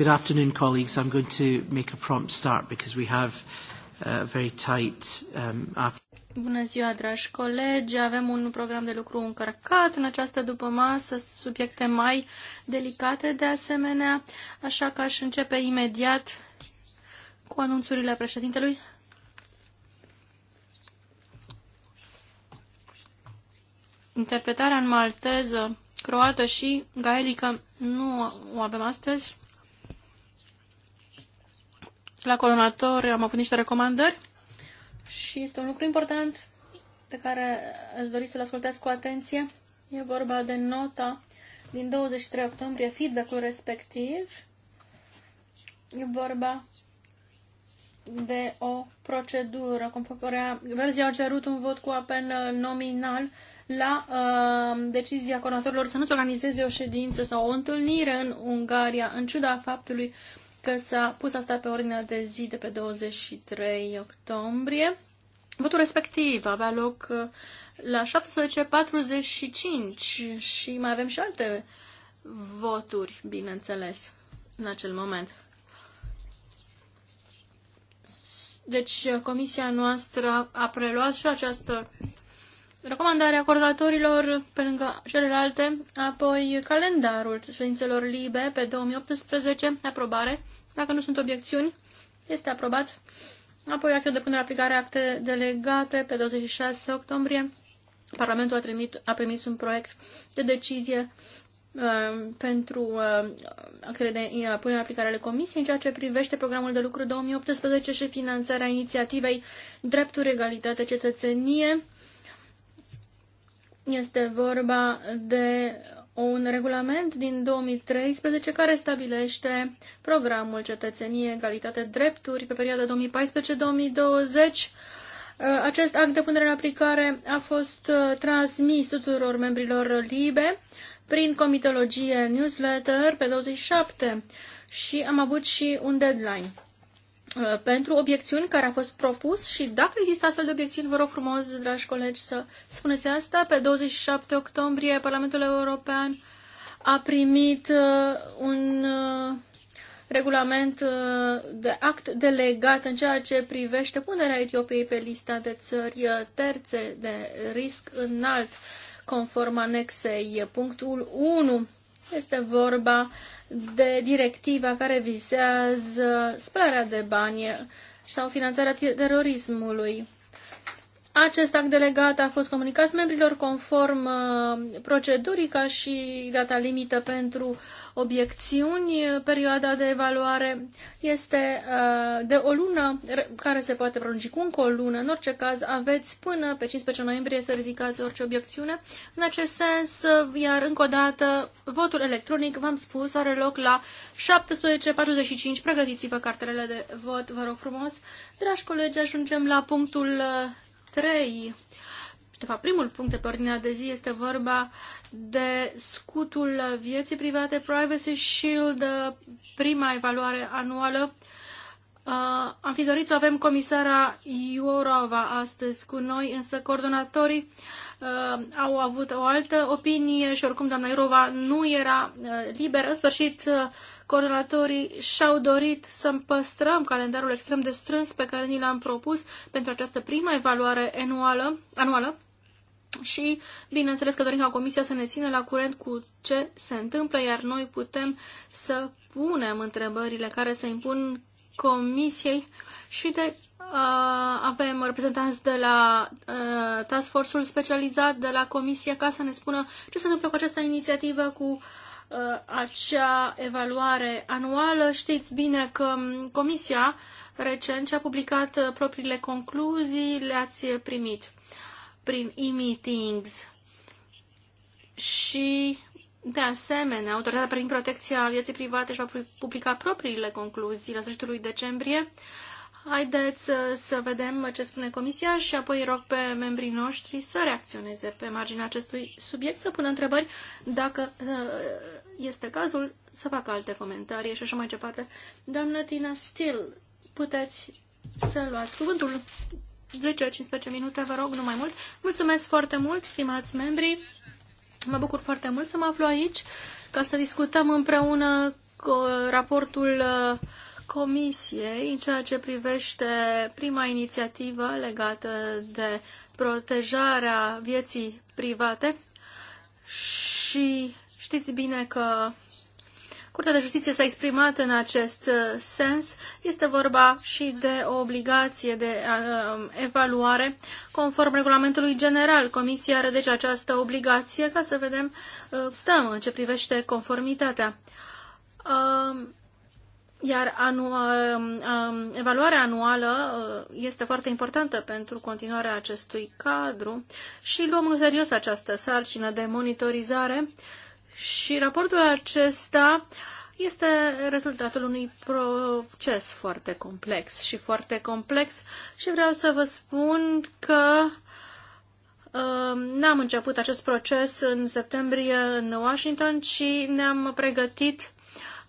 Good afternoon, colleagues. I'm going to make a prompt start because we have a very tight um, Bună ziua, dragi colegi! Avem un program de lucru încărcat în această dupămasă, subiecte mai delicate de asemenea, așa că aș începe imediat cu anunțurile președintelui. Interpretarea în malteză, croată și gaelică nu o avem astăzi, la colonator am avut niște recomandări și este un lucru important pe care îți doriți să-l ascultați cu atenție. E vorba de nota din 23 octombrie, feedback-ul respectiv. E vorba de o procedură. Verzii au cerut un vot cu apel uh, nominal la uh, decizia coronatorilor să nu se organizeze o ședință sau o întâlnire în Ungaria, în ciuda faptului că s-a pus asta pe ordinea de zi de pe 23 octombrie. Votul respectiv avea loc uh, la 17.45 și mai avem și alte voturi, bineînțeles, în acel moment. Deci, uh, comisia noastră a preluat și această recomandare a coordonatorilor pe lângă celelalte, apoi calendarul ședințelor libe pe 2018, aprobare, dacă nu sunt obiecțiuni, este aprobat. Apoi actul de punere aplicare, acte delegate pe 26 octombrie. Parlamentul a, trimit, a primit un proiect de decizie uh, pentru uh, actele de uh, punere în aplicare ale Comisiei în ceea ce privește programul de lucru 2018 și finanțarea inițiativei Drepturi, Egalitate, Cetățenie. Este vorba de un regulament din 2013 care stabilește programul Cetățenie, Egalitate, Drepturi pe perioada 2014-2020. Uh, acest act de punere în aplicare a fost uh, transmis tuturor membrilor LIBE prin comitologie newsletter pe 27 și am avut și un deadline. Uh, pentru obiecțiuni care a fost propus și dacă există astfel de obiecțiuni, vă rog frumos, dragi colegi, să spuneți asta. Pe 27 octombrie, Parlamentul European a primit uh, un uh, regulament de act delegat în ceea ce privește punerea Etiopiei pe lista de țări terțe de risc înalt, conform anexei punctul 1. Este vorba de directiva care vizează spălarea de bani sau finanțarea terorismului. Acest act delegat a fost comunicat membrilor conform uh, procedurii ca și data limită pentru obiecțiuni. Perioada de evaluare este uh, de o lună, care se poate prelungi cu încă o lună. În orice caz, aveți până pe 15 noiembrie să ridicați orice obiecțiune. În acest sens, iar încă o dată, votul electronic, v-am spus, are loc la 17.45. Pregătiți-vă cartelele de vot, vă rog frumos. Dragi colegi, ajungem la punctul 3 uh, de fapt, primul punct de pe ordinea de zi este vorba de scutul vieții private, Privacy Shield, prima evaluare anuală. Uh, am fi dorit să avem comisara Iorova astăzi cu noi, însă coordonatorii uh, au avut o altă opinie și oricum doamna Iorova nu era uh, liberă. În sfârșit, uh, coordonatorii și-au dorit să păstrăm calendarul extrem de strâns pe care ni l-am propus pentru această prima evaluare anuală. anuală și, bineînțeles, că dorim ca Comisia să ne țină la curent cu ce se întâmplă, iar noi putem să punem întrebările care se impun Comisiei și de Uh, avem reprezentanți de la uh, Task Force-ul specializat, de la Comisie, ca să ne spună ce se întâmplă cu această inițiativă, cu uh, acea evaluare anuală. Știți bine că Comisia recent și-a publicat uh, propriile concluzii, le-ați primit prin e-meetings și, de asemenea, autoritatea prin protecția vieții private și va publica propriile concluzii la sfârșitul lui decembrie. Haideți uh, să, vedem ce spune Comisia și apoi rog pe membrii noștri să reacționeze pe marginea acestui subiect, să pună întrebări dacă uh, este cazul, să facă alte comentarii și așa mai departe. Doamnă Tina Steele, puteți să luați cuvântul. 10-15 minute, vă rog, nu mai mult. Mulțumesc foarte mult, stimați membri. Mă bucur foarte mult să mă aflu aici ca să discutăm împreună raportul uh, Comisiei în ceea ce privește prima inițiativă legată de protejarea vieții private și știți bine că Curtea de Justiție s-a exprimat în acest uh, sens. Este vorba și de o obligație de uh, um, evaluare conform regulamentului general. Comisia are deci această obligație ca să vedem uh, stăm în ce privește conformitatea. Um, iar anual, um, evaluarea anuală este foarte importantă pentru continuarea acestui cadru și luăm în serios această sarcină de monitorizare și raportul acesta este rezultatul unui proces foarte complex și foarte complex și vreau să vă spun că um, n-am început acest proces în septembrie în Washington, ci ne-am pregătit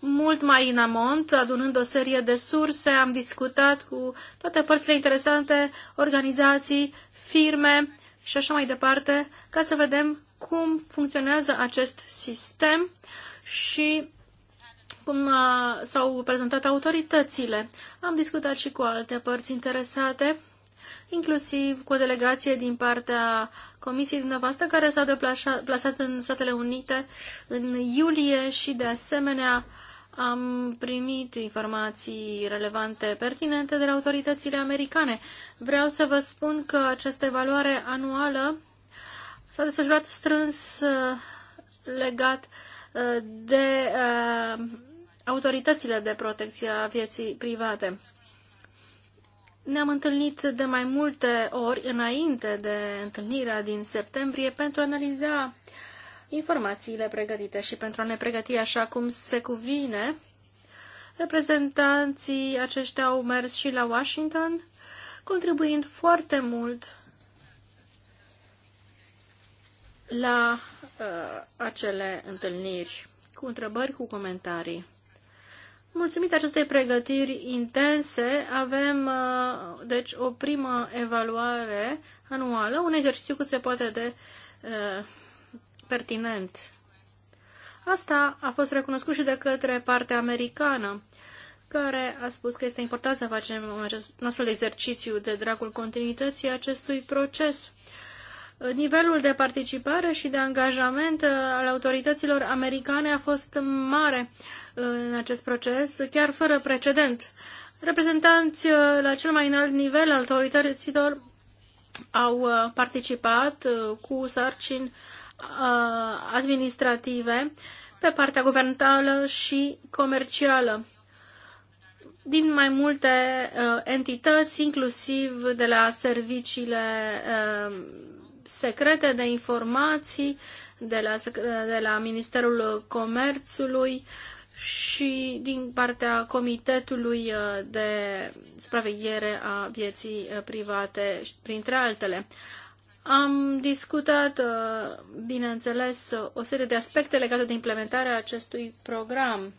mult mai în amont, adunând o serie de surse, am discutat cu toate părțile interesante, organizații, firme și așa mai departe, ca să vedem cum funcționează acest sistem și cum uh, s-au prezentat autoritățile. Am discutat și cu alte părți interesate, inclusiv cu o delegație din partea Comisiei dumneavoastră care s-a deplasat în Statele Unite în iulie și de asemenea am primit informații relevante, pertinente de la autoritățile americane. Vreau să vă spun că această evaluare anuală s-a desfășurat strâns uh, legat uh, de uh, autoritățile de protecție a vieții private. Ne-am întâlnit de mai multe ori înainte de întâlnirea din septembrie pentru a analiza informațiile pregătite și pentru a ne pregăti așa cum se cuvine. Reprezentanții aceștia au mers și la Washington, contribuind foarte mult la uh, acele întâlniri cu întrebări, cu comentarii. Mulțumit acestei pregătiri intense, avem uh, deci o primă evaluare anuală, un exercițiu cât se poate de uh, pertinent. Asta a fost recunoscut și de către partea americană, care a spus că este important să facem un astfel de exercițiu de dragul continuității acestui proces. Uh, Nivelul de participare și de angajament uh, al autorităților americane a fost mare uh, în acest proces, chiar fără precedent. Reprezentanți uh, la cel mai înalt nivel al autorităților au participat cu sarcini administrative pe partea guvernamentală și comercială din mai multe entități, inclusiv de la serviciile secrete de informații de la, de la Ministerul Comerțului și din partea Comitetului uh, de Supraveghere a Vieții uh, Private, printre altele. Am discutat, uh, bineînțeles, o serie de aspecte legate de implementarea acestui program.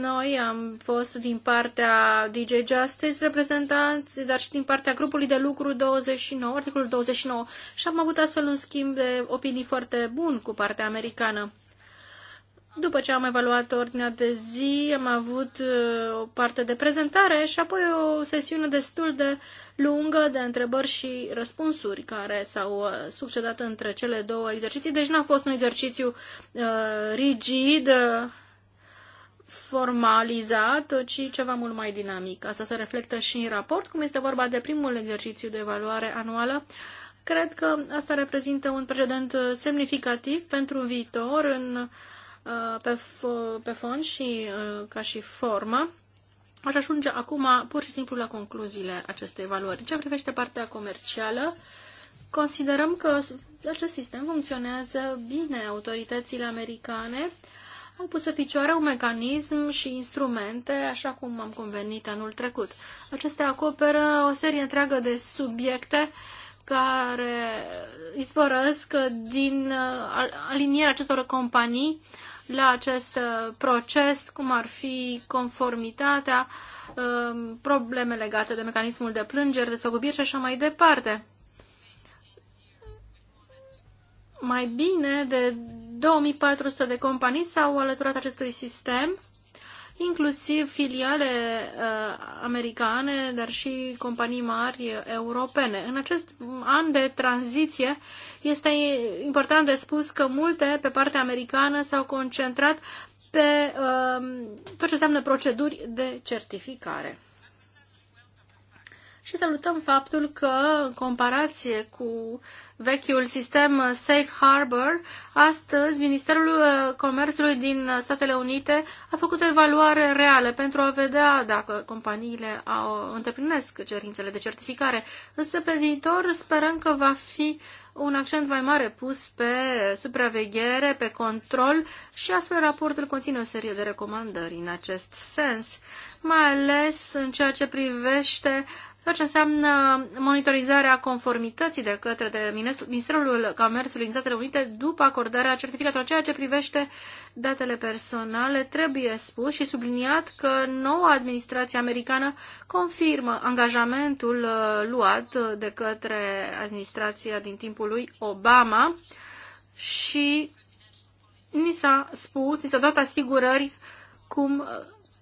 Noi am fost din partea DJ Justice reprezentanți, dar și din partea grupului de lucru 29, articolul 29, și am avut astfel un schimb de opinii foarte bun cu partea americană. După ce am evaluat ordinea de zi, am avut uh, o parte de prezentare și apoi o sesiune destul de lungă de întrebări și răspunsuri care s-au uh, succedat între cele două exerciții. Deci n-a fost un exercițiu uh, rigid, formalizat, ci ceva mult mai dinamic. Asta se reflectă și în raport, cum este vorba de primul exercițiu de evaluare anuală. Cred că asta reprezintă un precedent semnificativ pentru viitor în, uh, pe, pe fond și uh, ca și formă. Aș ajunge acum pur și simplu la concluziile acestei evaluări. Ce privește partea comercială, considerăm că acest sistem funcționează bine. Autoritățile americane uh, au pus pe picioare un mecanism și instrumente, așa cum am convenit anul trecut. Acestea acoperă o serie întreagă de subiecte care izvorăsc din uh, alinierea acestor companii la acest uh, proces, cum ar fi conformitatea, um, probleme legate de mecanismul de plângeri, de făgubiri și așa mai departe. Mai bine de 2400 de companii s-au alăturat acestui sistem, inclusiv filiale uh, americane, dar și companii mari europene. În acest an de tranziție este important de spus că multe pe partea americană s-au concentrat pe uh, tot ce înseamnă proceduri de certificare și salutăm faptul că, în comparație cu vechiul sistem Safe Harbor, astăzi Ministerul uh, Comerțului din Statele Unite a făcut o evaluare reală pentru a vedea dacă companiile au, îndeplinesc cerințele de certificare. Însă, pe viitor, sperăm că va fi un accent mai mare pus pe supraveghere, pe control și astfel raportul conține o serie de recomandări în acest sens, mai ales în ceea ce privește ceea ce înseamnă monitorizarea conformității de către de Ministerul Comerțului în Statele Unite după acordarea certificatului. Ceea ce privește datele personale, trebuie spus și subliniat că noua administrație americană confirmă angajamentul uh, luat de către administrația din timpul lui Obama și ni s-a spus, ni s-a dat asigurări cum uh,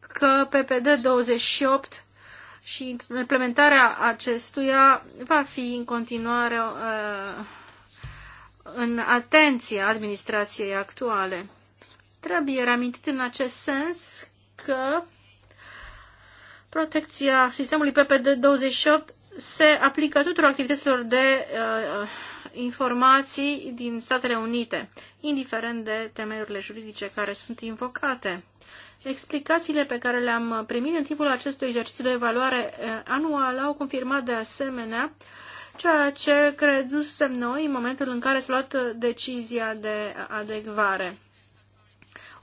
că PPD 28 și implementarea acestuia va fi în continuare uh, în atenția administrației actuale. Trebuie reamintit în acest sens că protecția sistemului PPD-28 se aplică tuturor activităților de uh, informații din Statele Unite, indiferent de temeiurile juridice care sunt invocate. Explicațiile pe care le-am primit în timpul acestui exercițiu de evaluare eh, anuală au confirmat de asemenea ceea ce credusem noi în momentul în care s-a luat eh, decizia de adecvare.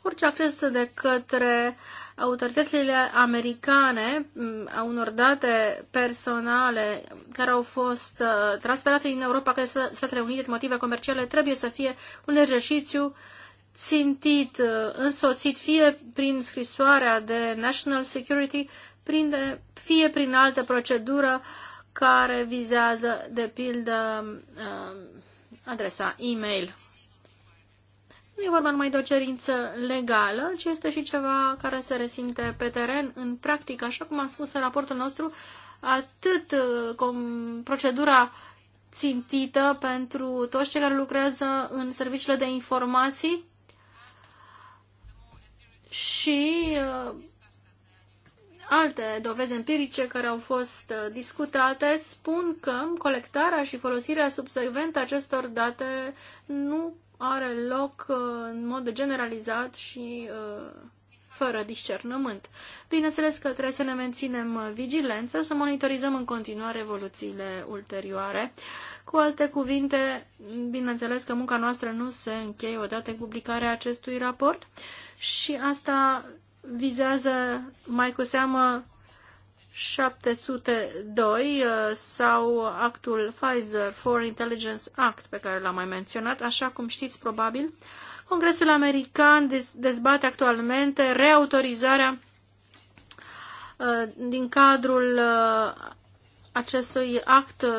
Orice acces de către autoritățile americane mm, a unor date personale care au fost eh, transferate din Europa către Statele Unite din motive comerciale trebuie să fie un exercițiu uh, țintit, uh, însoțit fie prin scrisoarea de National Security, prin de, fie prin altă procedură care vizează, de pildă, uh, adresa e-mail. Nu e vorba numai de o cerință legală, ci este și ceva care se resimte pe teren, în practică, așa cum a spus în raportul nostru, atât uh, com, procedura țintită pentru toți cei care lucrează în serviciile de informații, și uh, alte dovezi empirice care au fost uh, discutate spun că colectarea și folosirea subsecventă acestor date nu are loc uh, în mod generalizat și fără discernământ. Bineînțeles că trebuie să ne menținem vigilență, să monitorizăm în continuare evoluțiile ulterioare. Cu alte cuvinte, bineînțeles că munca noastră nu se încheie odată cu publicarea acestui raport și asta vizează mai cu seamă 702 uh, sau actul Pfizer for Intelligence Act pe care l-am mai menționat, așa cum știți probabil. Congresul American dezbate actualmente reautorizarea uh, din cadrul uh, acestui act uh,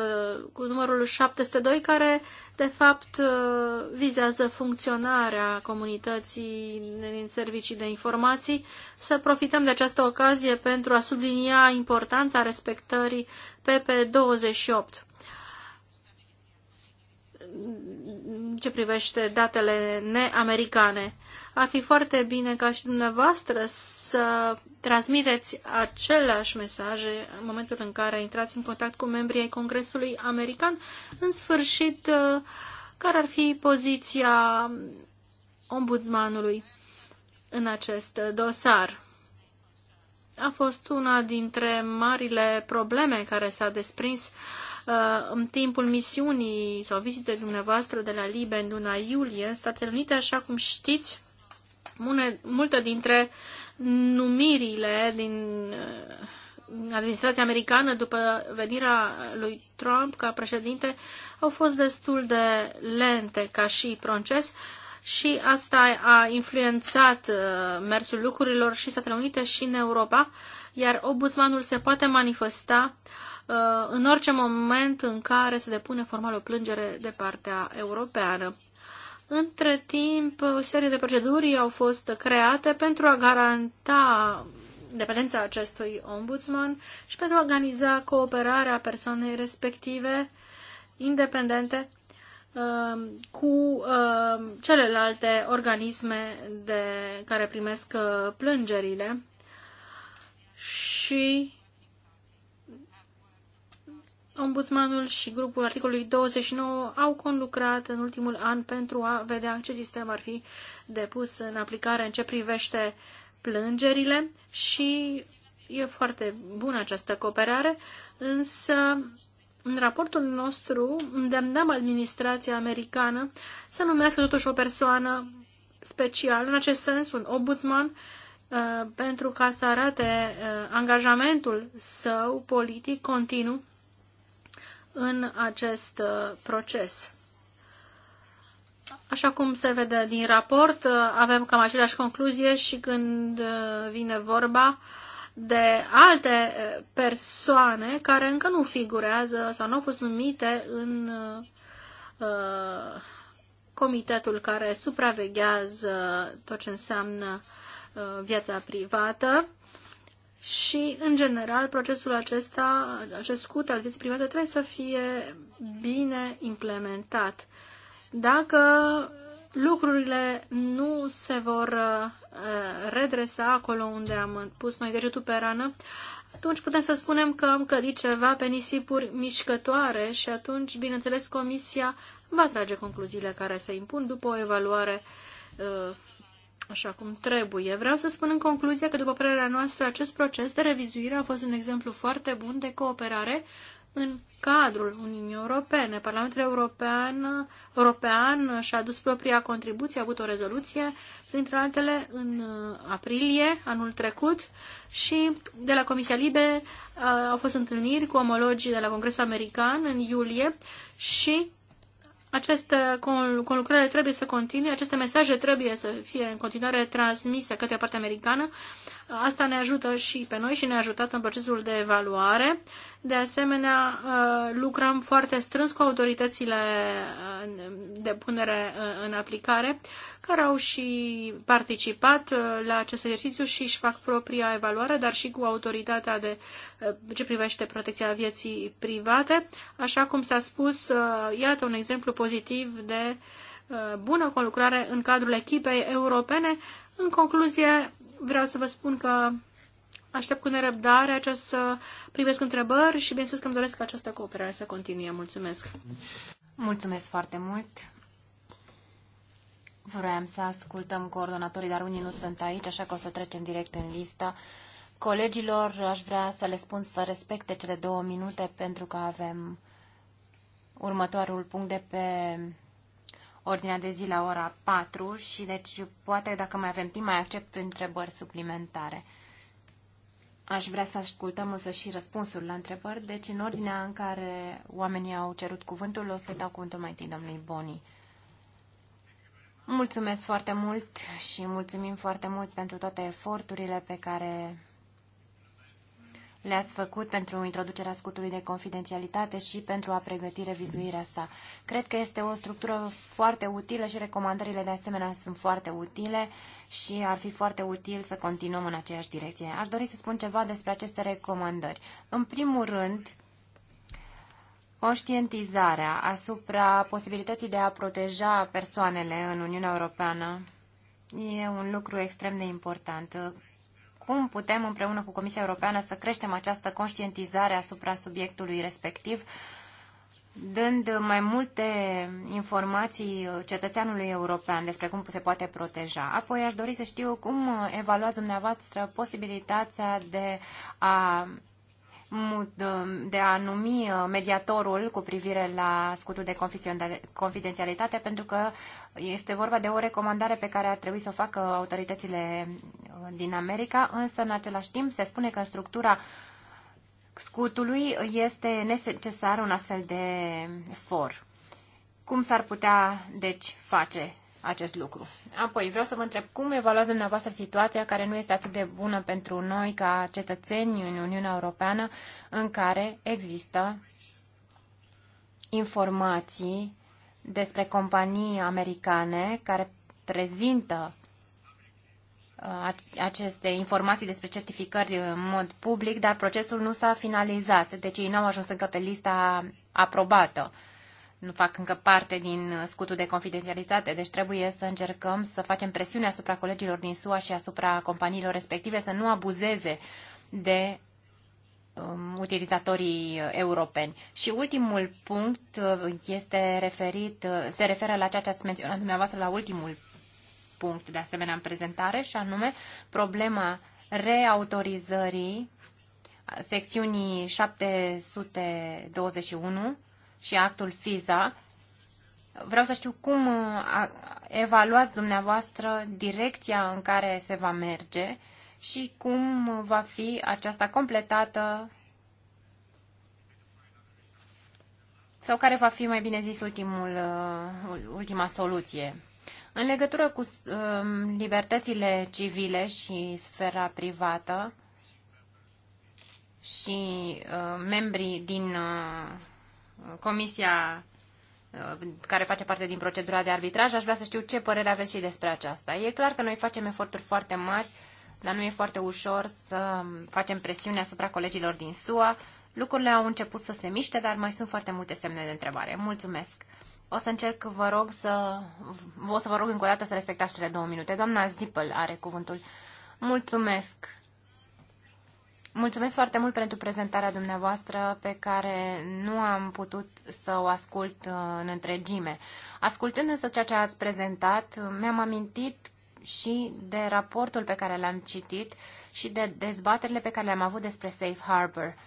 cu numărul 702, care de fapt uh, vizează funcționarea comunității din servicii de informații. Să profităm de această ocazie pentru a sublinia importanța respectării PP28 ce privește datele neamericane. Ar fi foarte bine ca și dumneavoastră să transmiteți aceleași mesaje în momentul în care intrați în contact cu membrii ai Congresului American. În sfârșit, uh, care ar fi poziția ombudsmanului în acest dosar? A fost una dintre marile probleme care s-a desprins uh, Uh, în timpul misiunii sau vizitei dumneavoastră de la Libe în luna iulie în Statele Unite, așa cum știți, multe dintre numirile din uh, administrația americană după venirea lui Trump ca președinte au fost destul de lente ca și proces și asta a influențat uh, mersul lucrurilor și Statele Unite și în Europa, iar obuzmanul se poate manifesta uh, în orice moment în care se depune formal o plângere de partea europeană. Între timp, o serie de proceduri au fost create pentru a garanta dependența acestui ombudsman și pentru a organiza cooperarea persoanei respective independente Um, cu um, celelalte organisme de care primesc uh, plângerile și Ombudsmanul și grupul articolului 29 au conlucrat în ultimul an pentru a vedea ce sistem ar fi depus în aplicare în ce privește plângerile și e foarte bună această cooperare, însă în raportul nostru îndemnăm administrația americană să numească totuși o persoană specială, în acest sens un ombudsman, uh, pentru ca să arate uh, angajamentul său politic continuu în acest uh, proces. Așa cum se vede din raport, avem cam aceleași concluzie și când vine vorba uh, de alte eh, persoane care încă nu figurează sau nu au fost numite în uh, comitetul care supraveghează tot ce înseamnă uh, viața privată și, în general, procesul acesta, acest scut al vieții private trebuie să fie bine implementat. Dacă lucrurile nu se vor uh, redresa acolo unde am pus noi degetul pe rană, atunci putem să spunem că am clădit ceva pe nisipuri mișcătoare și atunci, bineînțeles, comisia va trage concluziile care se impun după o evaluare uh, așa cum trebuie. Vreau să spun în concluzie că, după părerea noastră, acest proces de revizuire a fost un exemplu foarte bun de cooperare în cadrul Uniunii Europene. Parlamentul European, European și-a dus propria contribuție, a avut o rezoluție, printre altele, în aprilie anul trecut și de la Comisia Libe uh, au fost întâlniri cu omologii de la Congresul American în iulie și aceste conlucrări trebuie să continue, aceste mesaje trebuie să fie în continuare transmise către partea americană. Asta ne ajută și pe noi și ne-a ajutat în procesul de evaluare. De asemenea, uh, lucrăm foarte strâns cu autoritățile uh, de punere uh, în aplicare, care au și participat la acest exercițiu și își fac propria evaluare, dar și cu autoritatea de ce privește protecția vieții private. Așa cum s-a spus, iată un exemplu pozitiv de bună conlucrare în cadrul echipei europene. În concluzie, vreau să vă spun că aștept cu nerăbdare acest să primesc întrebări și bineînțeles că îmi doresc ca această cooperare să continue. Mulțumesc! Mulțumesc foarte mult! Vroiam să ascultăm coordonatorii, dar unii nu sunt aici, așa că o să trecem direct în lista. Colegilor, aș vrea să le spun să respecte cele două minute pentru că avem următorul punct de pe ordinea de zi la ora 4 și deci poate dacă mai avem timp mai accept întrebări suplimentare. Aș vrea să ascultăm însă și răspunsul la întrebări, deci în ordinea în care oamenii au cerut cuvântul, o să dau cuvântul mai întâi domnului Boni. Mulțumesc foarte mult și mulțumim foarte mult pentru toate eforturile pe care le-ați făcut pentru introducerea scutului de confidențialitate și pentru a pregăti revizuirea sa. Cred că este o structură foarte utilă și recomandările de asemenea sunt foarte utile și ar fi foarte util să continuăm în aceeași direcție. Aș dori să spun ceva despre aceste recomandări. În primul rând, conștientizarea asupra posibilității de a proteja persoanele în Uniunea Europeană e un lucru extrem de important cum putem împreună cu Comisia Europeană să creștem această conștientizare asupra subiectului respectiv, dând mai multe informații cetățeanului european despre cum se poate proteja. Apoi aș dori să știu cum evaluați dumneavoastră posibilitatea de a de a numi uh, mediatorul cu privire la scutul de confidențialitate, pentru că este vorba de o recomandare pe care ar trebui să o facă autoritățile uh, din America, însă în același timp se spune că în structura scutului este necesar un astfel de for. Cum s-ar putea, deci, face acest lucru. Apoi, vreau să vă întreb cum evaluează dumneavoastră situația care nu este atât de bună pentru noi ca cetățeni în Uniunea Europeană, în care există informații despre companii americane care prezintă uh, aceste informații despre certificări în mod public, dar procesul nu s-a finalizat, deci ei nu au ajuns încă pe lista aprobată nu fac încă parte din scutul de confidențialitate, deci trebuie să încercăm să facem presiune asupra colegilor din SUA și asupra companiilor respective să nu abuzeze de um, utilizatorii europeni. Și ultimul punct uh, este referit, uh, se referă la ceea ce ați menționat dumneavoastră la ultimul punct de asemenea în prezentare și anume problema reautorizării secțiunii 721 și actul FISA. Vreau să știu cum uh, evaluați dumneavoastră direcția în care se va merge și cum uh, va fi aceasta completată sau care va fi, mai bine zis, ultimul, uh, ultima soluție. În legătură cu um, libertățile civile și sfera privată și membrii din comisia uh, care face parte din procedura de arbitraj, aș vrea să știu ce părere aveți și despre aceasta. E clar că noi facem eforturi foarte mari, dar nu e foarte ușor să facem presiune asupra colegilor din SUA. Lucrurile au început să se miște, dar mai sunt foarte multe semne de întrebare. Mulțumesc! O să încerc, vă rog, să... O să vă rog încă o dată să respectați cele două minute. Doamna Zipel are cuvântul. Mulțumesc! Mulțumesc foarte mult pentru prezentarea dumneavoastră pe care nu am putut să o ascult uh, în întregime. Ascultând însă ceea ce ați prezentat, mi-am amintit și de raportul pe care l-am citit și de dezbaterile pe care le-am avut despre Safe Harbor.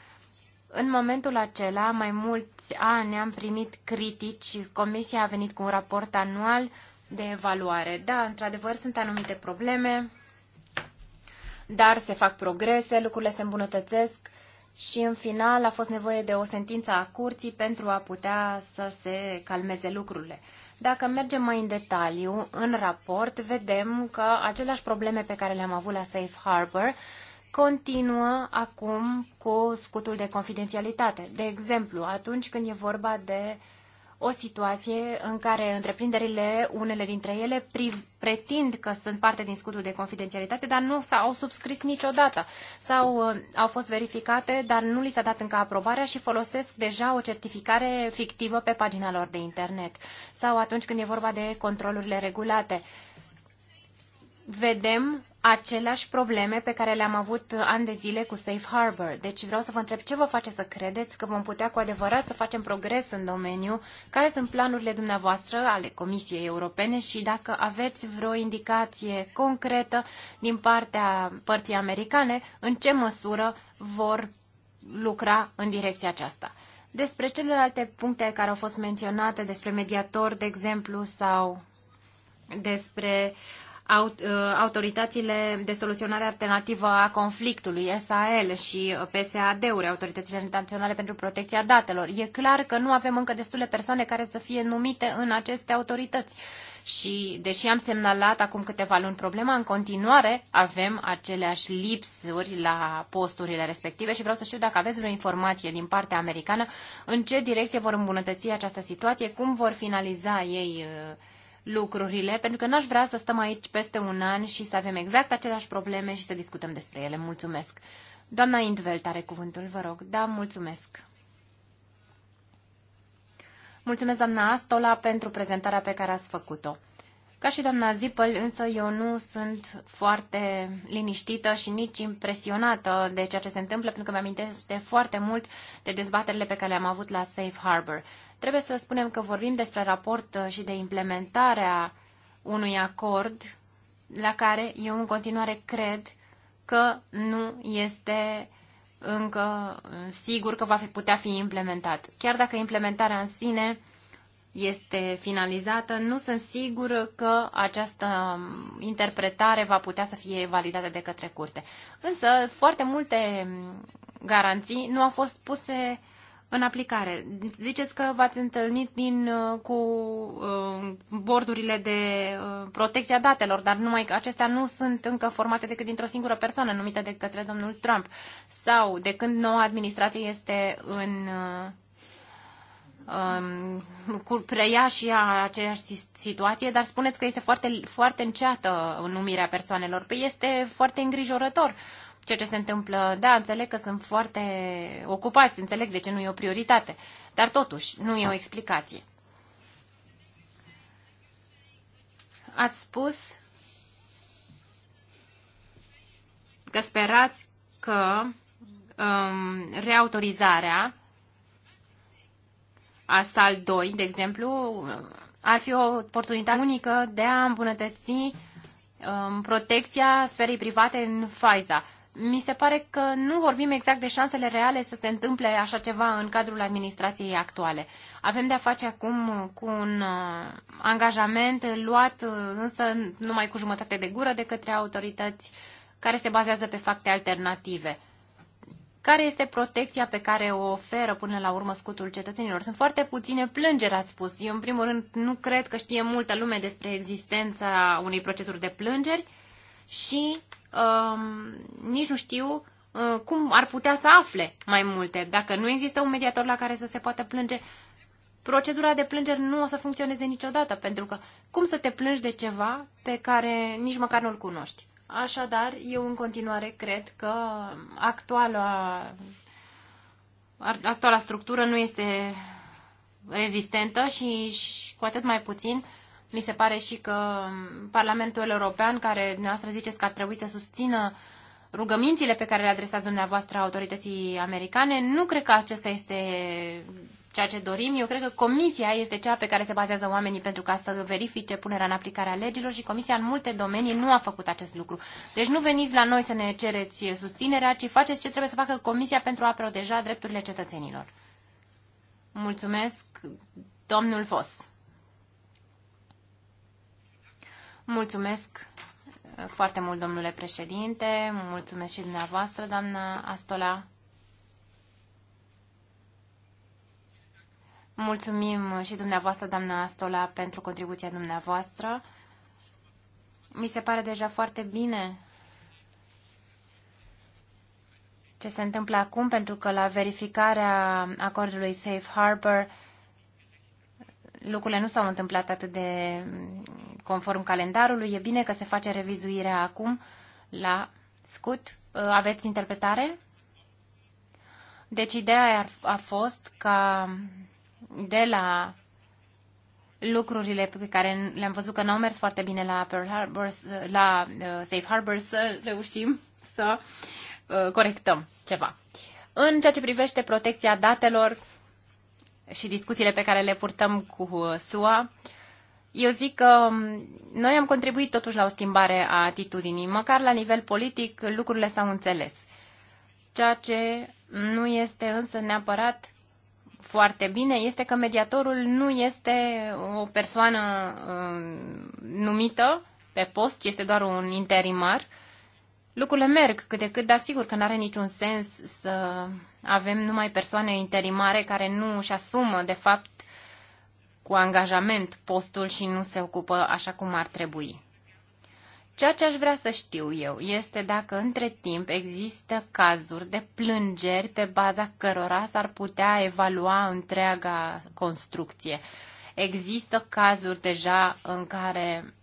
În momentul acela, mai mulți ani am primit critici, Comisia a venit cu un raport anual de evaluare. Da, într-adevăr, sunt anumite probleme, dar se fac progrese, lucrurile se îmbunătățesc și în final a fost nevoie de o sentință a curții pentru a putea să se calmeze lucrurile. Dacă mergem mai în detaliu în raport, vedem că aceleași probleme pe care le-am avut la Safe Harbor continuă acum cu scutul de confidențialitate. De exemplu, atunci când e vorba de uh, o situație în care întreprinderile, unele dintre ele, pretind că sunt parte din scutul de confidențialitate, dar nu s-au subscris niciodată sau uh, au fost verificate, dar nu li s-a dat încă aprobarea și folosesc deja o certificare fictivă pe pagina lor de internet sau atunci când e vorba de controlurile regulate. Uh, vedem aceleași probleme pe care le-am avut ani de zile cu Safe Harbor. Deci vreau să vă întreb ce vă face să credeți că vom putea cu adevărat să facem progres în domeniu, care sunt planurile dumneavoastră ale Comisiei Europene și dacă aveți vreo indicație concretă din partea părții americane în ce măsură vor lucra în direcția aceasta. Despre celelalte puncte care au fost menționate, despre mediator, de exemplu, sau despre uh, Uh, autoritățile de soluționare alternativă a conflictului, SAL și uh, PSAD-uri, autoritățile internaționale pentru protecția datelor. E clar că nu avem încă destule persoane care să fie numite în aceste autorități. Și, deși am semnalat acum câteva luni problema, în continuare avem aceleași lipsuri la posturile respective și vreau să știu dacă aveți vreo informație din partea americană în ce direcție vor îmbunătăți această situație, cum vor finaliza ei uh, lucrurile, pentru că n-aș vrea să stăm aici peste un an și să avem exact aceleași probleme și să discutăm despre ele. Mulțumesc. Doamna Indvelt are cuvântul, vă rog. Da, mulțumesc. Mulțumesc, doamna Astola, pentru prezentarea pe care ați făcut-o. Ca și doamna Zipăl, însă eu nu sunt foarte liniștită și nici impresionată de ceea ce se întâmplă, pentru că mi-amintește foarte mult de dezbaterile pe care le-am avut la Safe Harbor. Trebuie să spunem că vorbim despre raport și de implementarea unui acord la care eu în continuare cred că nu este încă sigur că va fi, putea fi implementat. Chiar dacă implementarea în sine este finalizată, nu sunt sigură că această um, interpretare va putea să fie validată de către curte. Însă, foarte multe um, garanții nu au fost puse în aplicare. Ziceți că v-ați întâlnit din, uh, cu um, bordurile de uh, protecția datelor, dar numai că acestea nu sunt încă formate decât dintr-o singură persoană numită de către domnul Trump. Sau de când noua administrație este în uh, um, preia și ea aceeași situație, dar spuneți că este foarte, foarte înceată numirea persoanelor. Păi este foarte îngrijorător ceea ce se întâmplă. Da, înțeleg că sunt foarte ocupați, înțeleg de ce nu e o prioritate, dar totuși nu e o explicație. Ați spus că sperați că um, reautorizarea Asal 2, de exemplu, ar fi o oportunitate unică de a îmbunătăți um, protecția sferei private în FAISA. Mi se pare că nu vorbim exact de șansele reale să se întâmple așa ceva în cadrul administrației actuale. Avem de-a face acum cu un uh, angajament luat uh, însă numai cu jumătate de gură de către autorități care se bazează pe fapte alternative. Care este protecția pe care o oferă până la urmă scutul cetățenilor? Sunt foarte puține plângeri, ați spus. Eu, în primul rând, nu cred că știe multă lume despre existența unei proceduri de plângeri și um, nici nu știu uh, cum ar putea să afle mai multe. Dacă nu există un mediator la care să se poată plânge, procedura de plângeri nu o să funcționeze niciodată, pentru că cum să te plângi de ceva pe care nici măcar nu-l cunoști? Așadar, eu în continuare cred că actuala, actuala structură nu este rezistentă și, și cu atât mai puțin mi se pare și că Parlamentul European, care dumneavoastră ziceți că ar trebui să susțină rugămințile pe care le adresați dumneavoastră autorității americane, nu cred că acesta este ceea ce dorim. Eu cred că comisia este cea pe care se bazează oamenii pentru ca să verifice punerea în aplicare a legilor și comisia în multe domenii nu a făcut acest lucru. Deci nu veniți la noi să ne cereți susținerea, ci faceți ce trebuie să facă comisia pentru a proteja drepturile cetățenilor. Mulțumesc, domnul Fos. Mulțumesc foarte mult, domnule președinte. Mulțumesc și dumneavoastră, doamna Astola Mulțumim și dumneavoastră, doamna Astola, pentru contribuția dumneavoastră. Mi se pare deja foarte bine ce se întâmplă acum, pentru că la verificarea acordului Safe Harbor lucrurile nu s-au întâmplat atât de conform calendarului. E bine că se face revizuirea acum la scut. Aveți interpretare? Deci ideea a fost ca de la lucrurile pe care le-am văzut că n-au mers foarte bine la Pearl Harbor, la uh, Safe Harbor, să reușim să uh, corectăm ceva. În ceea ce privește protecția datelor și discuțiile pe care le purtăm cu uh, SUA, eu zic că um, noi am contribuit totuși la o schimbare a atitudinii. Măcar la nivel politic lucrurile s-au înțeles. Ceea ce nu este însă neapărat foarte bine este că mediatorul nu este o persoană um, numită pe post, ci este doar un interimar. Lucrurile merg cât de cât, dar sigur că nu are niciun sens să avem numai persoane interimare care nu își asumă, de fapt, cu angajament postul și nu se ocupă așa cum ar trebui. Ceea ce aș vrea să știu eu este dacă între timp există cazuri de plângeri pe baza cărora s-ar putea evalua întreaga construcție. Există cazuri deja în care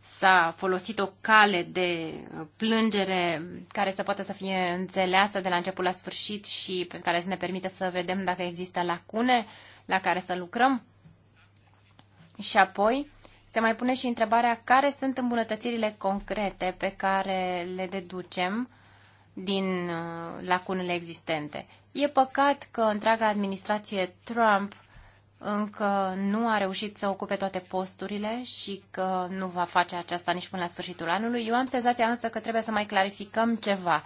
s-a folosit o cale de plângere care să poată să fie înțeleasă de la început la sfârșit și pe care să ne permită să vedem dacă există lacune la care să lucrăm? Și apoi, se mai pune și întrebarea care sunt îmbunătățirile concrete pe care le deducem din uh, lacunele existente. E păcat că întreaga administrație Trump încă nu a reușit să ocupe toate posturile și că nu va face aceasta nici până la sfârșitul anului. Eu am senzația însă că trebuie să mai clarificăm ceva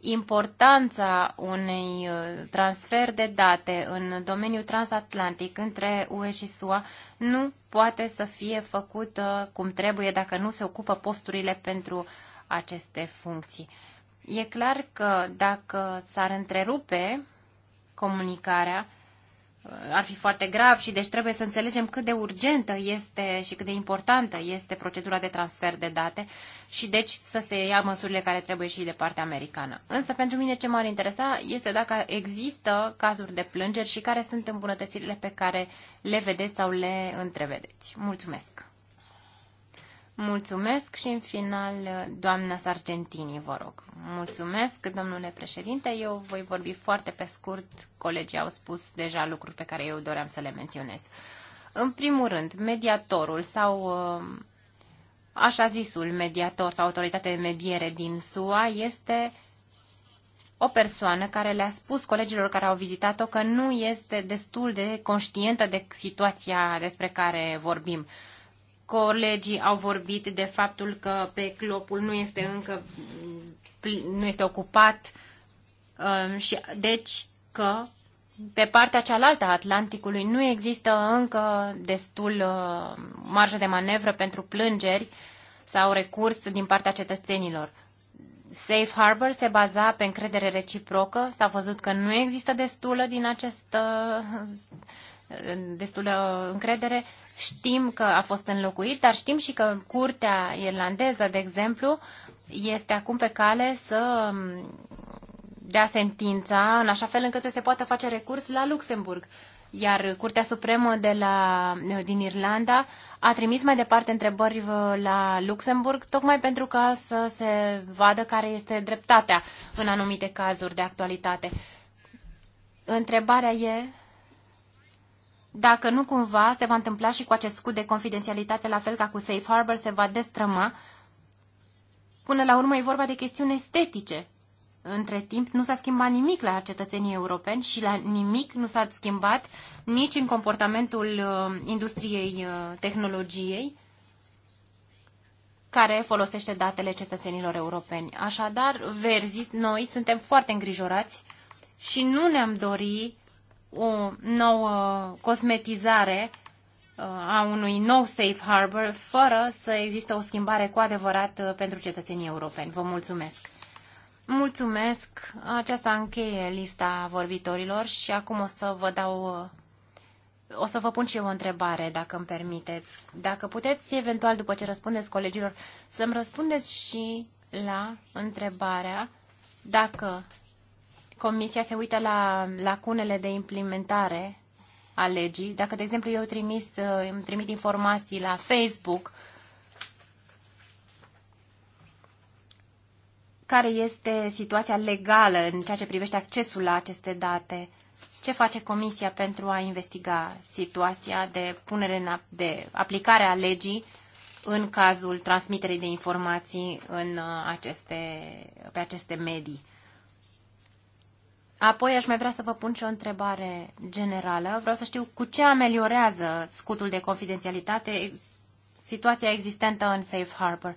importanța unui uh, transfer de date în domeniul transatlantic între UE și SUA nu poate să fie făcută cum trebuie dacă nu se ocupă posturile pentru aceste funcții. E clar că dacă s-ar întrerupe comunicarea, ar fi foarte grav și deci trebuie să înțelegem cât de urgentă este și cât de importantă este procedura de transfer de date și deci să se ia măsurile care trebuie și de partea americană. Însă pentru mine ce m-ar interesa este dacă există cazuri de plângeri și care sunt îmbunătățirile pe care le vedeți sau le întrevedeți. Mulțumesc! Mulțumesc și în final, doamna Sargentini, vă rog. Mulțumesc, domnule președinte. Eu voi vorbi foarte pe scurt. Colegii au spus deja lucruri pe care eu doream să le menționez. În primul rând, mediatorul sau uh, așa zisul mediator sau autoritate de mediere din SUA este o persoană care le-a spus colegilor care au vizitat-o că nu este destul de conștientă de situația despre care vorbim. Colegii au vorbit de faptul că pe clopul nu este încă nu este ocupat um, și deci că pe partea cealaltă a Atlanticului nu există încă destul uh, marjă de manevră pentru plângeri sau recurs din partea cetățenilor. Safe Harbor se baza pe încredere reciprocă. S-a văzut că nu există destulă din acest uh, destulă încredere. Știm că a fost înlocuit, dar știm și că curtea irlandeză, de exemplu, este acum pe cale să dea sentința în așa fel încât să se poată face recurs la Luxemburg. Iar Curtea Supremă de la, din Irlanda a trimis mai departe întrebări la Luxemburg, tocmai pentru ca să se vadă care este dreptatea în anumite cazuri de actualitate. Întrebarea e dacă nu cumva se va întâmpla și cu acest scut de confidențialitate, la fel ca cu Safe Harbor, se va destrăma. Până la urmă e vorba de chestiuni estetice. Între timp nu s-a schimbat nimic la cetățenii europeni și la nimic nu s-a schimbat nici în comportamentul uh, industriei uh, tehnologiei care folosește datele cetățenilor europeni. Așadar, verzi, noi suntem foarte îngrijorați și nu ne-am dorit o nouă cosmetizare uh, a unui nou safe harbor, fără să există o schimbare cu adevărat uh, pentru cetățenii europeni. Vă mulțumesc! Mulțumesc! Aceasta încheie lista vorbitorilor și acum o să vă dau... Uh, o să vă pun și eu o întrebare, dacă îmi permiteți. Dacă puteți, eventual, după ce răspundeți colegilor, să-mi răspundeți și la întrebarea dacă Comisia se uită la lacunele de implementare a legii. Dacă, de exemplu, eu trimis, uh, îmi trimit informații la Facebook, care este situația legală în ceea ce privește accesul la aceste date? Ce face Comisia pentru a investiga situația de punere în, de aplicare a legii în cazul transmiterii de informații în uh, aceste, pe aceste medii? Apoi aș mai vrea să vă pun și o întrebare generală. Vreau să știu cu ce ameliorează scutul de confidențialitate situația existentă în Safe Harbor.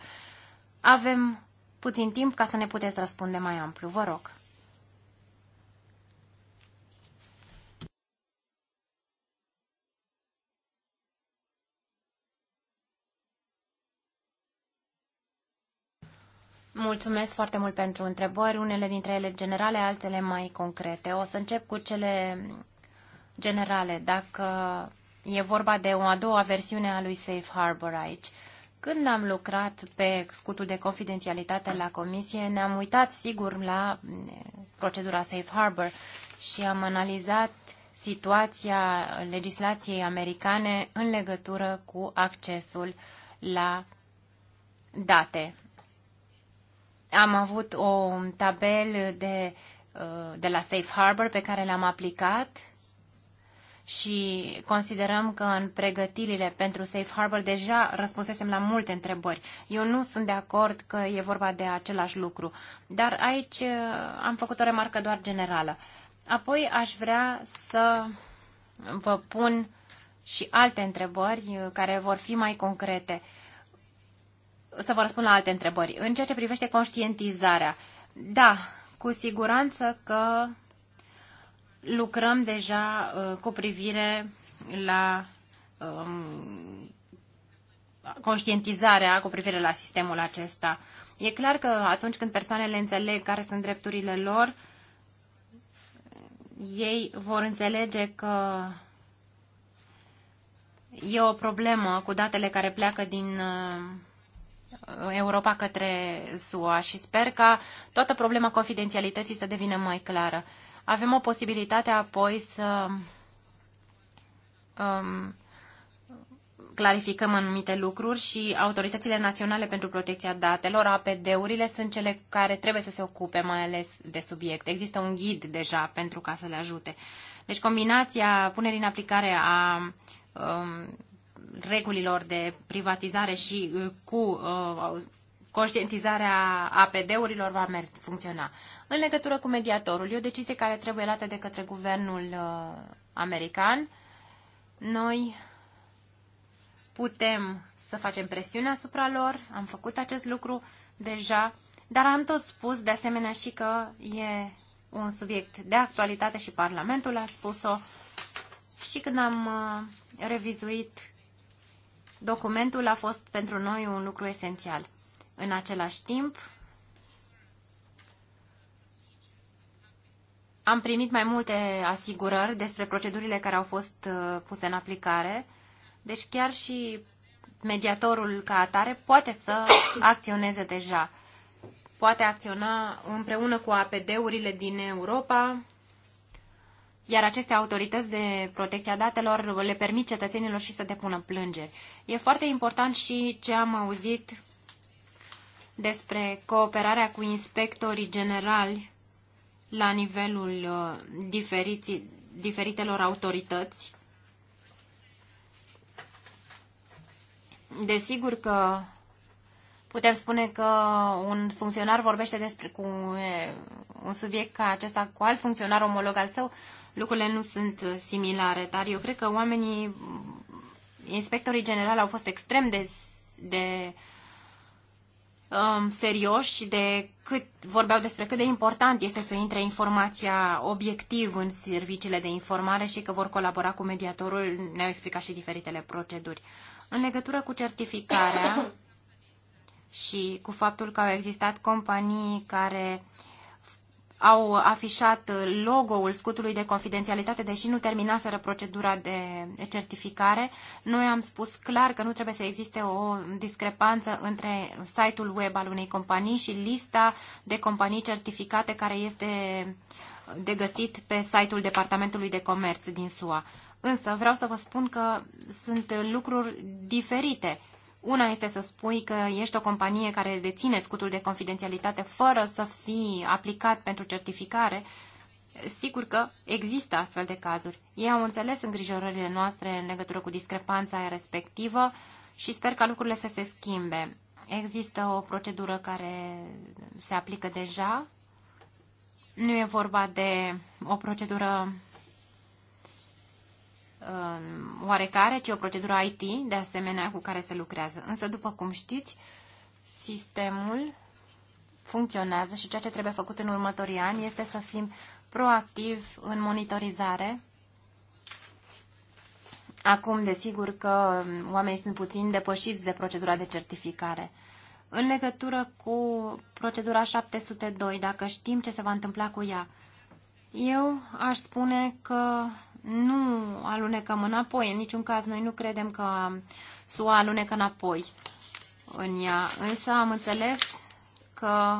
Avem puțin timp ca să ne puteți răspunde mai amplu. Vă rog. Mulțumesc foarte mult pentru întrebări, unele dintre ele generale, altele mai concrete. O să încep cu cele generale, dacă e vorba de o a doua versiune a lui Safe Harbor aici. Când am lucrat pe scutul de confidențialitate la comisie, ne-am uitat sigur la mm, procedura Safe Harbor și am analizat situația legislației americane în legătură cu accesul la date am avut o, tabel de, uh, de la Safe Harbor pe care l-am aplicat și considerăm că în pregătirile pentru Safe Harbor deja răspunsesem la multe întrebări. Eu nu sunt de acord că e vorba de același lucru, dar aici uh, am făcut o remarcă doar generală. Apoi aș vrea să vă pun și alte întrebări uh, care vor fi mai concrete să vă răspund la alte întrebări. În ceea ce privește conștientizarea, da, cu siguranță că lucrăm deja uh, cu privire la um, conștientizarea cu privire la sistemul acesta. E clar că atunci când persoanele înțeleg care sunt drepturile lor, ei vor înțelege că e o problemă cu datele care pleacă din uh, Europa către SUA și sper ca toată problema confidențialității să devină mai clară. Avem o posibilitate apoi să um, clarificăm anumite lucruri și autoritățile naționale pentru protecția datelor, APD-urile, sunt cele care trebuie să se ocupe mai ales de subiect. Există un ghid deja pentru ca să le ajute. Deci combinația punerii în aplicare a um, regulilor de privatizare și uh, cu uh, conștientizarea APD-urilor va merge, funcționa. În legătură cu mediatorul, e o decizie care trebuie luată de către guvernul uh, american. Noi putem să facem presiune asupra lor, am făcut acest lucru deja, dar am tot spus de asemenea și că e un subiect de actualitate și Parlamentul a spus-o și când am revizuit Documentul a fost pentru noi un lucru esențial. În același timp, am primit mai multe asigurări despre procedurile care au fost uh, puse în aplicare, deci chiar și mediatorul ca atare poate să acționeze deja. Poate acționa împreună cu APD-urile din Europa, iar aceste autorități de protecție a datelor le permit cetățenilor și să depună plângeri. E foarte important și ce am auzit despre cooperarea cu inspectorii generali la nivelul uh, diferiți, diferitelor autorități. Desigur că putem spune că un funcționar vorbește despre cu un subiect ca acesta cu alt funcționar omolog al său, lucrurile nu sunt uh, similare, dar eu cred că oamenii, inspectorii generali au fost extrem de, de um, serioși de cât vorbeau despre cât de important este să intre informația obiectiv în serviciile de informare și că vor colabora cu mediatorul, ne-au explicat și diferitele proceduri. În legătură cu certificarea și cu faptul că au existat companii care uh, au afișat logo-ul scutului de confidențialitate, deși nu terminaseră procedura de certificare. Noi am spus clar că nu trebuie să existe o discrepanță între site-ul web al unei companii și lista de companii certificate care este de găsit pe site-ul Departamentului de Comerț din SUA. Însă vreau să vă spun că sunt lucruri diferite una este să spui că ești o companie care deține scutul de confidențialitate fără să fii aplicat pentru certificare. Sigur că există astfel de cazuri. Ei au înțeles îngrijorările noastre în legătură cu discrepanța respectivă și sper ca lucrurile să se schimbe. Există o procedură care se aplică deja. Nu e vorba de o procedură Um, oarecare, ci o procedură IT, de asemenea, cu care se lucrează. Însă, după cum știți, sistemul funcționează și ceea ce trebuie făcut în următorii ani este să fim proactiv în monitorizare. Acum, desigur că oamenii sunt puțin depășiți de procedura de certificare. În legătură cu procedura 702, dacă știm ce se va întâmpla cu ea, eu aș spune că nu alunecăm înapoi. În niciun caz, noi nu credem că SUA alunecă înapoi în ea. Însă am înțeles că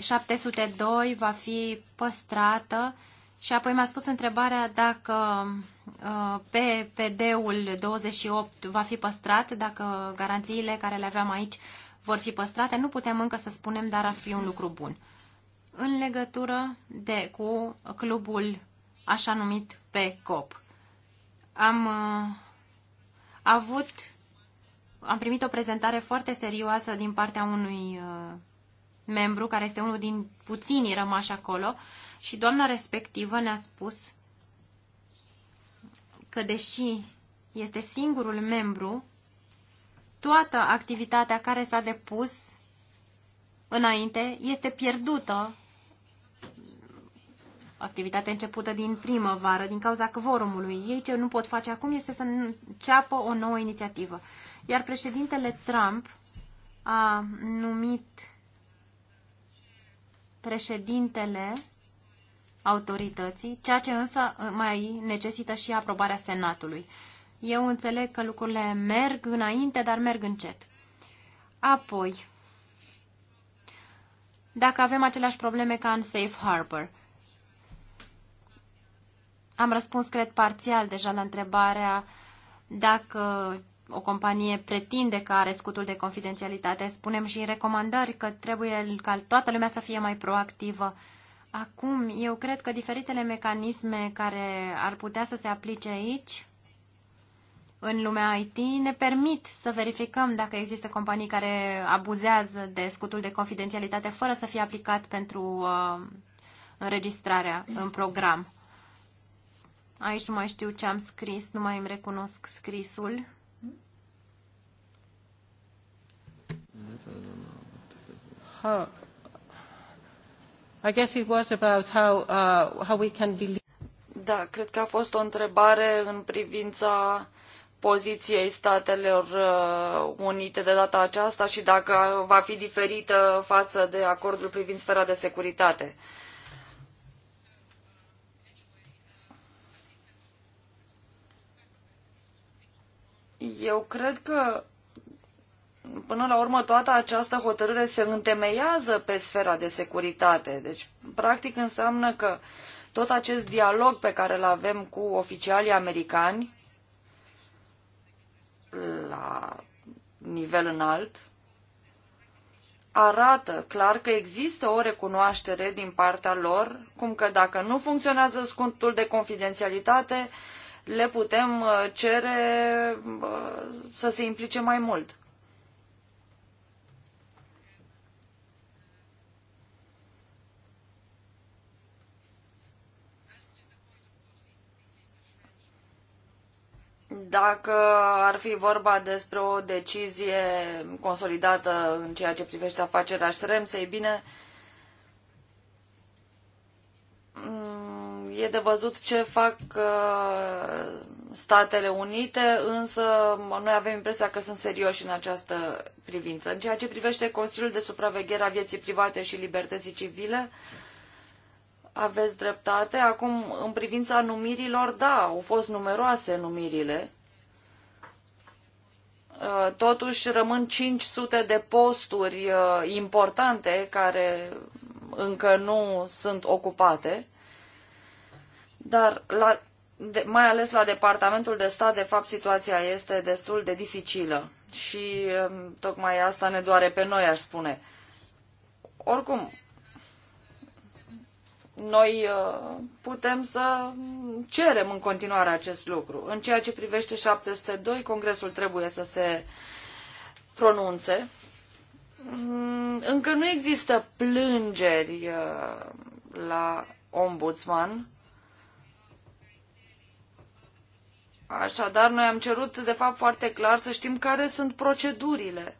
702 va fi păstrată și apoi mi-a spus întrebarea dacă uh, pe pd ul 28 va fi păstrat, dacă garanțiile care le aveam aici vor fi păstrate. Nu putem încă să spunem, dar ar fi un lucru bun în legătură de, cu clubul așa numit pe COP. Am uh, avut, am primit o prezentare foarte serioasă din partea unui uh, membru, care este unul din puținii rămași acolo, și doamna respectivă ne-a spus că deși este singurul membru, toată activitatea care s-a depus înainte este pierdută activitatea începută din primăvară, din cauza cvorumului. Ei ce nu pot face acum este să înceapă o nouă inițiativă. Iar președintele Trump a numit președintele autorității, ceea ce însă mai necesită și aprobarea Senatului. Eu înțeleg că lucrurile merg înainte, dar merg încet. Apoi, dacă avem aceleași probleme ca în Safe Harbor – am răspuns, cred, parțial deja la întrebarea dacă o companie pretinde că are scutul de confidențialitate. Spunem și în recomandări că trebuie ca toată lumea să fie mai proactivă. Acum, eu cred că diferitele mecanisme care ar putea să se aplice aici, în lumea IT, ne permit să verificăm dacă există companii care abuzează de scutul de confidențialitate fără să fie aplicat pentru uh, înregistrarea în program. Aici nu mai știu ce am scris, nu mai îmi recunosc scrisul. I guess it was about how, uh, how we can believe. Da, cred că a fost o întrebare în privința poziției Statelor uh, Unite de data aceasta și dacă va fi diferită față de acordul privind sfera de securitate. Uh, Eu cred că până la urmă toată această hotărâre se întemeiază pe sfera de securitate. Deci, practic înseamnă că tot acest dialog pe care îl avem cu oficialii americani la nivel înalt arată clar că există o recunoaștere din partea lor, cum că dacă nu funcționează scutul de confidențialitate, le putem uh, cere uh, să se implice mai mult. Dacă ar fi vorba despre o decizie consolidată în ceea ce privește afacerea Șremsei, bine, e de văzut ce fac uh, Statele Unite, însă noi avem impresia că sunt serioși în această privință. În ceea ce privește Consiliul de Supraveghere a Vieții Private și Libertății Civile, aveți dreptate. Acum, în privința numirilor, da, au fost numeroase numirile. Uh, totuși, rămân 500 de posturi uh, importante care încă nu sunt ocupate dar la, de, mai ales la Departamentul de Stat, de fapt, situația este destul de dificilă și um, tocmai asta ne doare pe noi, aș spune. Oricum, noi uh, putem să cerem în continuare acest lucru. În ceea ce privește 702, Congresul trebuie să se pronunțe. Mm, încă nu există plângeri uh, la ombudsman Așadar, noi am cerut, de fapt, foarte clar să știm care sunt procedurile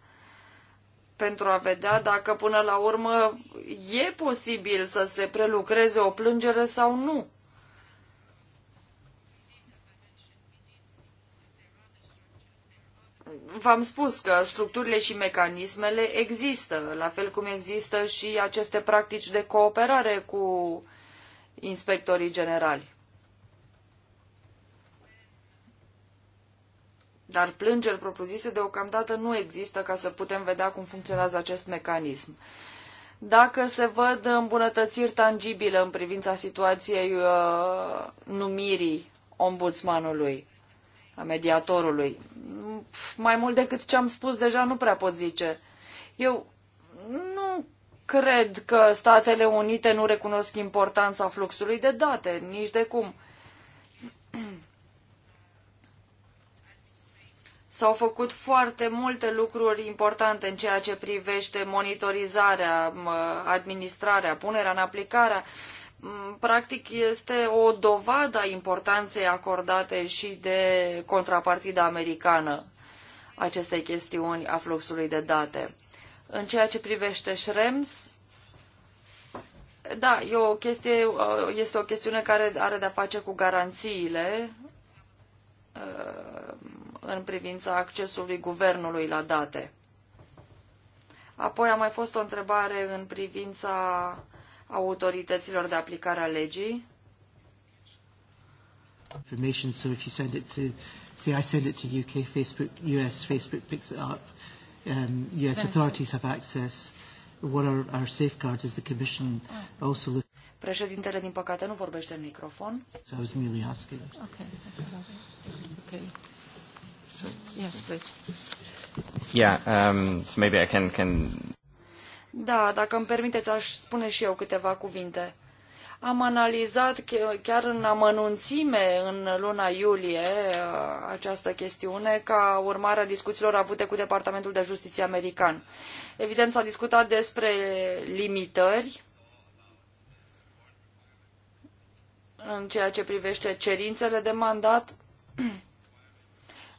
pentru a vedea dacă până la urmă e posibil să se prelucreze o plângere sau nu. V-am spus că structurile și mecanismele există, la fel cum există și aceste practici de cooperare cu inspectorii generali. Dar plângeri propriu-zise deocamdată nu există ca să putem vedea cum funcționează acest mecanism. Dacă se văd îmbunătățiri tangibile în privința situației uh, numirii ombudsmanului, a mediatorului, mai mult decât ce am spus deja nu prea pot zice. Eu nu cred că Statele Unite nu recunosc importanța fluxului de date, nici de cum. S-au făcut foarte multe lucruri importante în ceea ce privește monitorizarea, administrarea, punerea în aplicare. Practic este o dovadă a importanței acordate și de contrapartida americană acestei chestiuni a fluxului de date. În ceea ce privește Schrems, da, e o chestie, uh, este o chestiune care are de-a face cu garanțiile Uh, în privința accesului guvernului la date. Apoi a mai fost o întrebare în privința autorităților de aplicare a legii. Information, so if you send it to, say I send it to UK, Facebook, US, Facebook picks it up, um, US authorities have access. What are our safeguards? Is the Commission oh. also looking? Președintele, din păcate, nu vorbește în microfon. So I was merely asking. Okay. Okay. yes, please. Yeah, um, so maybe I can, can... Da, dacă îmi permiteți, aș spune și eu câteva cuvinte. Am analizat chiar în amănunțime în luna iulie uh, această chestiune ca urmare a discuțiilor avute cu Departamentul de Justiție american. Evident, s-a discutat despre limitări în ceea ce privește cerințele de mandat,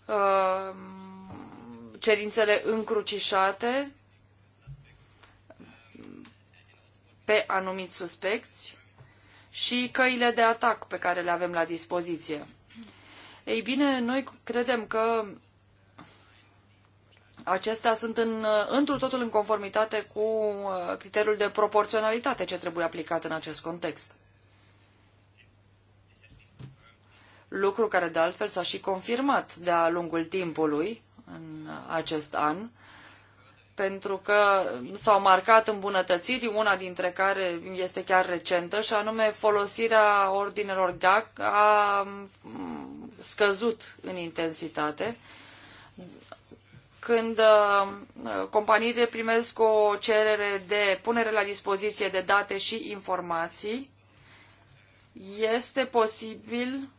uh, cerințele încrucișate pe anumiți suspecți și căile de atac pe care le avem la dispoziție. Ei bine, noi credem că acestea sunt în, întru totul în conformitate cu uh, criteriul de proporționalitate ce trebuie aplicat în acest context. lucru care de altfel s-a și confirmat de-a lungul timpului în acest an, pentru că s-au marcat îmbunătățiri, una dintre care este chiar recentă, și anume folosirea ordinelor GAC a scăzut în intensitate, când uh, companiile primesc o cerere de punere la dispoziție de date și informații, este posibil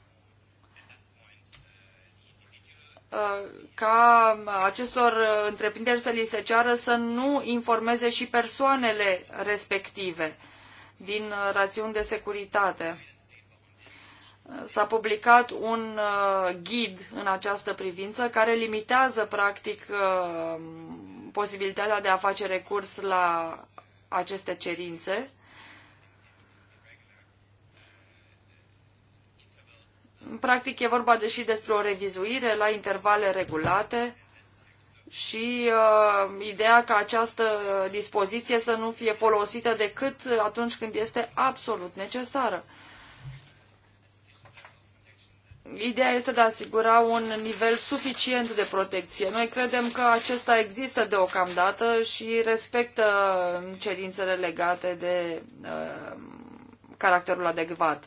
ca acestor întreprinderi să li se ceară să nu informeze și persoanele respective din rațiuni de securitate. S-a publicat un uh, ghid în această privință care limitează practic uh, posibilitatea de a face recurs la aceste cerințe Practic e vorba deși despre o revizuire la intervale regulate și uh, ideea ca această dispoziție să nu fie folosită decât atunci când este absolut necesară. Ideea este de a asigura un nivel suficient de protecție. Noi credem că acesta există deocamdată și respectă cerințele legate de uh, caracterul adecvat.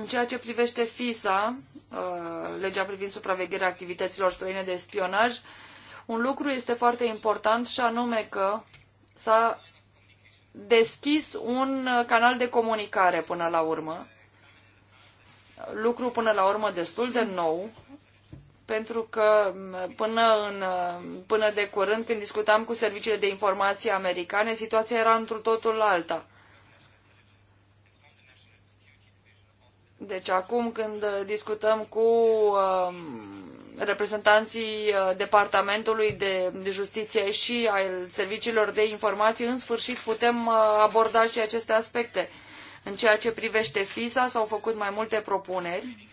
În ceea ce privește FISA, uh, legea privind supravegherea activităților străine de spionaj, un lucru este foarte important și anume că s-a deschis un canal de comunicare până la urmă, lucru până la urmă destul de nou, pentru că mm, până, în, până de curând, când discutam cu serviciile de informații americane, situația era într totul alta. Deci acum când uh, discutăm cu um, reprezentanții uh, Departamentului de Justiție și al serviciilor de informații, în sfârșit putem uh, aborda și aceste aspecte. În ceea ce privește FISA s-au făcut mai multe propuneri.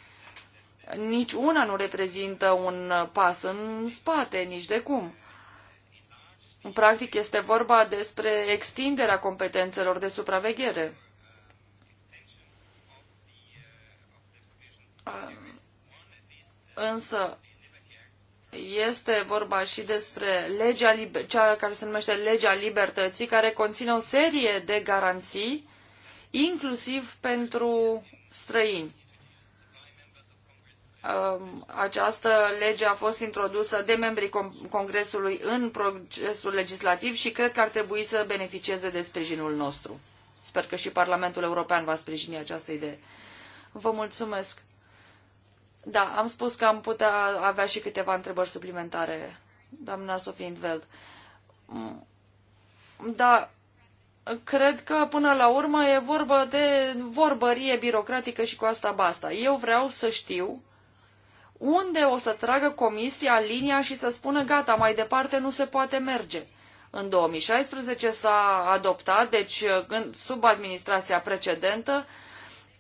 Nici una nu reprezintă un pas în spate, nici de cum. În practic este vorba despre extinderea competențelor de supraveghere. Însă este vorba și despre legea, cea care se numește legea libertății, care conține o serie de garanții, inclusiv pentru străini. Um, această lege a fost introdusă de membrii Congresului în procesul legislativ și cred că ar trebui să beneficieze de sprijinul nostru. Sper că și Parlamentul European va sprijini această idee. Vă mulțumesc. Da, am spus că am putea avea și câteva întrebări suplimentare, doamna Sofie Intveld. Mm, da, cred că până la urmă e vorba de vorbărie birocratică și cu asta basta. Eu vreau să știu unde o să tragă comisia linia și să spună gata, mai departe nu se poate merge. În 2016 s-a adoptat, deci sub administrația precedentă,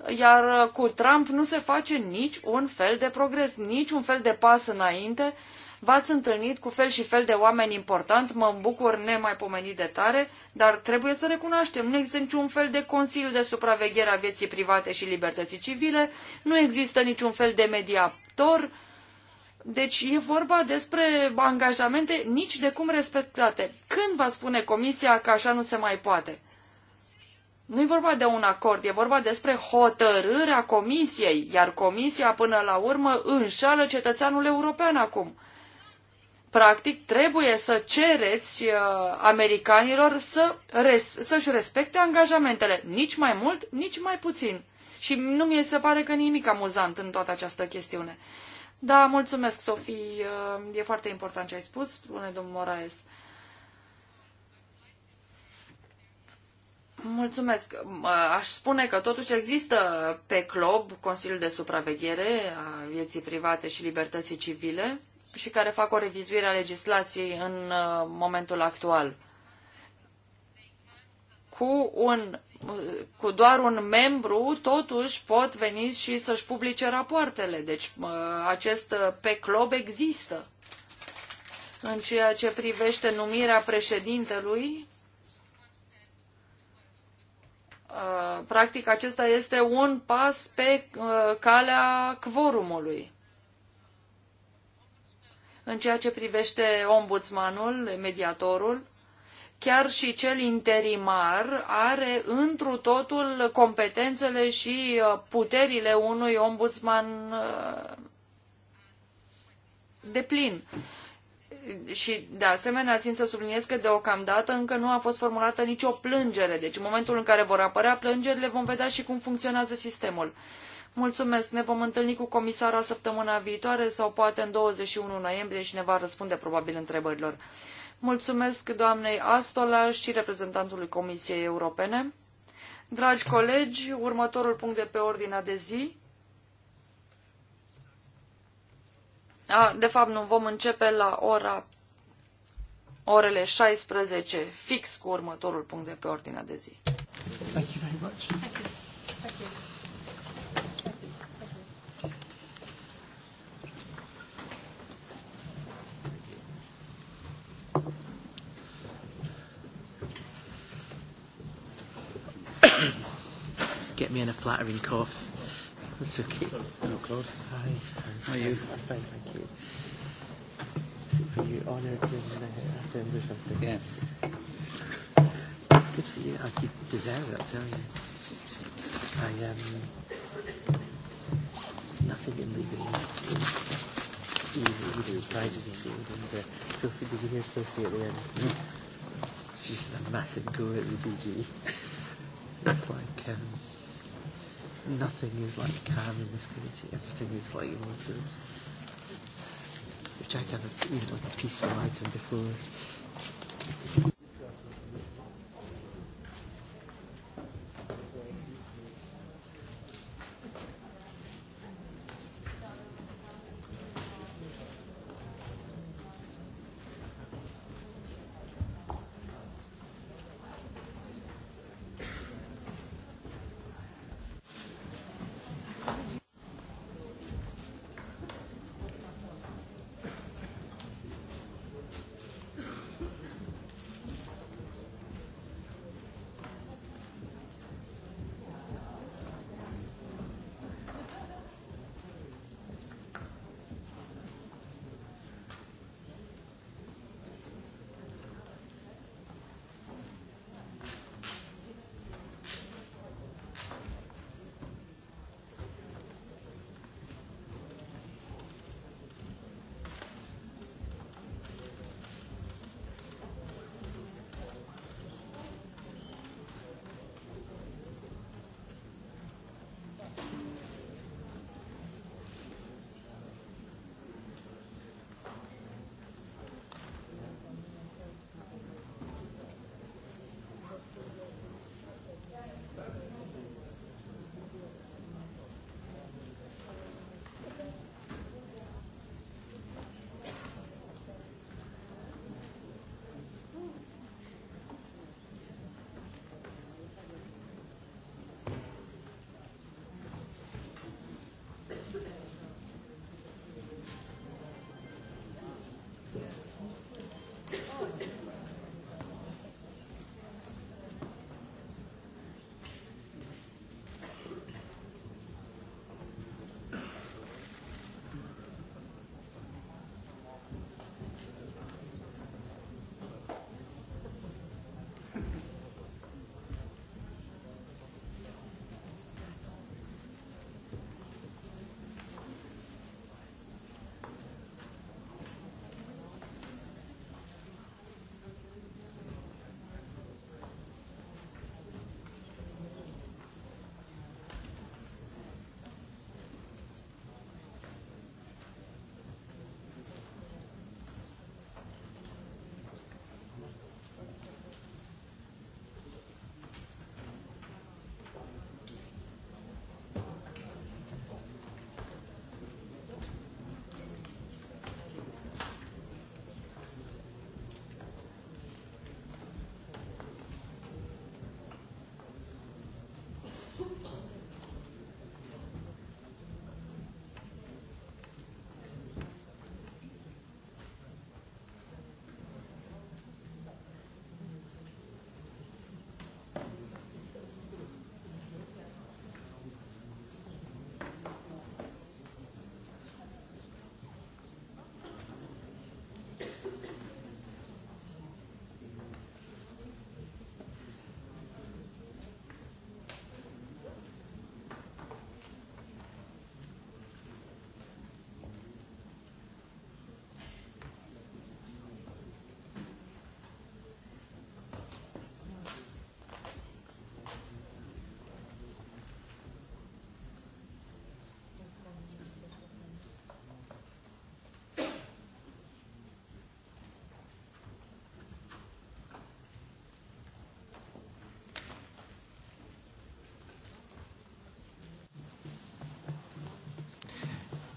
iar uh, cu Trump nu se face nici un fel de progres, nici un fel de pas înainte. V-ați întâlnit cu fel și fel de oameni important, mă bucur nemaipomenit de tare, dar trebuie să recunoaștem, nu există niciun fel de Consiliu de Supraveghere a Vieții Private și Libertății Civile, nu există niciun fel de mediator, deci e vorba despre angajamente nici de cum respectate. Când va spune Comisia că așa nu se mai poate? nu e vorba de un acord, e vorba despre hotărârea comisiei, iar comisia până la urmă înșală cetățeanul european acum. Practic, trebuie să cereți uh, americanilor să res- să-și respecte angajamentele, nici mai mult, nici mai puțin. Și nu mi se pare că nimic amuzant în toată această chestiune. Da, mulțumesc, Sofie, uh, e foarte important ce ai spus, spune domnul Moraes. Uh, Mulțumesc. Aș spune că totuși există pe club Consiliul de Supraveghere a Vieții Private și Libertății Civile, și care fac o revizuire a legislației în uh, momentul actual. Cu, un, uh, cu doar un membru, totuși pot veni și să-și publice rapoartele. Deci acest uh, pe club există. În ceea ce privește numirea președintelui, Uh, practic acesta este un pas pe uh, calea quorumului. În ceea ce privește ombudsmanul, mediatorul, chiar și cel interimar are întru totul competențele și uh, puterile unui ombudsman de plin și de asemenea țin să subliniez că deocamdată încă nu a fost formulată nicio plângere. Deci în momentul în care vor apărea plângerile vom vedea și cum funcționează sistemul. Mulțumesc, ne vom întâlni cu comisara săptămâna viitoare sau poate în 21 noiembrie și ne va răspunde probabil întrebărilor. Mulțumesc doamnei Astola și reprezentantului Comisiei Europene. Dragi colegi, următorul punct de pe ordinea de zi de fapt nu vom începe la ora orele 16, fix cu următorul punct de pe ordinea de zi. Thank you very much. Thank you. Thank you. Get me in a flattering cough. That's okay. Hello, Claude. Hi. How are you? I'm fine, thank you. Are you honored to uh, Athens or something? Yes. Good for you. I, keep deserve it, I tell you. I, um, nothing in leaving is, is easy. You do as proud And, uh, Sophie, did you hear Sophie at the end? Mm. She's a massive go at the DG. It's like, um, nothing is like calm in this community. Everything is like you want to. We tried to have a, you know, like a peaceful item before.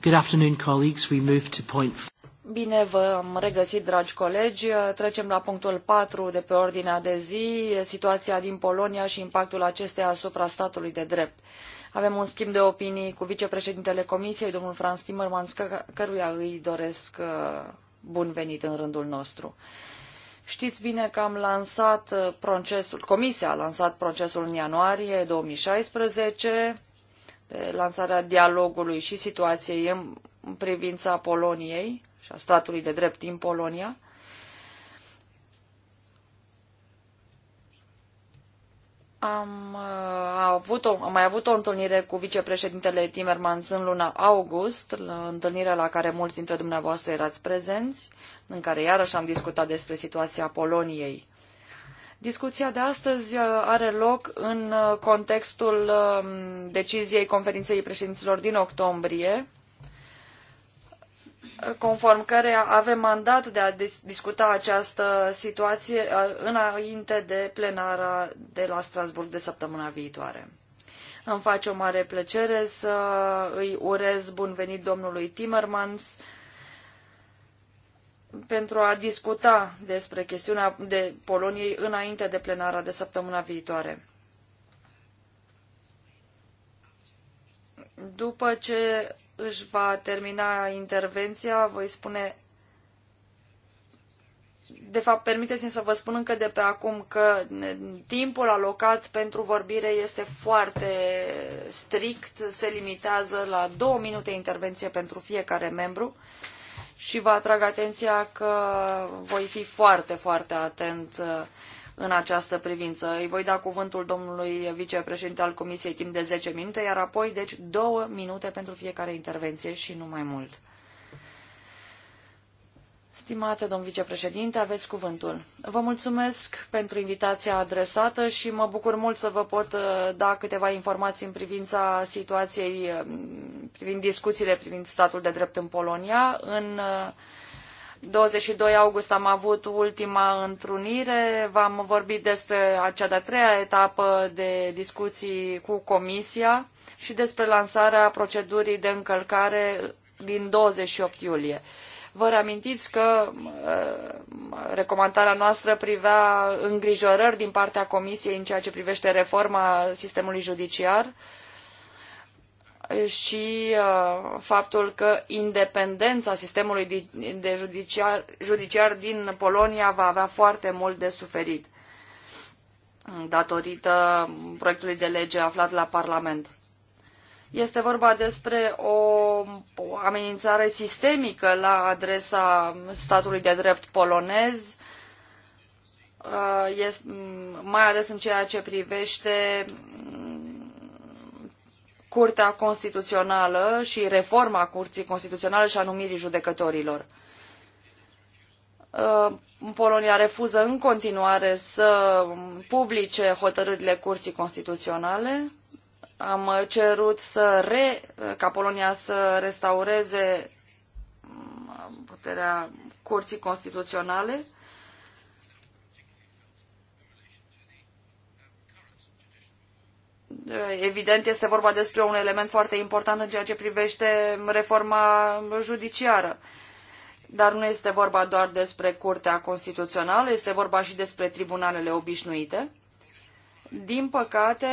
Good afternoon, colleagues. We move to point... Bine v-am regăsit, dragi colegi. Trecem la punctul 4 de pe ordinea de zi, situația din Polonia și impactul acesteia asupra statului de drept. Avem un schimb de opinii cu vicepreședintele Comisiei, domnul Franz Timmermans, că căruia îi doresc uh, bun venit în rândul nostru. Știți bine că am lansat procesul, Comisia a lansat procesul în ianuarie 2016, lansarea dialogului și situației în, în privința Poloniei și a statului de drept din Polonia. Am, uh, a avut o, am mai avut o întâlnire cu vicepreședintele Timmermans în luna august, la întâlnirea la care mulți dintre dumneavoastră erați prezenți, în care iarăși am discutat despre situația Poloniei. Discuția de astăzi uh, are loc în uh, contextul um, deciziei conferinței președinților din octombrie, conform căreia avem mandat de a discuta această situație uh, înainte de plenara de la Strasbourg de săptămâna viitoare. Îmi face o mare plăcere să îi urez bun venit domnului Timmermans, pentru a discuta despre chestiunea de Poloniei înainte de plenara de săptămâna viitoare. După ce își va termina intervenția, voi spune... De fapt, permiteți-mi să vă spun încă de pe acum că timpul alocat pentru vorbire este foarte strict, se limitează la două minute intervenție pentru fiecare membru. Uh, și vă atrag atenția că voi fi foarte, foarte atent uh, în această privință. Îi voi da cuvântul domnului vicepreședinte al Comisiei timp de 10 minute, iar apoi, deci, două minute pentru fiecare intervenție și nu mai mult. Stimate domn vicepreședinte, aveți cuvântul. Vă mulțumesc pentru invitația adresată și mă bucur mult să vă pot uh, da câteva informații în privința situației, um, privind discuțiile privind statul de drept în Polonia. În 22 uh, august am avut ultima întrunire, v-am vorbit despre cea de-a treia etapă de discuții cu Comisia și despre lansarea procedurii de încălcare din 28 iulie. Vă reamintiți că uh, recomandarea noastră privea îngrijorări din partea Comisiei în ceea ce privește reforma sistemului judiciar și uh, faptul că independența sistemului de judiciar, judiciar din Polonia va avea foarte mult de suferit datorită proiectului de lege aflat la Parlament. Este vorba despre o amenințare sistemică la adresa statului de drept polonez, uh, mm, mai ales în ceea ce privește mm, Curtea Constituțională și reforma Curții Constituționale și a numirii judecătorilor. Uh, Polonia refuză în continuare să publice hotărârile Curții Constituționale, am uh, cerut să re, uh, ca Polonia să restaureze mm, puterea Curții Constituționale. Uh, evident, este vorba despre un element foarte important în ceea ce privește reforma judiciară. Dar nu este vorba doar despre Curtea Constituțională, este vorba și despre tribunalele obișnuite. Din păcate,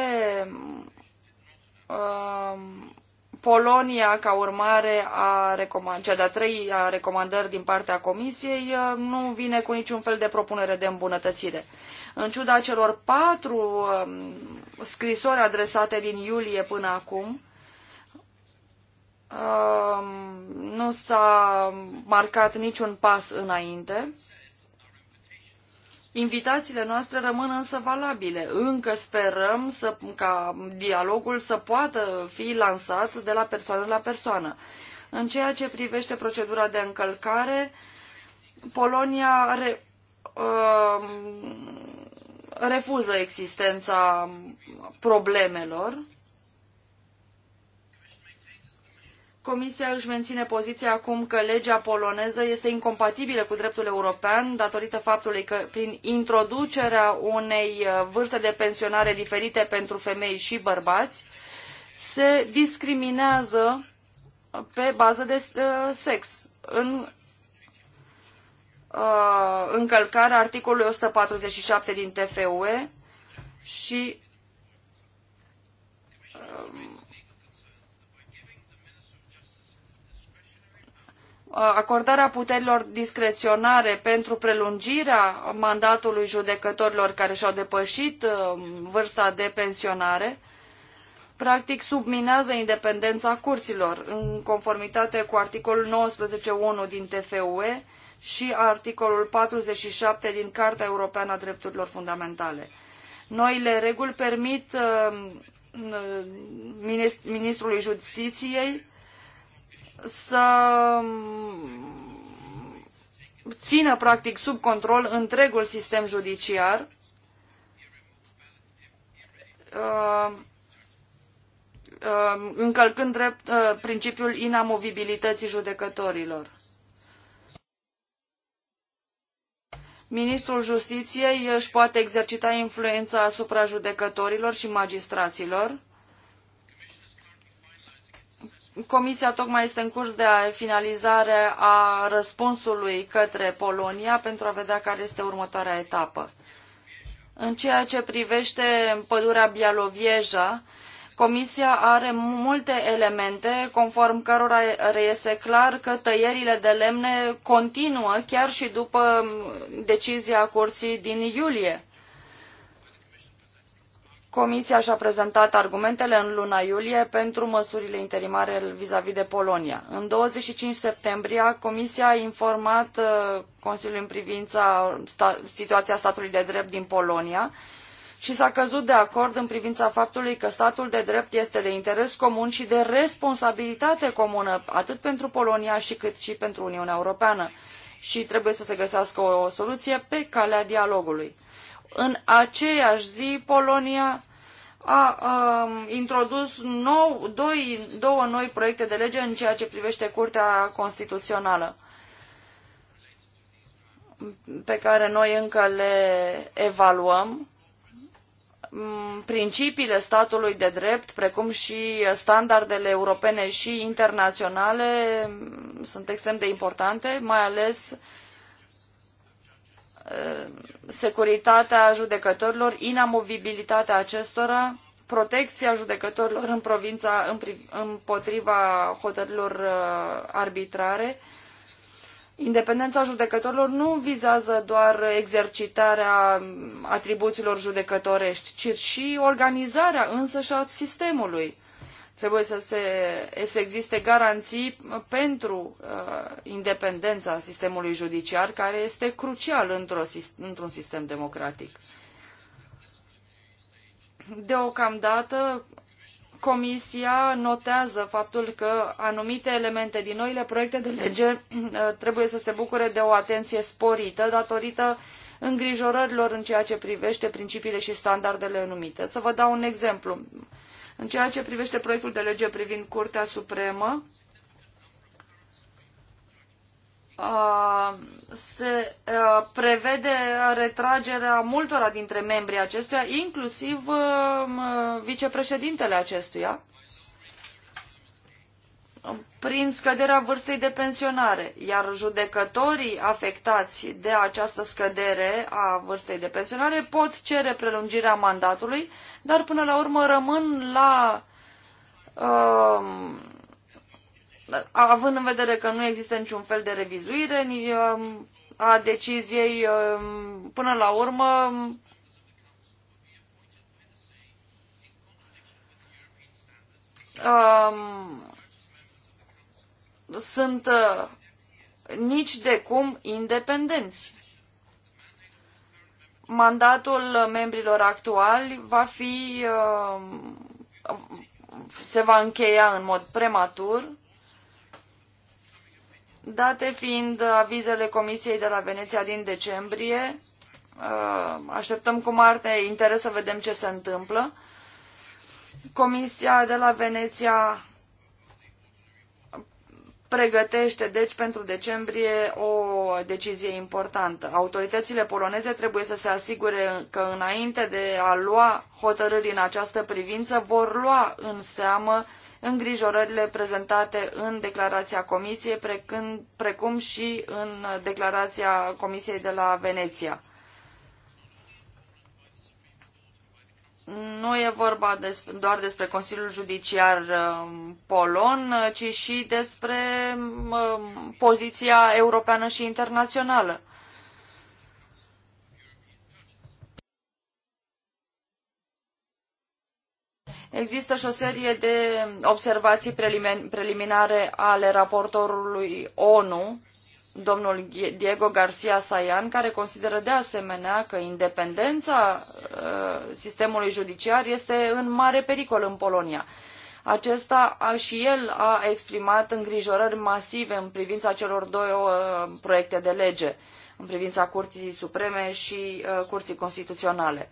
Um, Polonia, ca urmare a recomand, cea de-a a recomandări din partea Comisiei, um, nu vine cu niciun fel de propunere de îmbunătățire. În ciuda celor patru um, scrisori adresate din iulie până acum, nu s-a marcat niciun pas înainte. Invitațiile noastre rămân însă valabile. Încă sperăm să, ca dialogul să poată fi lansat de la persoană la persoană. În ceea ce privește procedura de încălcare, Polonia uh, refuză existența problemelor Comisia își menține poziția acum că legea poloneză este incompatibilă cu dreptul european datorită faptului că prin introducerea unei uh, vârste de pensionare diferite pentru femei și bărbați se discriminează pe bază de uh, sex în uh, încălcarea articolului 147 din TFUE și acordarea puterilor discreționare pentru prelungirea mandatului judecătorilor care și-au depășit um, vârsta de pensionare, practic subminează independența curților, în conformitate cu articolul 19.1 din TFUE și articolul 47 din Carta Europeană a Drepturilor Fundamentale. Noile reguli permit um, uh, ministrului justiției să țină practic sub control întregul sistem judiciar uh, uh, încălcând drept, uh, principiul inamovibilității judecătorilor. Ministrul Justiției își poate exercita influența asupra judecătorilor și magistraților Comisia tocmai este în curs de finalizare a răspunsului către Polonia pentru a vedea care este următoarea etapă. În ceea ce privește pădurea Bialovieja, Comisia are multe elemente conform cărora reiese clar că tăierile de lemne continuă chiar și după decizia curții din iulie. Comisia și-a prezentat argumentele în luna iulie pentru măsurile interimare vis-a-vis de Polonia. În 25 septembrie, Comisia a informat uh, Consiliul în privința sta situația statului de drept din Polonia și s-a căzut de acord în privința faptului că statul de drept este de interes comun și de responsabilitate comună, atât pentru Polonia și cât și pentru Uniunea Europeană și trebuie să se găsească o soluție pe calea dialogului. În aceeași zi, Polonia a um, introdus nou, doi, două noi proiecte de lege în ceea ce privește Curtea Constituțională pe care noi încă le evaluăm. Mm, principiile statului de drept, precum și standardele europene și internaționale, mm, sunt extrem de importante, mai ales uh, Uh, securitatea judecătorilor, inamovibilitatea acestora, protecția judecătorilor în provința împotriva hotărârilor uh, arbitrare. Independența judecătorilor nu vizează doar exercitarea atribuțiilor judecătorești, ci și organizarea însăși a sistemului Trebuie să, se, să existe garanții pentru uh, independența sistemului judiciar, care este crucial într-un într sistem democratic. Deocamdată, Comisia notează faptul că anumite elemente din noile proiecte de lege uh, trebuie să se bucure de o atenție sporită datorită îngrijorărilor în ceea ce privește principiile și standardele numite. Să vă dau un exemplu. În ceea ce privește proiectul de lege privind Curtea Supremă, se prevede retragerea multora dintre membrii acestuia, inclusiv vicepreședintele acestuia, prin scăderea vârstei de pensionare, iar judecătorii afectați de această scădere a vârstei de pensionare pot cere prelungirea mandatului dar până la urmă rămân la uh, având în vedere că nu există niciun fel de revizuire um, a deciziei, um, până la urmă sunt uh, nici de cum independenți mandatul membrilor actuali va fi uh, se va încheia în mod prematur, date fiind avizele Comisiei de la Veneția din decembrie. Uh, așteptăm cu mare interes să vedem ce se întâmplă. Comisia de la Veneția pregătește, deci, pentru decembrie o decizie importantă. Autoritățile poloneze trebuie să se asigure că înainte de a lua hotărâri în această privință vor lua în seamă îngrijorările prezentate în declarația Comisiei, precum și în declarația Comisiei de la Veneția. nu e vorba despre, doar despre Consiliul Judiciar um, polon, ci și despre um, poziția europeană și internațională. Există și o serie de observații preliminare ale raportorului ONU domnul Diego Garcia Sayan, care consideră de asemenea că independența uh, sistemului judiciar este în mare pericol în Polonia. Acesta a, și el a exprimat îngrijorări masive în privința celor două uh, proiecte de lege, în privința Curții Supreme și uh, Curții Constituționale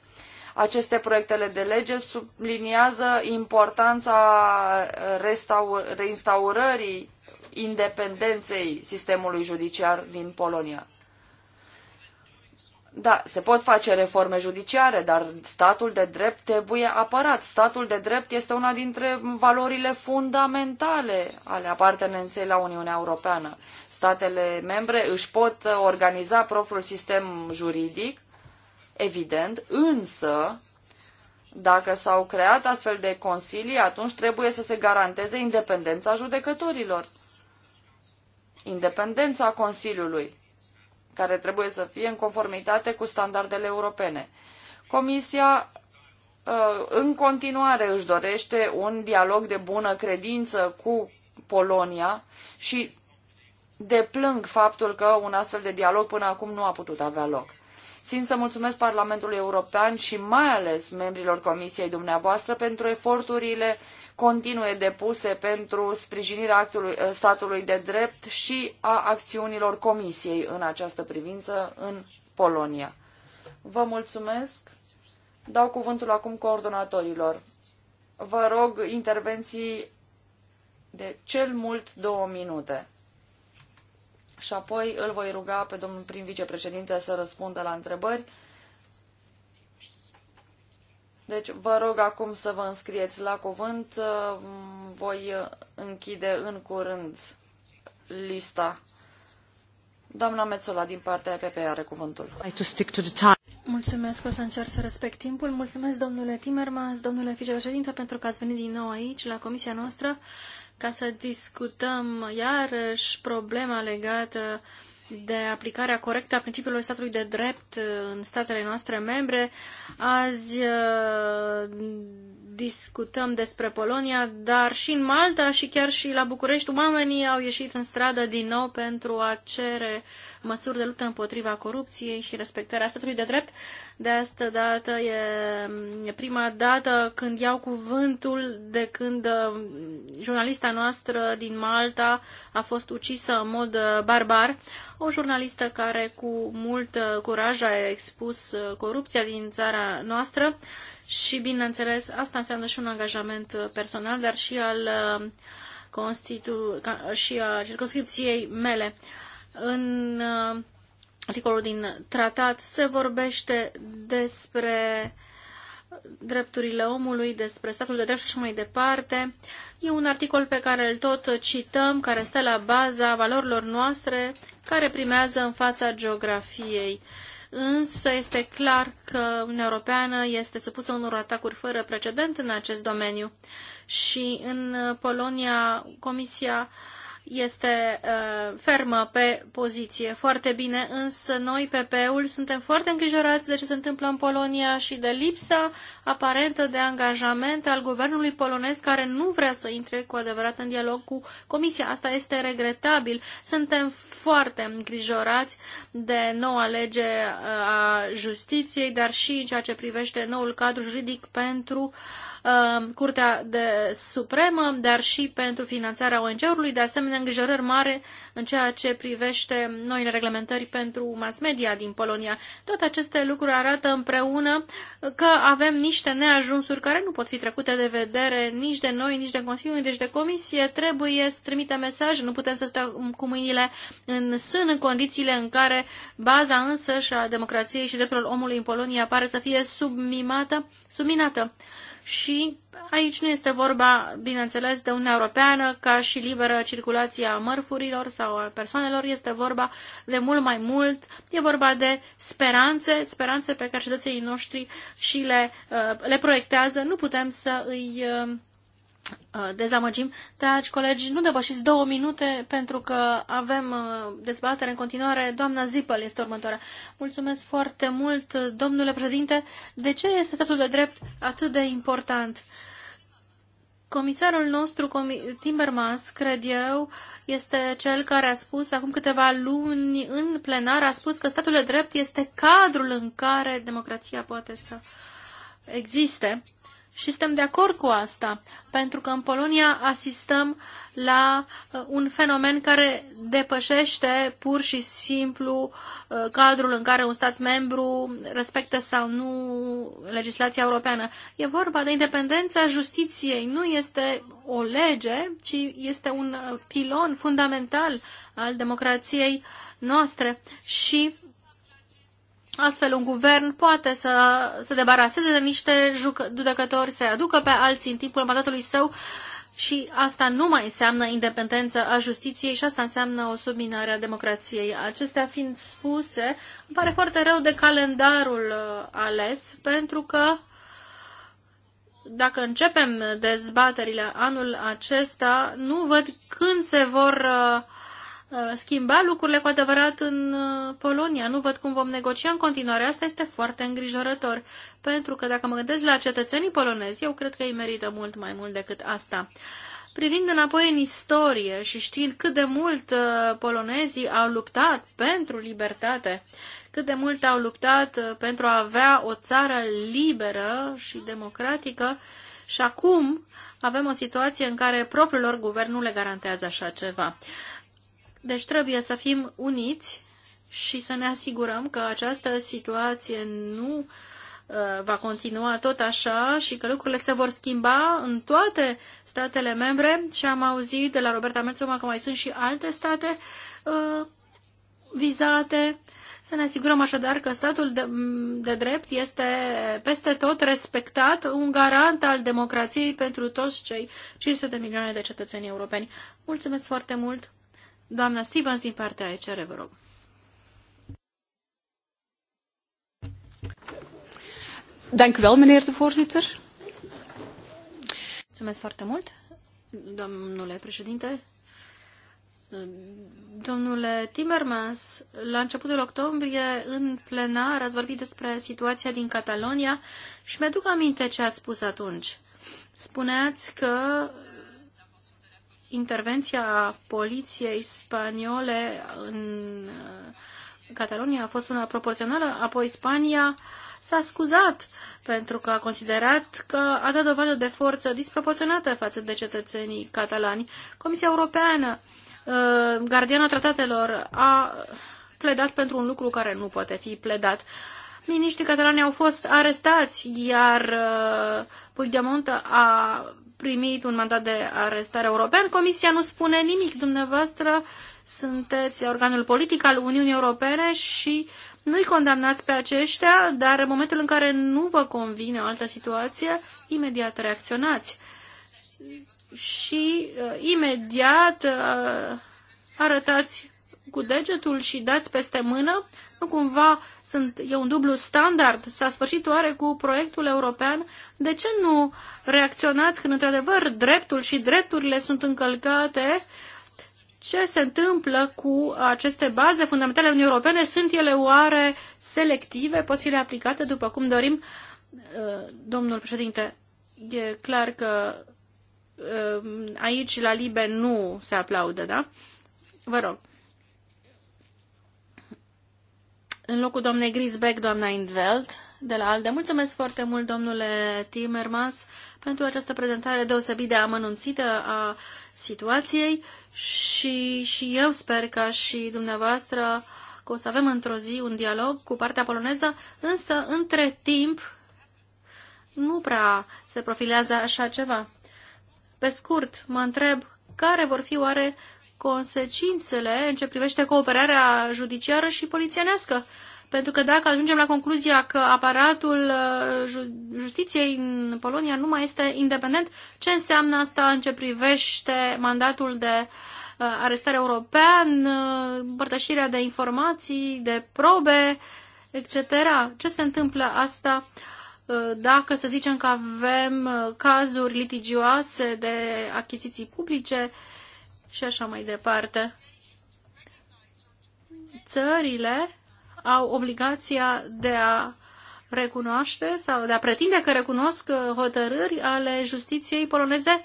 aceste proiectele de lege subliniază importanța reinstaurării independenței sistemului judiciar din Polonia. Da, se pot face reforme judiciare, dar statul de drept trebuie apărat. Statul de drept este una dintre valorile fundamentale ale apartenenței la Uniunea Europeană. Statele membre își pot organiza propriul sistem juridic, evident, însă dacă s-au creat astfel de consilii, atunci trebuie să se garanteze independența judecătorilor independența Consiliului, care trebuie să fie în conformitate cu standardele europene. Comisia uh, în continuare își dorește un dialog de bună credință cu Polonia și deplâng faptul că un astfel de dialog până acum nu a putut avea loc. Țin să mulțumesc Parlamentului European și mai ales membrilor Comisiei dumneavoastră pentru eforturile continue depuse pentru sprijinirea actului, eh, statului de drept și a acțiunilor Comisiei în această privință în Polonia. Vă mulțumesc. Dau cuvântul acum coordonatorilor. Vă rog intervenții de cel mult două minute. Și apoi îl voi ruga pe domnul prim vicepreședinte să răspundă la întrebări deci vă rog acum să vă înscrieți la cuvânt. Voi închide în curând lista. Doamna Metzola, din partea PP, are cuvântul. Mulțumesc, o să încerc să respect timpul. Mulțumesc, domnule Timmermans, domnule vicepreședinte, pentru că ați venit din nou aici, la comisia noastră, ca să discutăm iarăși problema legată uh, de aplicarea corectă a principiilor statului de drept uh, în statele noastre membre. Azi uh, discutăm despre Polonia, dar și în Malta și chiar și la București oamenii au ieșit în stradă din nou pentru a cere măsuri de luptă împotriva corupției și respectarea statului de drept. De asta dată e, e prima dată când iau cuvântul de când uh, jurnalista noastră din Malta a fost ucisă în mod uh, barbar. O jurnalistă care cu mult uh, curaj a expus corupția din țara noastră și, bineînțeles, asta înseamnă și un angajament personal, dar și al Constitu- și a circunscripției mele. În uh, articolul din tratat se vorbește despre drepturile omului, despre statul de drept și mai departe. E un articol pe care îl tot cităm, care stă la baza valorilor noastre, care primează în fața geografiei. Însă este clar că Uniunea Europeană este supusă unor atacuri fără precedent în acest domeniu și în Polonia Comisia este uh, fermă pe poziție. Foarte bine, însă noi, PP-ul, suntem foarte îngrijorați de ce se întâmplă în Polonia și de lipsa aparentă de angajament al guvernului polonez care nu vrea să intre cu adevărat în dialog cu Comisia. Asta este regretabil. Suntem foarte îngrijorați de noua lege uh, a justiției, dar și în ceea ce privește noul cadru juridic pentru uh, Uh, Curtea de Supremă, dar și pentru finanțarea ONG-ului, de asemenea îngrijorări mare în ceea ce privește noile reglementări pentru mass media din Polonia. Toate aceste lucruri arată împreună că avem niște neajunsuri care nu pot fi trecute de vedere nici de noi, nici de Consiliu, nici de Comisie. Trebuie să trimite mesaje, nu putem să stăm cu mâinile în sân în condițiile în care baza însăși a democrației și drepturilor omului în Polonia pare să fie submimată, subminată și aici nu este vorba, bineînțeles, de Uniunea Europeană ca și liberă circulație a mărfurilor sau a persoanelor, este vorba de mult mai mult, e vorba de speranțe, speranțe pe care cetățenii noștri și le, uh, le proiectează, nu putem să îi uh, Uh, dezamăgim. Dragi colegi, nu depășiți două minute pentru că avem uh, dezbatere în continuare. Doamna Zipăl este următoarea. Mulțumesc foarte mult, domnule președinte. De ce este statul de drept atât de important? Comisarul nostru, Timmermans, cred eu, este cel care a spus acum câteva luni în plenar, a spus că statul de drept este cadrul în care democrația poate să existe. Și suntem de acord cu asta, pentru că în Polonia asistăm la uh, un fenomen care depășește pur și simplu uh, cadrul în care un stat membru respectă sau nu legislația europeană. E vorba de independența justiției. Nu este o lege, ci este un uh, pilon fundamental al democrației noastre și Astfel, un guvern poate să se debaraseze de niște judecători, să aducă pe alții în timpul mandatului său și asta nu mai înseamnă independență a justiției și asta înseamnă o subminare a democrației. Acestea fiind spuse, îmi pare foarte rău de calendarul uh, ales, pentru că dacă începem dezbaterile anul acesta, nu văd când se vor uh, Uh, schimba lucrurile cu adevărat în uh, Polonia. Nu văd cum vom negocia în continuare. Asta este foarte îngrijorător, pentru că dacă mă gândesc la cetățenii polonezi, eu cred că ei merită mult mai mult decât asta. Privind înapoi în istorie și știind cât de mult uh, polonezii au luptat pentru libertate, cât de mult au luptat pentru a avea o țară liberă și democratică, și acum avem o situație în care propriul lor guvern nu le garantează așa ceva. Deci trebuie să fim uniți și să ne asigurăm că această situație nu uh, va continua tot așa și că lucrurile se vor schimba în toate statele membre și am auzit de la Roberta Merzoma că mai sunt și alte state uh, vizate. Să ne asigurăm așadar că statul de, de drept este peste tot respectat, un garant al democrației pentru toți cei 500 de milioane de cetățeni europeni. Mulțumesc foarte mult! Doamna Stevens din partea ECR, vă rog. Dank u wel, meneer de voorzitter. Mulțumesc foarte mult, domnule președinte. Domnule Timmermans, la începutul octombrie, în plenar, ați vorbit despre situația din Catalonia și mi-aduc aminte ce ați spus atunci. Spuneați că intervenția poliției spaniole în uh, Catalonia a fost una proporțională, apoi Spania s-a scuzat pentru că a considerat că a dat dovadă de forță disproporționată față de cetățenii catalani. Comisia Europeană, uh, gardiana tratatelor, a pledat pentru un lucru care nu poate fi pledat. Miniștrii catalani au fost arestați, iar uh, Puigdemont a primit un mandat de arestare european, Comisia nu spune nimic. Dumneavoastră sunteți organul politic al Uniunii Europene și nu-i condamnați pe aceștia, dar în momentul în care nu vă convine o altă situație, imediat reacționați. Și uh, imediat uh, arătați cu degetul și dați peste mână? Nu cumva sunt, e un dublu standard? S-a sfârșit oare cu proiectul european? De ce nu reacționați când într-adevăr dreptul și drepturile sunt încălcate? Ce se întâmplă cu aceste baze fundamentale Uniunii Europene? Sunt ele oare selective? Pot fi aplicate după cum dorim? Uh, domnul președinte, e clar că uh, aici la Libe nu se aplaudă, da? Vă rog. în locul doamnei Grisbeck, doamna Indveld, de la ALDE. Mulțumesc foarte mult, domnule Timmermans, pentru această prezentare deosebit de amănunțită a situației și, și eu sper ca și dumneavoastră că o să avem într-o zi un dialog cu partea poloneză, însă între timp nu prea se profilează așa ceva. Pe scurt, mă întreb care vor fi oare consecințele în ce privește cooperarea judiciară și polițienească. Pentru că dacă ajungem la concluzia că aparatul uh, justiției în Polonia nu mai este independent, ce înseamnă asta în ce privește mandatul de uh, arestare european, uh, împărtășirea de informații, de probe, etc. Ce se întâmplă asta dacă să zicem că avem cazuri litigioase de achiziții publice, și așa mai departe. Țările au obligația de a recunoaște sau de a pretinde că recunosc uh, hotărâri ale justiției poloneze.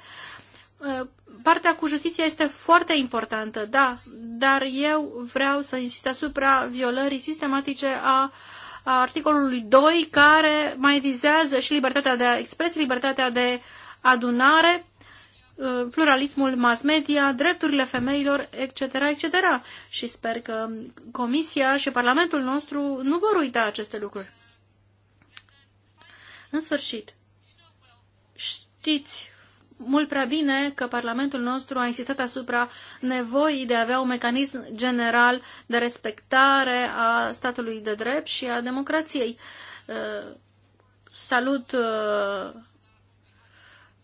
Uh, partea cu justiția este foarte importantă, da, dar eu vreau să insist asupra violării sistematice a, articolului 2, care mai vizează și libertatea de expresie, libertatea de adunare Uh, pluralismul mass media, drepturile femeilor, etc., etc. Și sper că Comisia și Parlamentul nostru nu vor uita aceste lucruri. În sfârșit, știți mult prea bine că Parlamentul nostru a insistat asupra nevoii de a avea un mecanism general de respectare a statului de drept și a democrației. Uh, salut uh,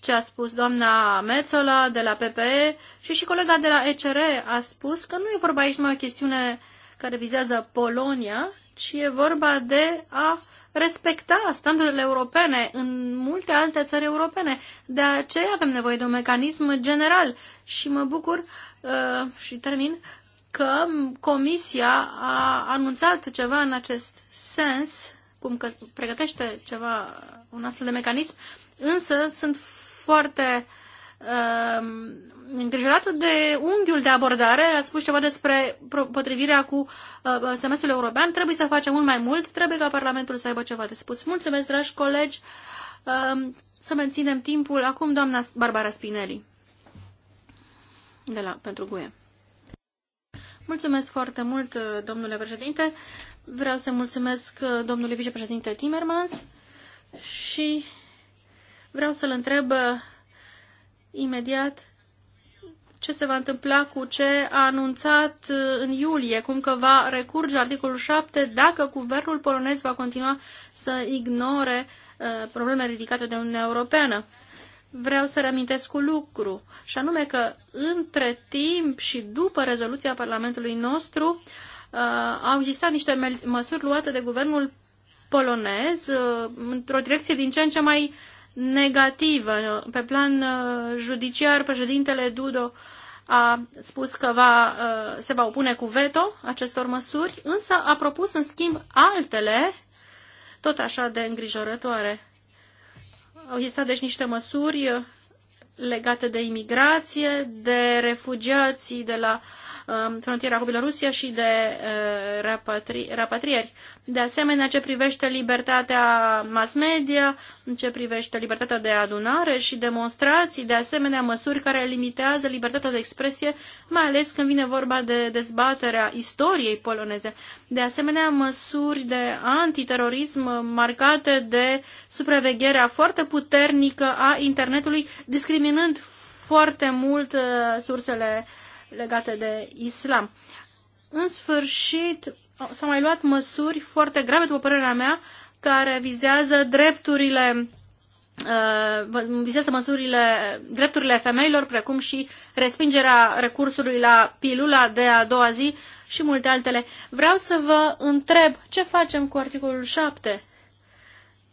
ce a spus doamna Mețola de la PPE și și colega de la ECR a spus că nu e vorba aici numai o chestiune care vizează Polonia, ci e vorba de a respecta standardele europene în multe alte țări europene. De aceea avem nevoie de un mecanism general și mă bucur uh, și termin că Comisia a anunțat ceva în acest sens, cum că pregătește ceva, un astfel de mecanism, însă sunt foarte uh, um, îngrijorată de unghiul de abordare. A spus ceva despre potrivirea cu uh, semestrul european. Trebuie să facem mult mai mult. Trebuie ca Parlamentul să aibă ceva de spus. Mulțumesc, dragi colegi. Uh, să menținem timpul. Acum, doamna Barbara Spinelli. De la, pentru GUE. Mulțumesc foarte mult, uh, domnule președinte. Vreau să mulțumesc uh, domnului vicepreședinte Timmermans și Vreau să-l întreb uh, imediat ce se va întâmpla cu ce a anunțat uh, în iulie, cum că va recurge articolul 7 dacă guvernul polonez va continua să ignore uh, probleme ridicate de Uniunea Europeană. Vreau să reamintesc un lucru, și anume că între timp și după rezoluția Parlamentului nostru uh, au existat niște măsuri luate de guvernul polonez uh, într-o direcție din ce în ce mai uh, negativă. Pe plan uh, judiciar, președintele Dudo a spus că va, uh, se va opune cu veto acestor măsuri, însă a propus în schimb altele, tot așa de îngrijorătoare. Au existat deci niște măsuri uh, legate de imigrație, de refugiații de la uh, Um, frontiera cu Bielorusia și de uh, rapatri, rapatrieri. De asemenea, ce privește libertatea mass media, ce privește libertatea de adunare și demonstrații, de asemenea măsuri care limitează libertatea de expresie, mai ales când vine vorba de dezbaterea istoriei poloneze. De asemenea, măsuri de antiterorism marcate de supravegherea foarte puternică a internetului, discriminând foarte mult uh, sursele uh, legate de islam. În sfârșit, s-au mai luat măsuri foarte grave, după părerea mea, care vizează drepturile uh, vizează măsurile, drepturile femeilor, precum și respingerea recursului la pilula de a doua zi și multe altele. Vreau să vă întreb ce facem cu articolul 7,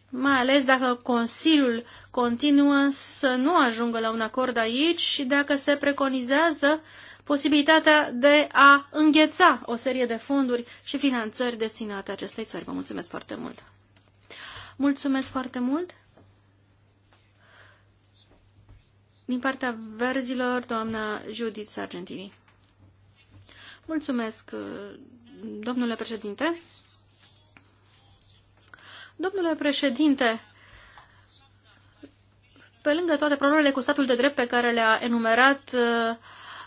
mai ales dacă Consiliul continuă să nu ajungă la un acord aici și dacă se preconizează uh, posibilitatea de a îngheța o serie de fonduri și finanțări destinate acestei țări. Vă mulțumesc foarte mult! Mulțumesc foarte mult! Din partea verzilor, doamna Judith Sargentini. Mulțumesc, domnule președinte. Domnule președinte, pe lângă toate problemele cu statul de drept pe care le-a enumerat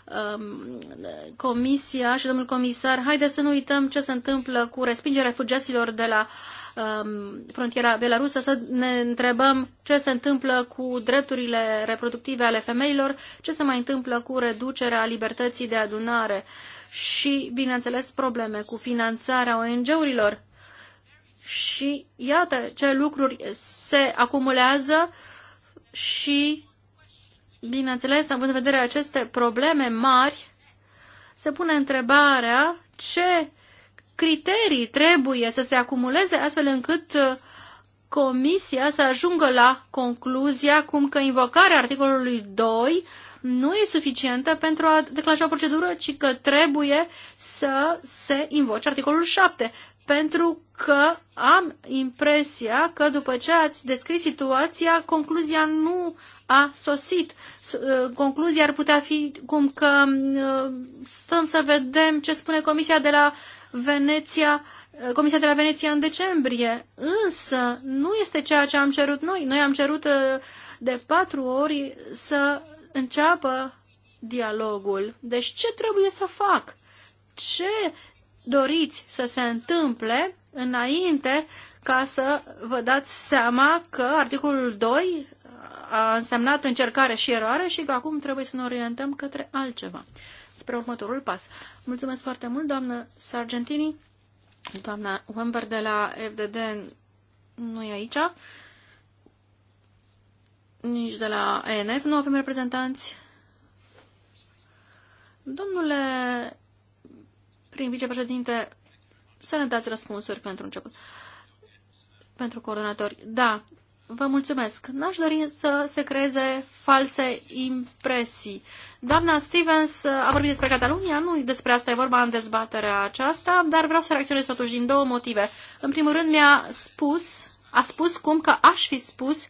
Um, comisia și domnul comisar, haideți să nu uităm ce se întâmplă cu respingerea refugiaților de la um, frontiera belarusă, să ne întrebăm ce se întâmplă cu drepturile reproductive ale femeilor, ce se mai întâmplă cu reducerea libertății de adunare și, bineînțeles, probleme cu finanțarea ONG-urilor. Și iată ce lucruri se acumulează și bineînțeles, având în vedere aceste probleme mari, se pune întrebarea ce criterii trebuie să se acumuleze astfel încât uh, comisia să ajungă la concluzia cum că invocarea articolului 2 nu e suficientă pentru a declanșa o procedură, ci că trebuie să se invoce articolul 7 pentru că am impresia că după ce ați descris situația, concluzia nu a sosit. Uh, concluzia ar putea fi cum că uh, stăm să vedem ce spune Comisia de la Veneția uh, Comisia de la Veneția în decembrie, însă nu este ceea ce am cerut noi. Noi am cerut de patru ori să înceapă dialogul. Deci ce trebuie să fac? Ce doriți să se întâmple înainte ca să vă dați seama că articolul 2 a însemnat încercare și eroare și că acum trebuie să ne orientăm către altceva, spre următorul pas. Mulțumesc foarte mult, doamnă Sargentini. Doamna Wember de la FDD nu e aici, nici de la ENF, nu avem reprezentanți. Domnule prin vicepreședinte, să ne dați răspunsuri pentru început. Pentru coordonatori. Da, vă mulțumesc. N-aș dori să se creeze false impresii. Doamna Stevens a vorbit despre Catalunia, nu despre asta e vorba în dezbaterea aceasta, dar vreau să reacționez totuși din două motive. În primul rând mi-a spus, a spus cum că aș fi spus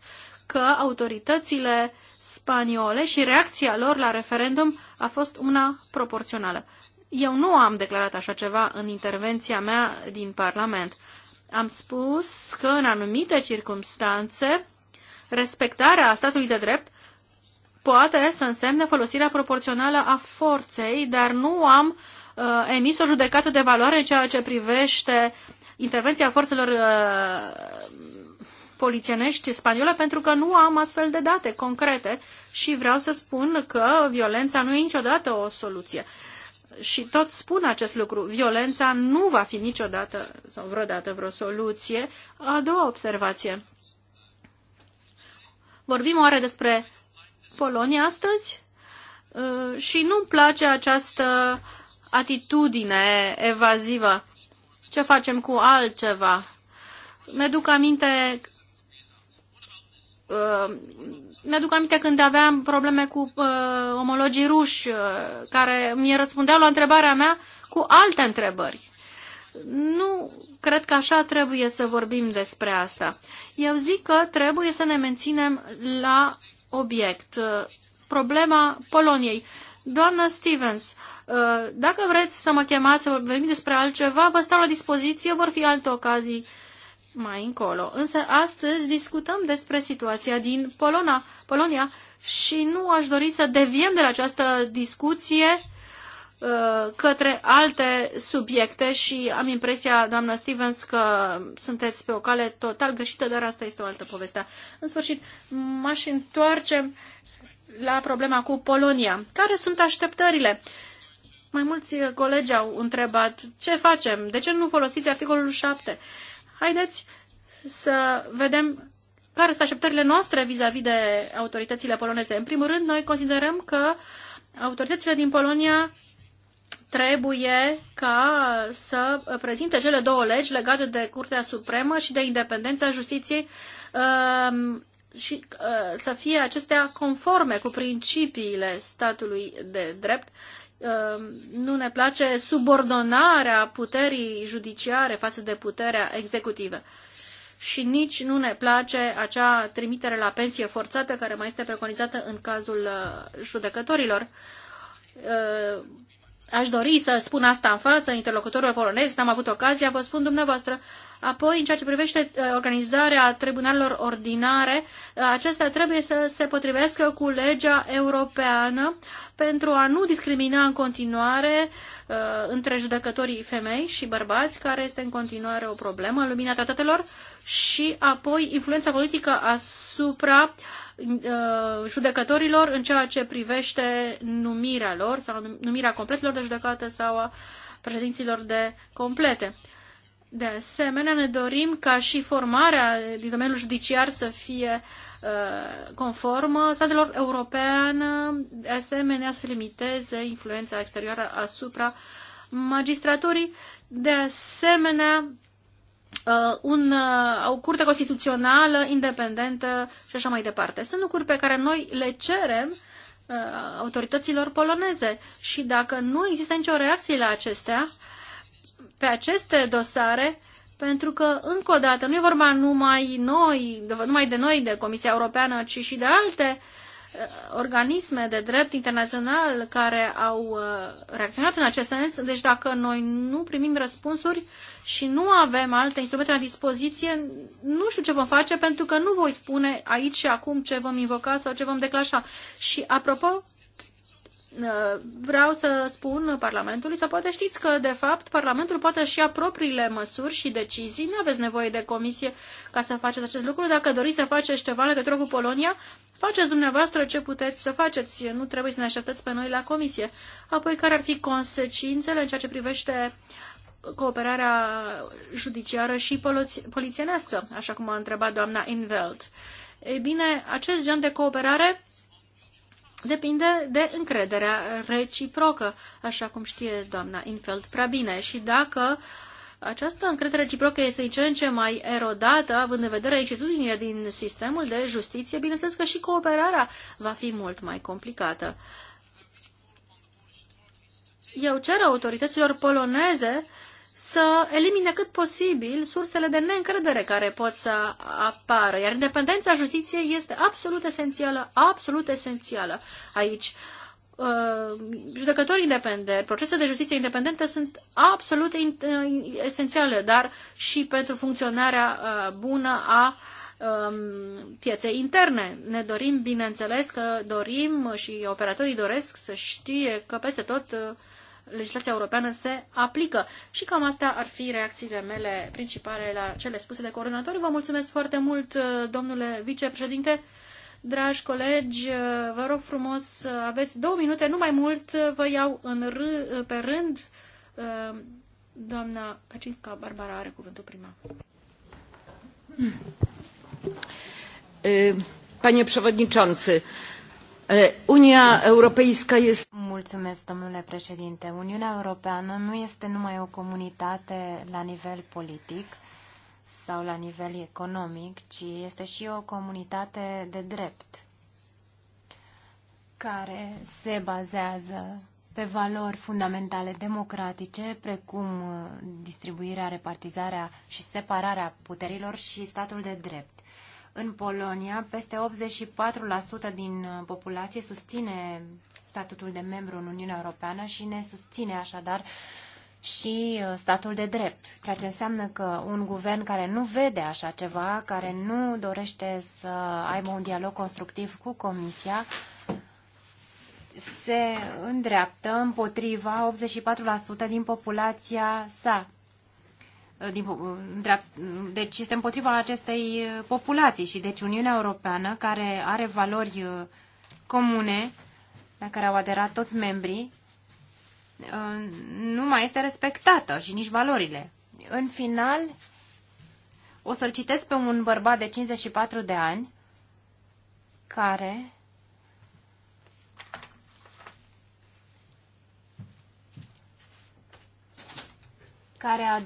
că autoritățile spaniole și reacția lor la referendum a fost una proporțională. Eu nu am declarat așa ceva în intervenția mea din Parlament. Am spus că în anumite circunstanțe respectarea statului de drept poate să însemne folosirea proporțională a forței, dar nu am uh, emis o judecată de valoare în ceea ce privește intervenția forțelor uh, polițienești spaniole pentru că nu am astfel de date concrete și vreau să spun că violența nu e niciodată o soluție. Uh, și tot spun acest lucru, violența nu va fi niciodată sau vreodată vreo soluție. A doua observație. Vorbim oare despre Polonia astăzi? Uh, și nu-mi place această atitudine evazivă. Ce facem cu altceva? Mi-aduc aminte Uh, mi-aduc aminte când aveam probleme cu uh, omologii ruși uh, care mi răspundeau la întrebarea mea cu alte întrebări. Nu cred că așa trebuie să vorbim despre asta. Eu zic că trebuie să ne menținem la obiect. Uh, problema Poloniei. Doamna Stevens, uh, dacă vreți să mă chemați să vorbim despre altceva, vă stau la dispoziție, vor fi alte ocazii mai încolo. Însă astăzi discutăm despre situația din Polona, Polonia și nu aș dori să deviem de la această discuție uh, către alte subiecte și am impresia, doamna Stevens, că sunteți pe o cale total greșită, dar asta este o altă poveste. În sfârșit, m-aș întoarce la problema cu Polonia. Care sunt așteptările? Mai mulți colegi au întrebat ce facem, de ce nu folosiți articolul 7? haideți să vedem care sunt așteptările noastre vis-a-vis -vis de autoritățile poloneze. În primul rând, noi considerăm că autoritățile din Polonia trebuie ca să prezinte cele două legi legate de Curtea Supremă și de independența justiției um, și uh, să fie acestea conforme cu principiile statului de drept Ehm, nu ne place subordonarea puterii judiciare față de puterea executivă. Și nici nu ne place acea trimitere la pensie forțată care mai este preconizată în cazul eh, judecătorilor ehm, Aș dori să spun asta în față interlocutorilor polonezi, n-am avut ocazia, vă spun dumneavoastră. Apoi, în ceea ce privește uh, organizarea tribunalelor ordinare, uh, acestea trebuie să se potrivească cu legea europeană pentru a nu discrimina în continuare uh, între judecătorii femei și bărbați, care este în continuare o problemă în lumina tratatelor, și apoi influența politică asupra uh, Uh, judecătorilor în ceea ce privește numirea lor sau numirea completelor de judecată sau a președinților de complete. De asemenea, ne dorim ca și formarea din domeniul judiciar să fie uh, conformă statelor europeană, de asemenea să limiteze influența exterioară asupra magistraturii. De asemenea, uh, un, uh, o curte constituțională independentă și așa mai departe. Sunt lucruri pe care noi le cerem uh, autorităților poloneze și dacă nu există nicio reacție la acestea, pe aceste dosare, pentru că, încă o dată, nu e vorba numai, noi, numai de noi, de Comisia Europeană, ci și de alte Uh, organisme de drept internațional care au uh, reacționat în acest sens. Deci dacă noi nu primim răspunsuri și nu avem alte instrumente la dispoziție, nu știu ce vom face pentru că nu voi spune aici și acum ce vom invoca sau ce vom declașa. Și apropo, uh, vreau să spun Parlamentului, sau poate știți că, de fapt, Parlamentul poate și ia propriile măsuri și decizii. Nu aveți nevoie de comisie ca să faceți acest lucru. Dacă doriți să faceți ceva legătură cu Polonia, Faceți dumneavoastră ce puteți să faceți, nu trebuie să ne așteptați pe noi la comisie. Apoi, care ar fi consecințele în ceea ce privește cooperarea judiciară și polițienească, așa cum a întrebat doamna Inveld? Ei bine, acest gen de cooperare depinde de încrederea reciprocă, așa cum știe doamna Infeld prea bine. Și dacă uh, această încredere reciprocă este din ce în ce mai erodată, având în vedere incitudinile din sistemul de justiție, bineînțeles că și cooperarea va fi mult mai complicată. Eu cer autorităților poloneze să elimine cât posibil sursele de neîncredere care pot să apară, iar independența justiției este absolut esențială, absolut esențială aici. Uh, Uh, judecători independenți, procese de justiție independente sunt absolut uh, esențiale, dar și pentru funcționarea uh, bună a um, pieței interne. Ne dorim, bineînțeles, că dorim și operatorii doresc să știe că peste tot legislația europeană se aplică. Și cam astea ar fi reacțiile mele principale la cele spuse de coordonatori. Vă mulțumesc foarte mult, domnule vicepreședinte. Dragi colegi, vă rog frumos, aveți două minute, nu mai mult, vă iau în r- pe rând. Doamna Cacinska Barbara are cuvântul prima. Panie Przewodniczący, Unia Europejska jest. Mulțumesc, domnule președinte. Uniunea Europeană nu este numai o comunitate la nivel politic, sau la nivel economic, ci este și o comunitate de drept care se bazează pe valori fundamentale democratice, precum uh, distribuirea, repartizarea și separarea puterilor și statul de drept. În Polonia, peste 84% din uh, populație susține statutul de membru în Uniunea Europeană și ne susține așadar uh, și uh, statul de drept, ceea ce înseamnă că un guvern care nu vede așa ceva, care nu dorește să aibă un dialog constructiv cu Comisia, se îndreaptă împotriva 84% din populația sa. Uh, din, uh, deci este împotriva acestei populații și deci Uniunea Europeană, care are valori comune, la care au aderat toți membrii, nu mai este respectată și nici valorile. În final, o să-l citesc pe un bărbat de 54 de ani care care a,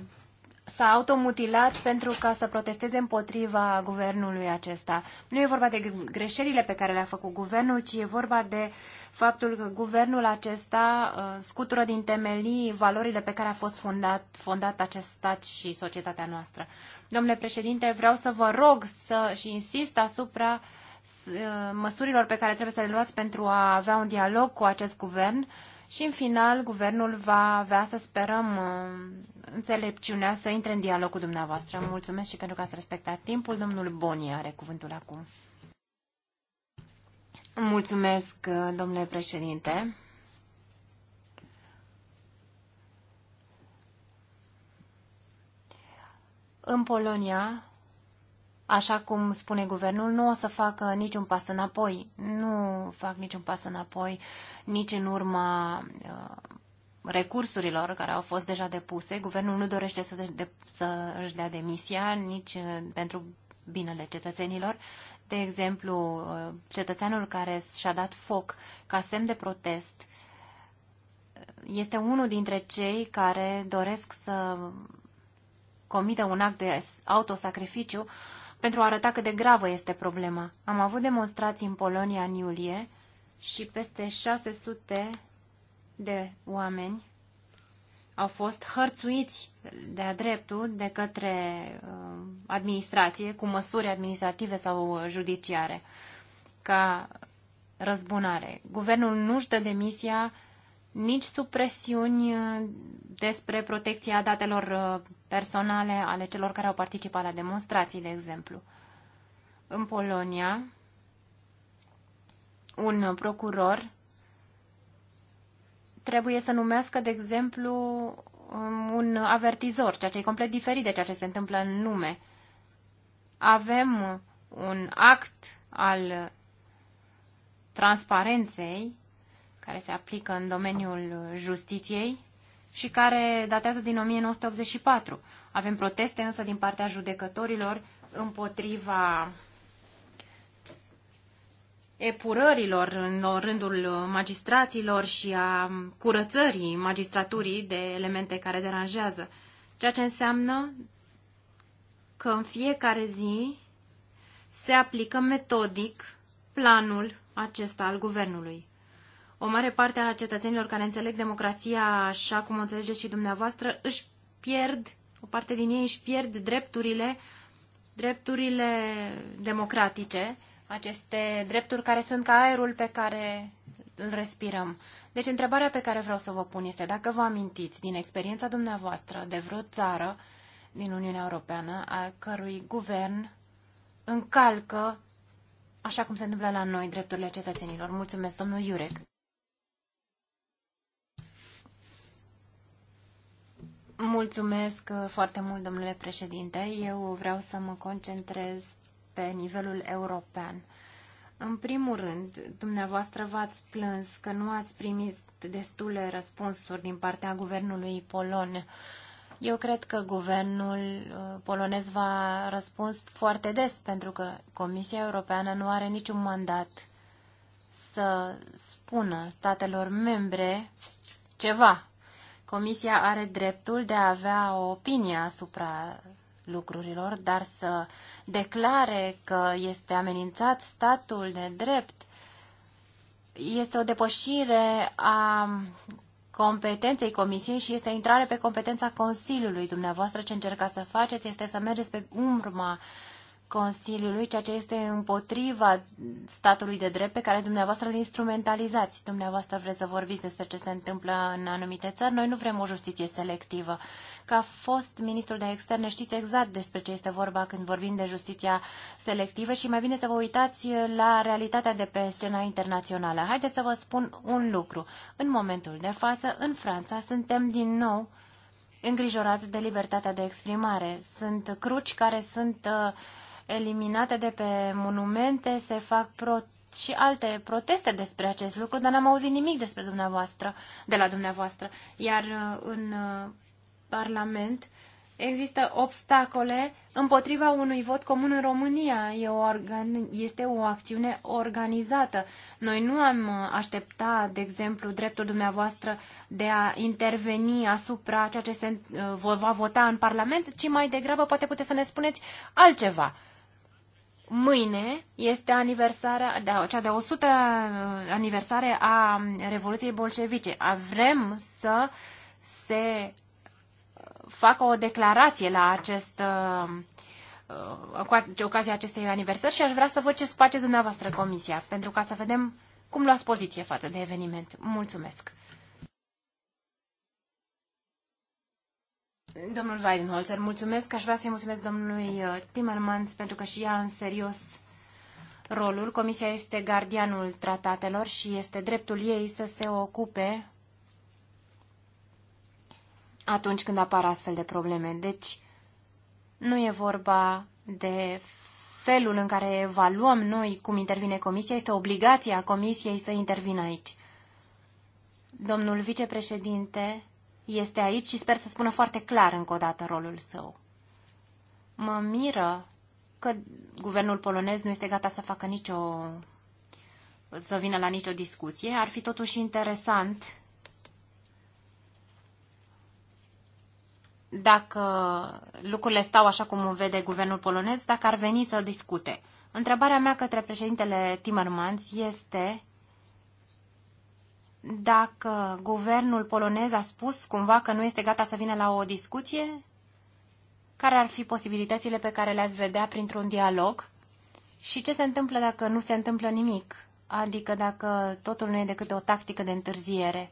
s-a automutilat pentru ca să protesteze împotriva guvernului acesta. Nu e vorba de greșelile pe care le-a făcut guvernul, ci e vorba de uh, faptul că guvernul acesta uh, scutură din temelii valorile pe care a fost fondat, fondat acest stat și societatea noastră. Domnule președinte, vreau să vă rog să, și insist asupra uh, măsurilor pe care trebuie să le luați pentru a avea un dialog cu acest guvern și în final guvernul va avea, să sperăm, uh, înțelepciunea să intre în dialog cu dumneavoastră. Mulțumesc și pentru că ați respectat timpul. Domnul Boni are cuvântul acum. Mulțumesc, domnule președinte. În Polonia, așa cum spune guvernul, nu o să facă niciun pas înapoi. Nu fac niciun pas înapoi nici în urma uh, recursurilor care au fost deja depuse. Guvernul nu dorește să, să își dea demisia nici uh, pentru binele cetățenilor. De exemplu, cetățeanul care și-a dat foc ca semn de protest este unul dintre cei care doresc să comită un act de autosacrificiu pentru a arăta cât de gravă este problema. Am avut demonstrații în Polonia în iulie și peste 600 de oameni au fost hărțuiți de-a dreptul de către uh, administrație cu măsuri administrative sau judiciare ca răzbunare. Guvernul nu-și dă demisia nici sub presiuni uh, despre protecția datelor uh, personale ale celor care au participat la demonstrații, de exemplu. În Polonia, un procuror trebuie să numească, de exemplu, um, un avertizor, ceea ce e complet diferit de ceea ce se întâmplă în lume. Avem un act al transparenței care se aplică în domeniul justiției și care datează din 1984. Avem proteste însă din partea judecătorilor împotriva epurărilor în rândul magistraților și a curățării magistraturii de elemente care deranjează. Ceea ce înseamnă că în fiecare zi se aplică metodic planul acesta al guvernului. O mare parte a cetățenilor care înțeleg democrația așa cum o înțelegeți și dumneavoastră își pierd, o parte din ei își pierd drepturile, drepturile democratice aceste drepturi care sunt ca aerul pe care îl respirăm. Deci întrebarea pe care vreau să vă pun este dacă vă amintiți din experiența dumneavoastră de vreo țară din Uniunea Europeană al cărui guvern încalcă, așa cum se întâmplă la noi, drepturile cetățenilor. Mulțumesc, domnul Iurec. Mulțumesc foarte mult, domnule președinte. Eu vreau să mă concentrez pe nivelul european. În primul rând, dumneavoastră v-ați plâns că nu ați primit destule răspunsuri din partea guvernului polon. Eu cred că guvernul uh, polonez va răspuns foarte des, pentru că Comisia Europeană nu are niciun mandat să spună statelor membre ceva. Comisia are dreptul de a avea o opinie asupra lucrurilor, dar să declare că este amenințat statul drept, este o depășire a competenței Comisiei și este intrare pe competența Consiliului. Dumneavoastră ce încercați să faceți este să mergeți pe urma uh, Consiliului, ceea ce este împotriva statului de drept pe care dumneavoastră îl instrumentalizați. Dumneavoastră vreți să vorbiți despre ce se întâmplă în anumite țări. Noi nu vrem o justiție selectivă. Ca fost ministru de externe știți exact despre ce este vorba când vorbim de justiția selectivă și mai bine să vă uitați la realitatea de pe scena internațională. Haideți să vă spun un lucru. În momentul de față, în Franța, suntem din nou îngrijorați de libertatea de exprimare. Sunt cruci care sunt uh, eliminate de pe monumente, se fac pro- și alte proteste despre acest lucru, dar n-am auzit nimic despre dumneavoastră, de la dumneavoastră. Iar uh, în uh, Parlament există obstacole împotriva unui vot comun în România. E o organ- este o acțiune organizată. Noi nu am uh, aștepta, de exemplu, dreptul dumneavoastră de a interveni asupra ceea ce se va vota în Parlament, ci mai degrabă poate puteți să ne spuneți altceva. Mâine este aniversarea, da, cea de 100 uh, aniversare a Revoluției Bolșevice. Vrem să se uh, facă o declarație la acest uh, cu ocazia acestei aniversări și aș vrea să văd ce faceți dumneavoastră comisia, pentru ca să vedem cum luați poziție față de eveniment. Mulțumesc! Domnul Weidenholzer, mulțumesc. Aș vrea să-i mulțumesc domnului uh, Timmermans pentru că și ea în serios rolul. Comisia este gardianul tratatelor și este dreptul ei să se ocupe atunci când apar astfel de probleme. Deci nu e vorba de felul în care evaluăm noi cum intervine Comisia, este obligația Comisiei să intervină aici. Domnul vicepreședinte este aici și sper să spună foarte clar încă o dată rolul său. Mă miră că guvernul polonez nu este gata să facă nicio să vină la nicio discuție. Ar fi totuși interesant dacă lucrurile stau așa cum vede guvernul polonez, dacă ar veni să discute. Întrebarea mea către președintele Timmermans este dacă guvernul polonez a spus cumva că nu este gata să vină la o discuție? Care ar fi posibilitățile pe care le-ați vedea printr-un dialog? Și ce se întâmplă dacă nu se întâmplă nimic? Adică dacă totul nu e decât o tactică de întârziere.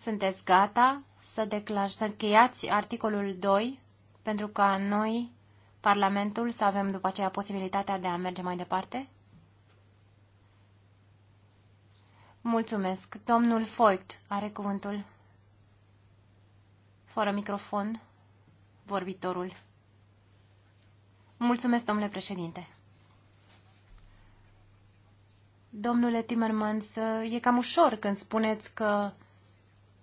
Sunteți gata să, declaș, să încheiați articolul 2 pentru ca noi, Parlamentul, să avem după aceea posibilitatea de a merge mai departe? Mulțumesc. Domnul Foict are cuvântul. Fără microfon, vorbitorul. Mulțumesc, domnule președinte. Domnule Timmermans, e cam ușor când spuneți că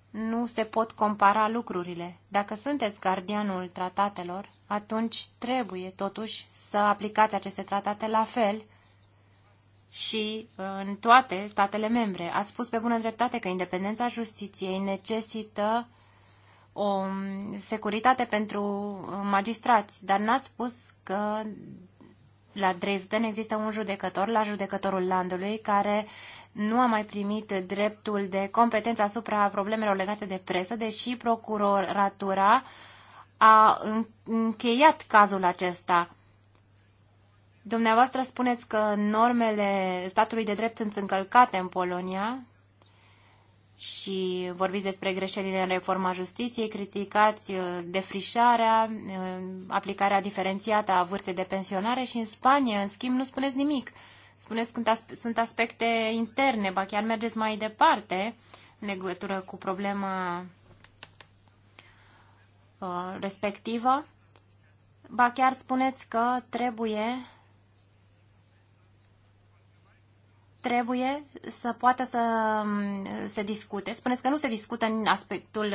nu se pot compara lucrurile. Dacă sunteți gardianul tratatelor, atunci trebuie totuși să aplicați aceste tratate la fel și uh, în toate statele membre. a spus pe bună dreptate că independența justiției necesită o um, securitate pentru uh, magistrați, dar n a spus că la Dresden există un judecător, la judecătorul landului, care nu a mai primit dreptul de competență asupra problemelor legate de presă, deși procuroratura a încheiat cazul acesta. Dumneavoastră spuneți că normele statului de drept sunt încălcate în Polonia și vorbiți despre greșelile în reforma justiției, criticați uh, defrișarea, uh, aplicarea diferențiată a vârstei de pensionare și în Spania, în schimb, nu spuneți nimic. Spuneți că sunt aspecte interne, ba chiar mergeți mai departe în legătură cu problema uh, respectivă. Ba chiar spuneți că trebuie trebuie să poată să mm, se discute. Spuneți că nu se discută în aspectul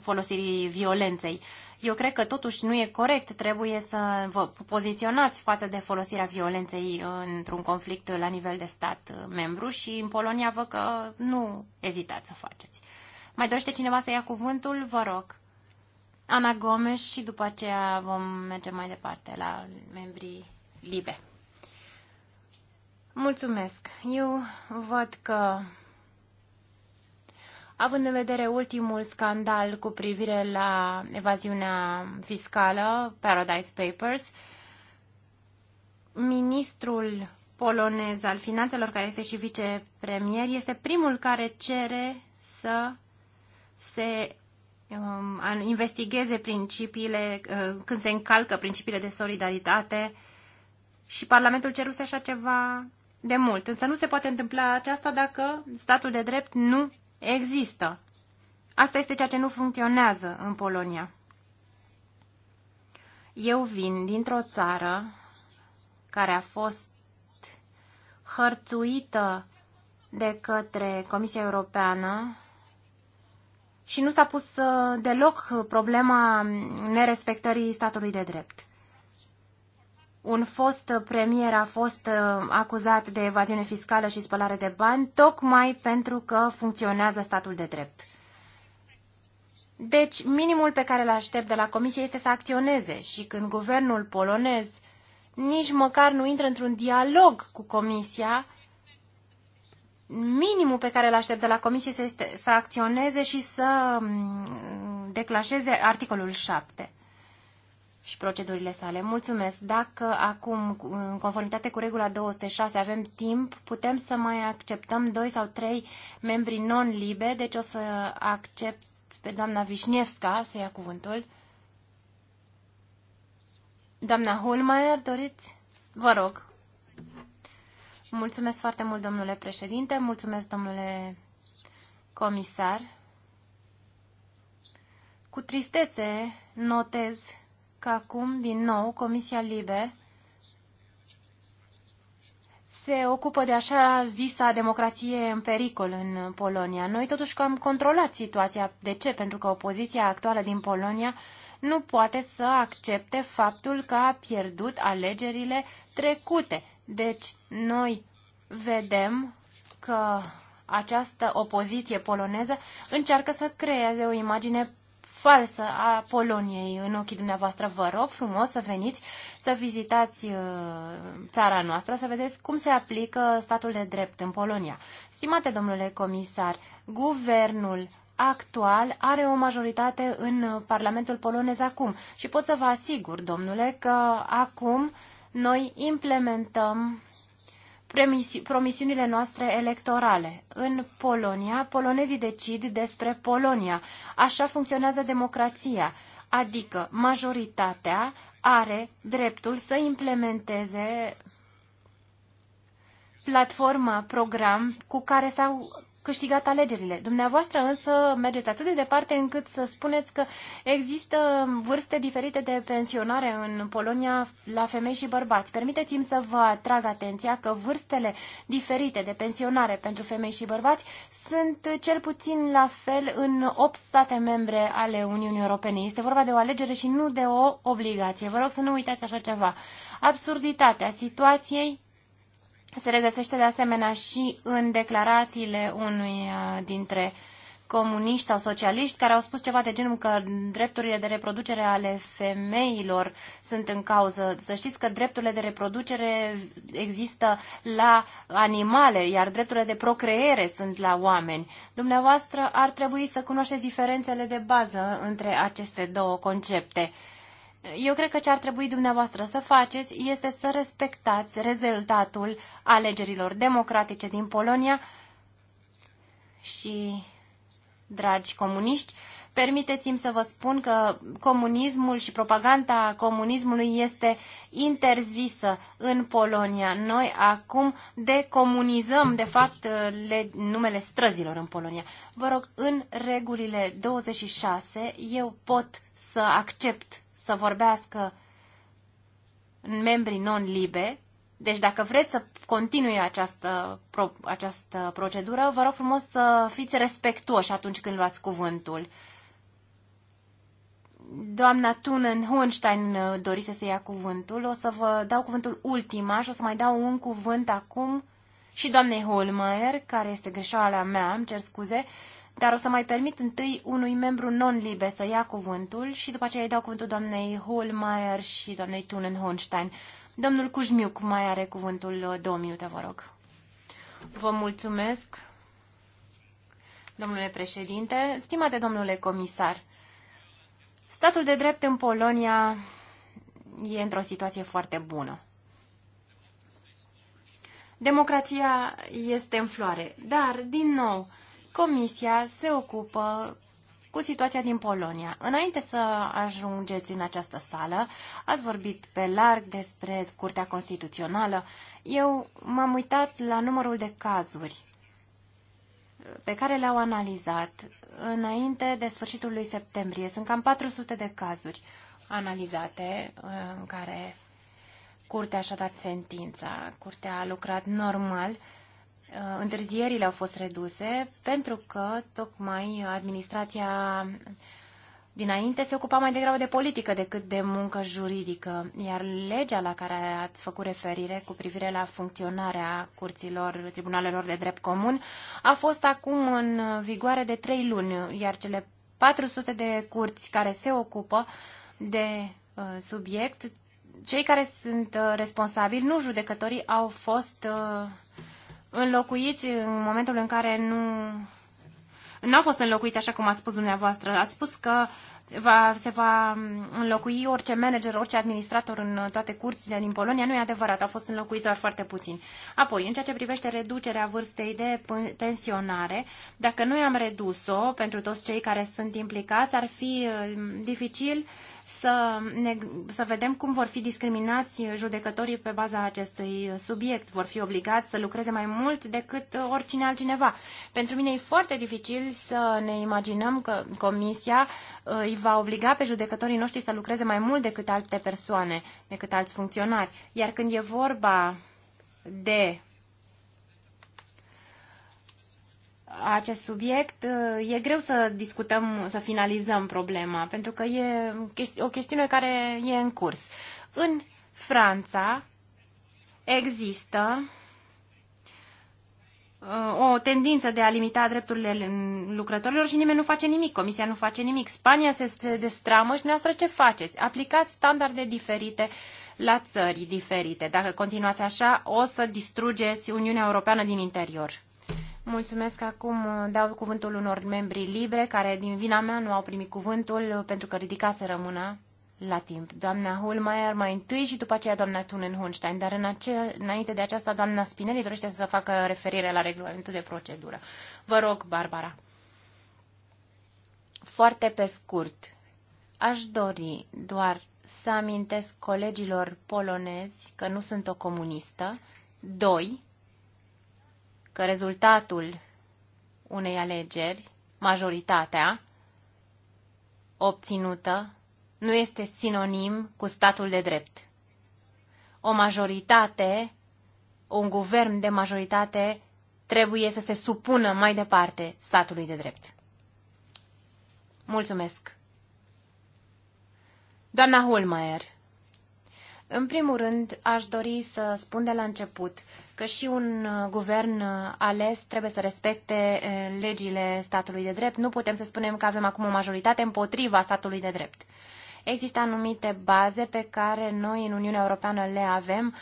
folosirii violenței. Eu cred că totuși nu e corect. Trebuie să vă poziționați față de folosirea violenței într-un conflict la nivel de stat uh, membru și în Polonia vă că nu ezitați să faceți. Mai dorește cineva să ia cuvântul? Vă rog. Ana Gomes și după aceea vom merge mai departe la membrii libe. Mulțumesc. Eu văd că, având în vedere ultimul scandal cu privire la evaziunea fiscală, Paradise Papers, ministrul polonez al finanțelor, care este și vicepremier, este primul care cere să se um, investigheze principiile, uh, când se încalcă principiile de solidaritate și Parlamentul ceruse așa ceva de mult. Însă nu se poate întâmpla aceasta dacă statul de drept nu există. Asta este ceea ce nu funcționează în Polonia. Eu vin dintr-o țară care a fost hărțuită de către Comisia Europeană și nu s-a pus uh, deloc problema nerespectării statului de drept un fost premier a fost uh, acuzat de evaziune fiscală și spălare de bani, tocmai pentru că funcționează statul de drept. Deci, minimul pe care îl aștept de la Comisie este să acționeze și când guvernul polonez nici măcar nu intră într-un dialog cu Comisia, minimul pe care îl aștept de la Comisie este să acționeze și să mm, declașeze articolul 7 și procedurile sale. Mulțumesc. Dacă acum, în conformitate cu regula 206, avem timp, putem să mai acceptăm doi sau trei membri non-libe, deci o să accept pe doamna Vișnevska să ia cuvântul. Doamna Holmeier, doriți? Vă rog. Mulțumesc foarte mult, domnule președinte, mulțumesc, domnule comisar. Cu tristețe notez că acum, din nou, Comisia Libe se ocupă de așa zisa democrație în pericol în Polonia. Noi totuși că am controlat situația. De ce? Pentru că opoziția actuală din Polonia nu poate să accepte faptul că a pierdut alegerile trecute. Deci, noi vedem că această opoziție poloneză încearcă să creeze o imagine falsă a Poloniei în ochii dumneavoastră. Vă rog frumos să veniți să vizitați uh, țara noastră, să vedeți cum se aplică statul de drept în Polonia. Stimate domnule comisar, guvernul actual are o majoritate în Parlamentul polonez acum și pot să vă asigur, domnule, că acum noi implementăm promisiunile noastre electorale. În Polonia, polonezii decid despre Polonia. Așa funcționează democrația, adică majoritatea are dreptul să implementeze platforma, program cu care s-au câștigat alegerile. Dumneavoastră însă mergeți atât de departe încât să spuneți că există vârste diferite de pensionare în Polonia la femei și bărbați. Permiteți-mi să vă atrag atenția că vârstele diferite de pensionare pentru femei și bărbați sunt cel puțin la fel în 8 state membre ale Uniunii Europene. Este vorba de o alegere și nu de o obligație. Vă rog să nu uitați așa ceva. Absurditatea situației se regăsește de asemenea și în declarațiile unui uh, dintre comuniști sau socialiști care au spus ceva de genul că drepturile de reproducere ale femeilor sunt în cauză. Să știți că drepturile de reproducere există la animale, iar drepturile de procreere sunt la oameni. Dumneavoastră ar trebui să cunoașteți diferențele de bază între aceste două concepte. Eu cred că ce ar trebui dumneavoastră să faceți este să respectați rezultatul alegerilor democratice din Polonia și, dragi comuniști, permiteți-mi să vă spun că comunismul și propaganda comunismului este interzisă în Polonia. Noi acum decomunizăm, de fapt, le, numele străzilor în Polonia. Vă rog, în regulile 26 eu pot să accept să vorbească membrii non-libe. Deci dacă vreți să continui această, pro, această procedură, vă rog frumos să fiți respectuoși atunci când luați cuvântul. Doamna Tunen Hohenstein dorise să ia cuvântul. O să vă dau cuvântul ultima și o să mai dau un cuvânt acum și doamnei Holmeier, care este greșeala mea, îmi cer scuze, dar o să mai permit întâi unui membru non-libe să ia cuvântul și după aceea îi dau cuvântul doamnei Holmeier și doamnei Tunen-Honstein. Domnul Cujmiuc mai are cuvântul uh, două minute, vă rog. Vă mulțumesc, domnule președinte. Stimate domnule comisar, statul de drept în Polonia e într-o situație foarte bună. Democrația este în floare, dar, din nou, Comisia se ocupă cu situația din Polonia. Înainte să ajungeți în această sală, ați vorbit pe larg despre Curtea Constituțională. Eu m-am uitat la numărul de cazuri pe care le-au analizat înainte de sfârșitul lui septembrie. Sunt cam 400 de cazuri analizate în care Curtea și-a dat sentința, curtea a lucrat normal, uh, întârzierile au fost reduse pentru că tocmai administrația dinainte se ocupa mai degrabă de politică decât de muncă juridică, iar legea la care ați făcut referire cu privire la funcționarea curților, tribunalelor de drept comun, a fost acum în vigoare de trei luni, iar cele 400 de curți care se ocupă de uh, subiect cei care sunt uh, responsabili, nu judecătorii, au fost uh, înlocuiți în momentul în care nu... N-au fost înlocuiți așa cum a spus dumneavoastră. Ați spus că va, se va um, înlocui orice manager, orice administrator în uh, toate curțile din Polonia. Nu e adevărat, au fost înlocuiți doar foarte puțin. Apoi, în ceea ce privește reducerea vârstei de pensionare, dacă noi am redus-o pentru toți cei care sunt implicați, ar fi dificil uh, să, ne, să vedem cum vor fi discriminați judecătorii pe baza acestui subiect. Vor fi obligați să lucreze mai mult decât oricine altcineva. Pentru mine e foarte dificil să ne imaginăm că Comisia uh, îi va obliga pe judecătorii noștri să lucreze mai mult decât alte persoane, decât alți funcționari. Iar când e vorba de acest subiect, uh, e greu să discutăm, să finalizăm problema, pentru că e o chestiune care e în curs. În Franța există uh, o tendință de a limita drepturile lucrătorilor și nimeni nu face nimic, Comisia nu face nimic. Spania se destramă și noastră ce faceți? Aplicați standarde diferite la țări diferite. Dacă continuați așa, o să distrugeți Uniunea Europeană din interior. Mulțumesc. Acum uh, dau cuvântul unor membri libre care din vina mea nu au primit cuvântul pentru că ridica să rămână la timp. Doamna Hulmeier mai întâi și după aceea doamna Tunen Hunstein, dar în ace- înainte de aceasta doamna Spinelli dorește să facă referire la regulamentul de procedură. Vă rog, Barbara. Foarte pe scurt, aș dori doar să amintesc colegilor polonezi că nu sunt o comunistă. Doi, că rezultatul unei alegeri, majoritatea obținută, nu este sinonim cu statul de drept. O majoritate, un guvern de majoritate, trebuie să se supună mai departe statului de drept. Mulțumesc! Doamna Holmeier, în primul rând, aș dori să spun de la început că și un uh, guvern uh, ales trebuie să respecte uh, legile statului de drept. Nu putem să spunem că avem acum o majoritate împotriva statului de drept. Există anumite baze pe care noi în Uniunea Europeană le avem.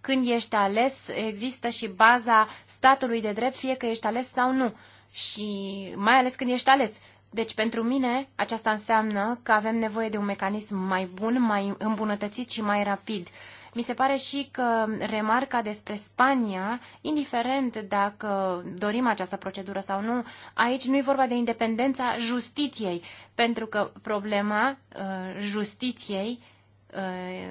Când ești ales, există și baza statului de drept, fie că ești ales sau nu. Și mai ales când ești ales. Deci, pentru mine, aceasta înseamnă că avem nevoie de un mecanism mai bun, mai îmbunătățit și mai rapid mi se pare și că remarca despre Spania, indiferent dacă dorim această procedură sau nu, aici nu e vorba de independența justiției, pentru că problema uh, justiției uh,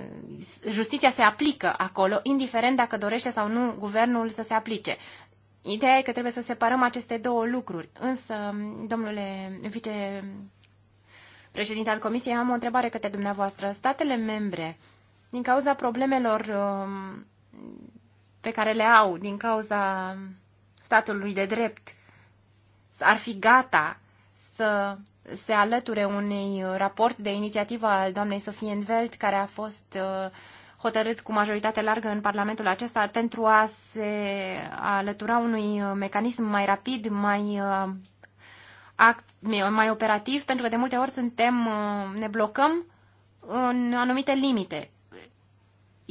justiția se aplică acolo, indiferent dacă dorește sau nu guvernul să se aplice. Ideea e că trebuie să separăm aceste două lucruri. Însă, domnule vicepreședinte al Comisiei, am o întrebare către dumneavoastră. Statele membre uh, din cauza problemelor um, pe care le au, din cauza statului de drept, ar fi gata să se alăture unui raport de inițiativă al doamnei Sofie Envelt, care a fost uh, hotărât cu majoritate largă în Parlamentul acesta pentru a se alătura unui uh, mecanism mai rapid, mai uh, act, mai operativ, pentru că de multe ori suntem, ne blocăm în anumite limite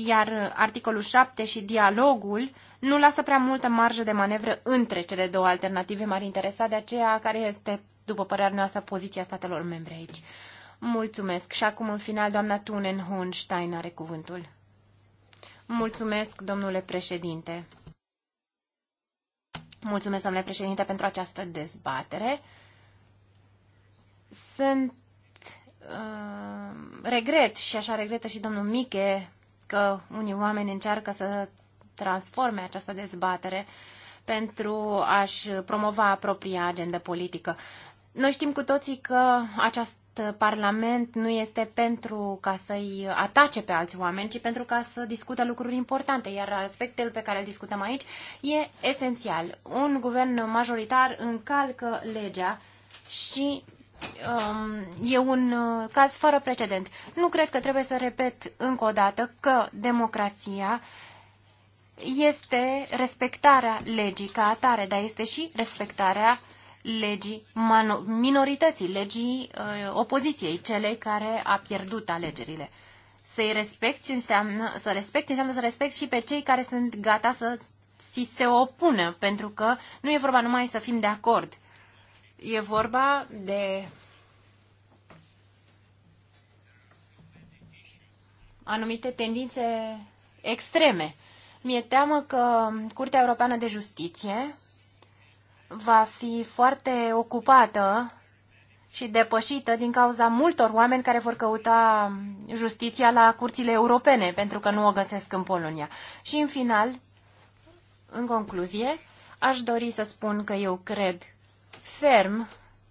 iar articolul 7 și dialogul nu lasă prea multă marjă de manevră între cele două alternative. M-ar interesa de aceea care este, după părerea noastră, poziția statelor membre aici. Mulțumesc. Și acum, în final, doamna Tunen Hohenstein are cuvântul. Mulțumesc, domnule președinte. Mulțumesc, domnule președinte, pentru această dezbatere. Sunt uh, regret și așa regretă și domnul Miche că unii oameni încearcă să transforme această dezbatere pentru a-și promova propria agendă politică. Noi știm cu toții că această Parlament nu este pentru ca să-i atace pe alți oameni, ci pentru ca să discute lucruri importante, iar aspectul pe care îl discutăm aici e esențial. Un guvern majoritar încalcă legea și um, e un uh, caz fără precedent. Nu cred că trebuie să repet încă o dată că democrația este respectarea legii ca atare, dar este și respectarea legii minorității, legii uh, opoziției, celei care a pierdut alegerile. Să-i respecti înseamnă, să respecti înseamnă să respecti și pe cei care sunt gata să si se opună, pentru că nu e vorba numai să fim de acord, E vorba de anumite tendințe extreme. Mi-e teamă că Curtea Europeană de Justiție va fi foarte ocupată și depășită din cauza multor oameni care vor căuta justiția la curțile europene, pentru că nu o găsesc în Polonia. Și în final, în concluzie, aș dori să spun că eu cred ferm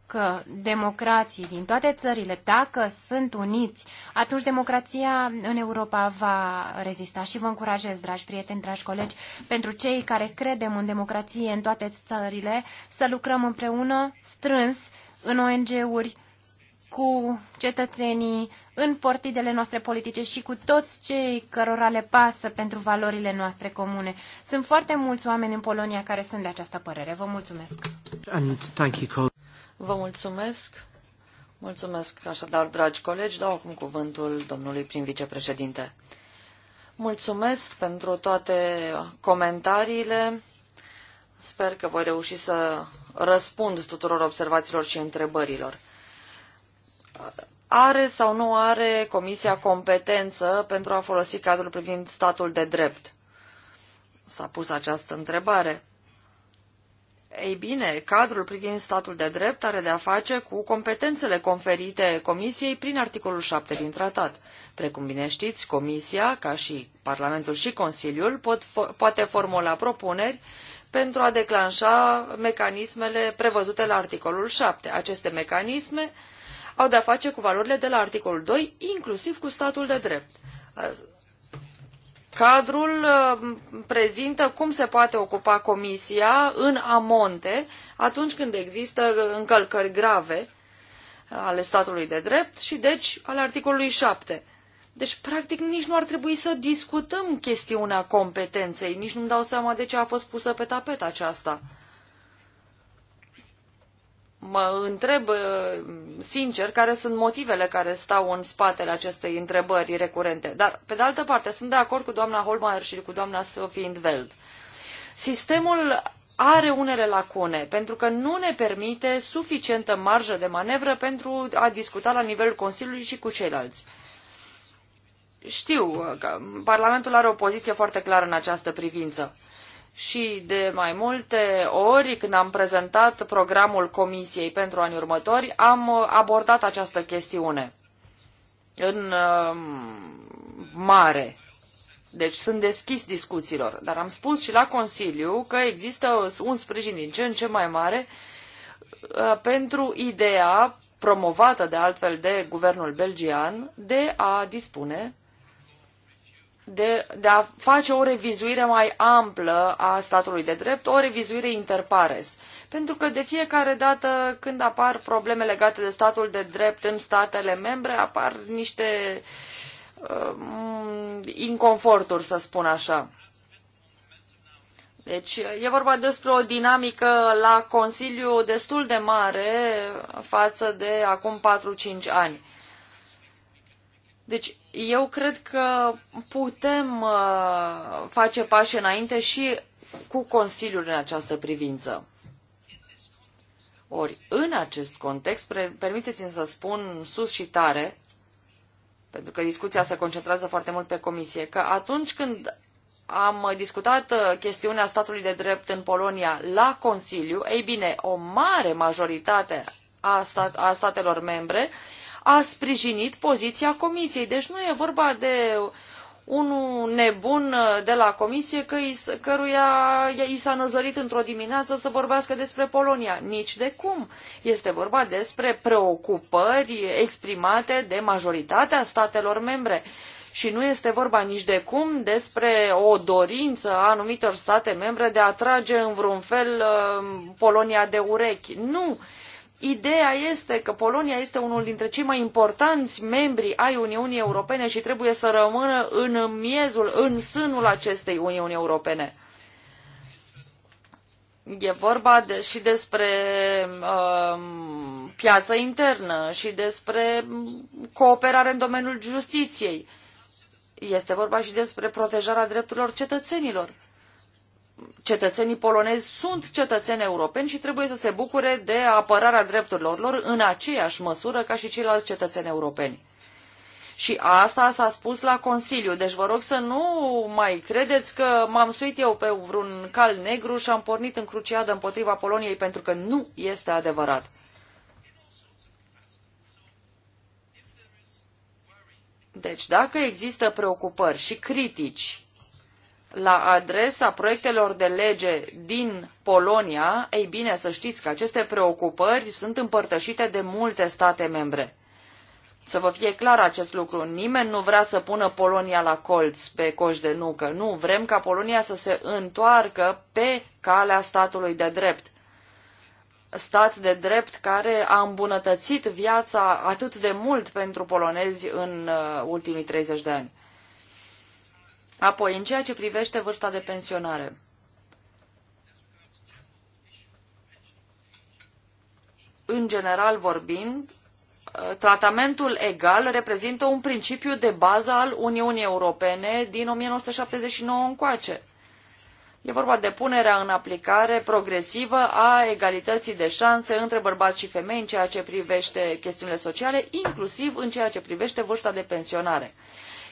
că democrații din toate țările, dacă sunt uniți, atunci democrația în Europa va rezista. Și vă încurajez, dragi prieteni, dragi colegi, pentru cei care credem în democrație în toate țările, să lucrăm împreună strâns în ONG-uri cu cetățenii în partidele noastre politice și cu toți cei cărora le pasă pentru valorile noastre comune. Sunt foarte mulți oameni în Polonia care sunt de această părere. Vă mulțumesc! And thank you, Vă mulțumesc! Mulțumesc așadar, dragi colegi. Dau acum cuvântul domnului prim vicepreședinte. Mulțumesc pentru toate comentariile. Sper că voi reuși să răspund tuturor observațiilor și întrebărilor are sau nu are Comisia competență pentru a folosi cadrul privind statul de drept? S-a pus această întrebare. Ei bine, cadrul privind statul de drept are de-a face cu competențele conferite Comisiei prin articolul 7 din tratat. Precum bine știți, Comisia, ca și Parlamentul și Consiliul, pot, poate formula propuneri pentru a declanșa mecanismele prevăzute la articolul 7. Aceste mecanisme uh, au de-a face cu valorile de la articolul 2, inclusiv cu statul de drept. Cadrul uh, prezintă cum se poate ocupa comisia în amonte atunci când există încălcări grave uh, ale statului de drept și deci al articolului 7. Deci, practic, nici nu ar trebui să discutăm chestiunea competenței, nici nu-mi dau seama de ce a fost pusă pe tapet aceasta mă întreb uh, sincer care sunt motivele care stau în spatele acestei întrebări recurente. Dar, pe de altă parte, sunt de acord cu doamna Holmeier și cu doamna Sophie Veld. Sistemul are unele lacune, pentru că nu ne permite suficientă marjă de manevră pentru a discuta la nivelul Consiliului și cu ceilalți. Știu că Parlamentul are o poziție foarte clară în această privință și de mai multe ori când am prezentat programul Comisiei pentru anii următori, am uh, abordat această chestiune în um, mare. Deci sunt deschis discuțiilor, dar am spus și la Consiliu că există un sprijin din ce în ce mai mare uh, pentru ideea promovată de altfel de guvernul belgian de a dispune de, de a face o revizuire mai amplă a statului de drept, o revizuire interpares. Pentru că de fiecare dată când apar probleme legate de statul de drept în statele membre, apar niște uh, inconforturi, să spun așa. Deci e vorba despre o dinamică la Consiliu destul de mare față de acum 4-5 ani. Deci eu cred că putem uh, face pași înainte și cu Consiliul în această privință. Ori, în acest context, permiteți-mi să spun sus și tare, pentru că discuția se concentrează foarte mult pe comisie, că atunci când am discutat uh, chestiunea statului de drept în Polonia la Consiliu, ei bine, o mare majoritate a, stat, a statelor membre uh, a sprijinit poziția comisiei. Deci nu e vorba de unul nebun uh, de la comisie că i, căruia i s-a năzărit într-o dimineață să vorbească despre Polonia. Nici de cum. Este vorba despre preocupări exprimate de majoritatea statelor membre. Și nu este vorba nici de cum despre o dorință a anumitor state membre de a trage în vreun fel uh, Polonia de urechi. Nu Ideea este că Polonia este unul dintre cei mai importanți membri ai Uniunii Europene și trebuie să rămână în miezul, în sânul acestei Uniuni Europene. E vorba de, și despre um, piața internă și despre um, cooperare în domeniul justiției. Este vorba și despre protejarea drepturilor cetățenilor cetățenii polonezi sunt cetățeni europeni și trebuie să se bucure de apărarea drepturilor lor în aceeași măsură ca și ceilalți cetățeni europeni. Și asta s-a spus la Consiliu, deci vă rog să nu mai credeți că m-am suit eu pe vreun cal negru și am pornit în cruciadă împotriva Poloniei, pentru că nu este adevărat. Deci, dacă există preocupări și critici la adresa proiectelor de lege din Polonia, ei bine, să știți că aceste preocupări sunt împărtășite de multe state membre. Să vă fie clar acest lucru, nimeni nu vrea să pună Polonia la colț pe coș de nucă. Nu, vrem ca Polonia să se întoarcă pe calea statului de drept. Stat de drept care a îmbunătățit viața atât de mult pentru polonezi în uh, ultimii 30 de ani. Apoi, în ceea ce privește vârsta de pensionare. În general vorbind, tratamentul egal reprezintă un principiu de bază al Uniunii Europene din 1979 încoace. E vorba de punerea în aplicare progresivă a egalității de șanse între bărbați și femei în ceea ce privește chestiunile sociale, inclusiv în ceea ce privește vârsta de pensionare.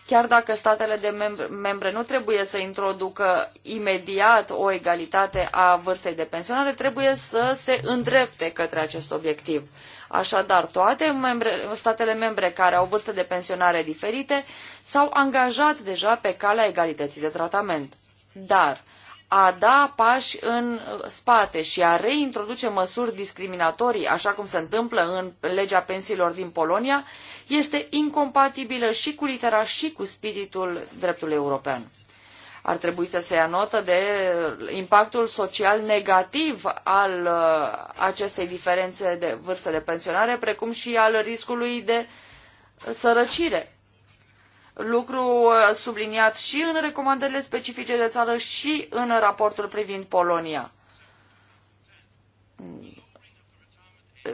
Chiar dacă statele de mem membre nu trebuie să introducă imediat o egalitate a vârstei de pensionare, trebuie să se îndrepte către acest obiectiv. Așadar, toate membre, statele membre care au vârste de pensionare diferite s-au angajat deja pe calea egalității de tratament. Dar a da pași în spate și a reintroduce măsuri discriminatorii, așa cum se întâmplă în legea pensiilor din Polonia, este incompatibilă și cu litera și cu spiritul dreptului european. Ar trebui să se ia notă de impactul social negativ al uh, acestei diferențe de vârstă de pensionare, precum și al riscului de sărăcire lucru uh, subliniat și în recomandările specifice de țară și în raportul privind Polonia.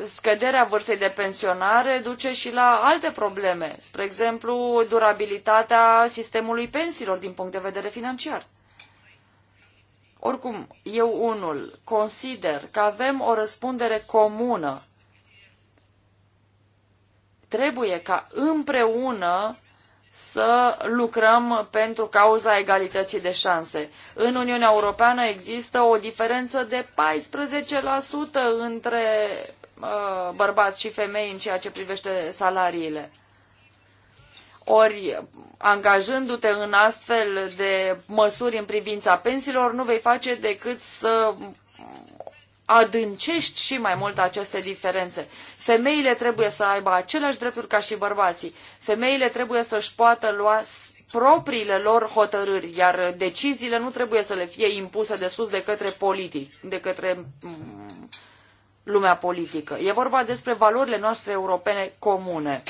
Scăderea vârstei de pensionare duce și la alte probleme, spre exemplu durabilitatea sistemului pensiilor din punct de vedere financiar. Oricum, eu unul consider că avem o răspundere comună. Trebuie ca împreună să lucrăm pentru cauza egalității de șanse. În Uniunea Europeană există o diferență de 14% între uh, bărbați și femei în ceea ce privește salariile. Ori, angajându-te în astfel de măsuri în privința pensiilor, nu vei face decât să adâncești și mai mult aceste diferențe. Femeile trebuie să aibă aceleași drepturi ca și bărbații. Femeile trebuie să-și poată lua propriile lor hotărâri, iar deciziile nu trebuie să le fie impuse de sus de către politici, de către mm, lumea politică. E vorba despre valorile noastre europene comune.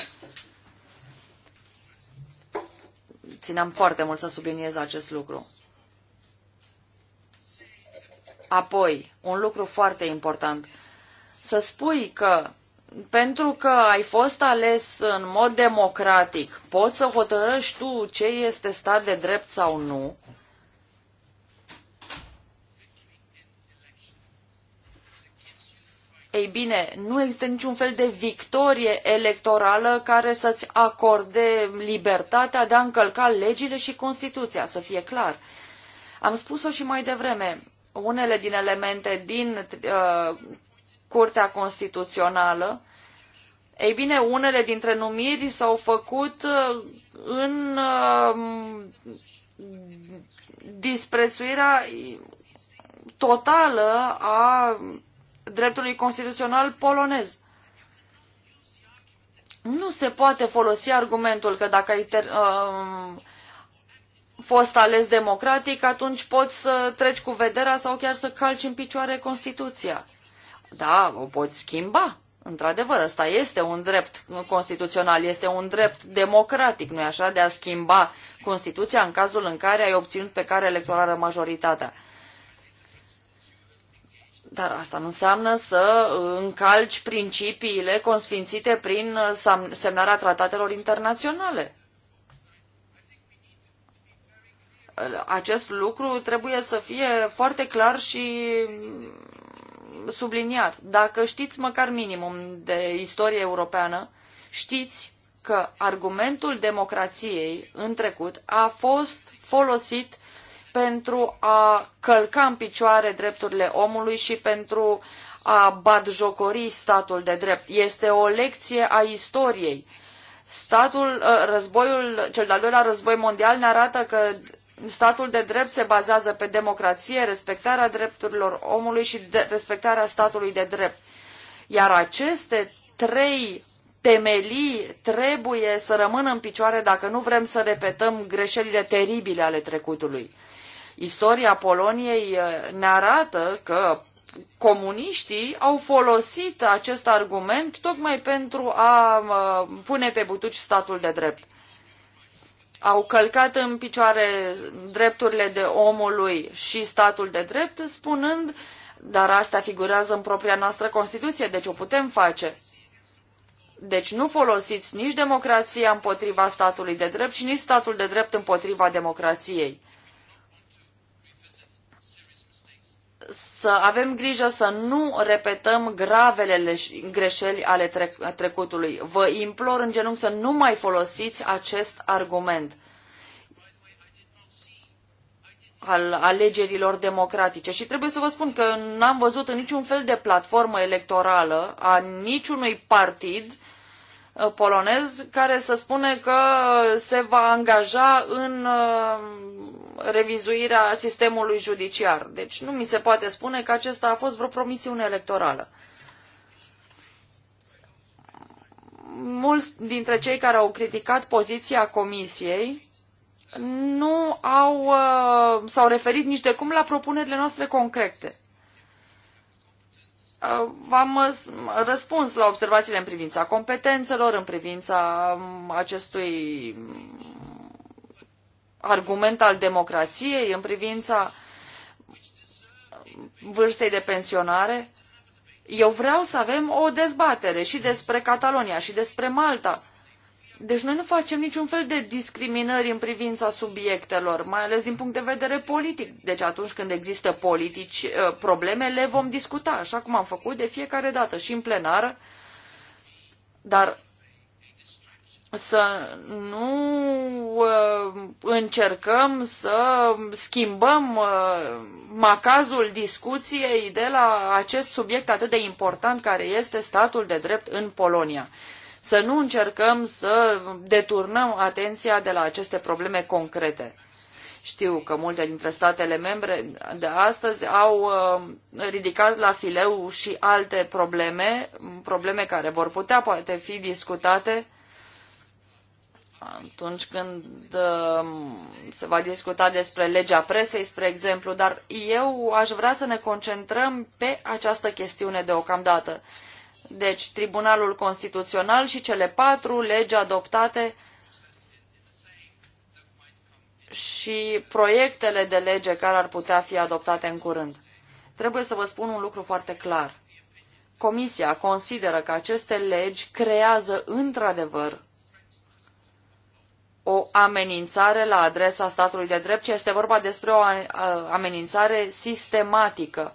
Țineam foarte mult să subliniez acest lucru. Apoi, un lucru foarte important, să spui că pentru că ai fost ales în mod democratic, poți să hotărăști tu ce este stat de drept sau nu, Ei bine, nu există niciun fel de victorie electorală care să-ți acorde libertatea de a încălca legile și Constituția, să fie clar. Am spus-o și mai devreme, unele din elemente din uh, Curtea Constituțională, ei bine, unele dintre numiri s-au făcut uh, în uh, disprețuirea totală a dreptului constituțional polonez. Nu se poate folosi argumentul că dacă ai ter, uh, fost ales democratic, atunci poți să treci cu vederea sau chiar să calci în picioare Constituția. Da, o poți schimba. Într-adevăr, ăsta este un drept constituțional, este un drept democratic, nu-i așa, de a schimba Constituția în cazul în care ai obținut pe care electorală majoritatea. Dar asta nu înseamnă să încalci principiile consfințite prin semnarea tratatelor internaționale. acest lucru trebuie să fie foarte clar și subliniat. Dacă știți măcar minimum de istorie europeană, știți că argumentul democrației în trecut a fost folosit pentru a călca în picioare drepturile omului și pentru a batjocori statul de drept. Este o lecție a istoriei. Statul, ă, războiul, cel de-al doilea război mondial ne arată că Statul de drept se bazează pe democrație, respectarea drepturilor omului și respectarea statului de drept. Iar aceste trei temelii trebuie să rămână în picioare dacă nu vrem să repetăm greșelile teribile ale trecutului. Istoria Poloniei eh, ne arată că comuniștii au folosit acest argument tocmai pentru a eh, pune pe butuci statul de drept au călcat în picioare drepturile de omului și statul de drept, spunând, dar asta figurează în propria noastră Constituție, deci o putem face. Deci nu folosiți nici democrația împotriva statului de drept și nici statul de drept împotriva democrației. să avem grijă să nu repetăm gravele greșeli ale trecutului. Vă implor în genunchi să nu mai folosiți acest argument al alegerilor democratice. Și trebuie să vă spun că n-am văzut în niciun fel de platformă electorală a niciunui partid uh, polonez care să spune că se va angaja în uh, revizuirea sistemului judiciar. Deci nu mi se poate spune că acesta a fost vreo promisiune electorală. Mulți dintre cei care au criticat poziția comisiei nu au, uh, s-au referit nici de cum la propunerile noastre concrete. Uh, v-am uh, răspuns la observațiile în privința competențelor, în privința um, acestui argument al democrației în privința vârstei de pensionare? Eu vreau să avem o dezbatere și despre Catalonia și despre Malta. Deci noi nu facem niciun fel de discriminări în privința subiectelor, mai ales din punct de vedere politic. Deci atunci când există politici, ă, probleme le vom discuta, așa cum am făcut de fiecare dată și în plenară. Dar să nu uh, încercăm să schimbăm uh, macazul discuției de la acest subiect atât de important care este statul de drept în Polonia. Să nu încercăm să deturnăm atenția de la aceste probleme concrete. Știu că multe dintre statele membre de astăzi au uh, ridicat la fileu și alte probleme, probleme care vor putea poate fi discutate atunci când um, se va discuta despre legea presei, spre exemplu, dar eu aș vrea să ne concentrăm pe această chestiune deocamdată. Deci, Tribunalul Constituțional și cele patru legi adoptate și proiectele de lege care ar putea fi adoptate în curând. Trebuie să vă spun un lucru foarte clar. Comisia consideră că aceste legi creează într-adevăr o amenințare la adresa statului de drept, ci este vorba despre o amenințare sistematică.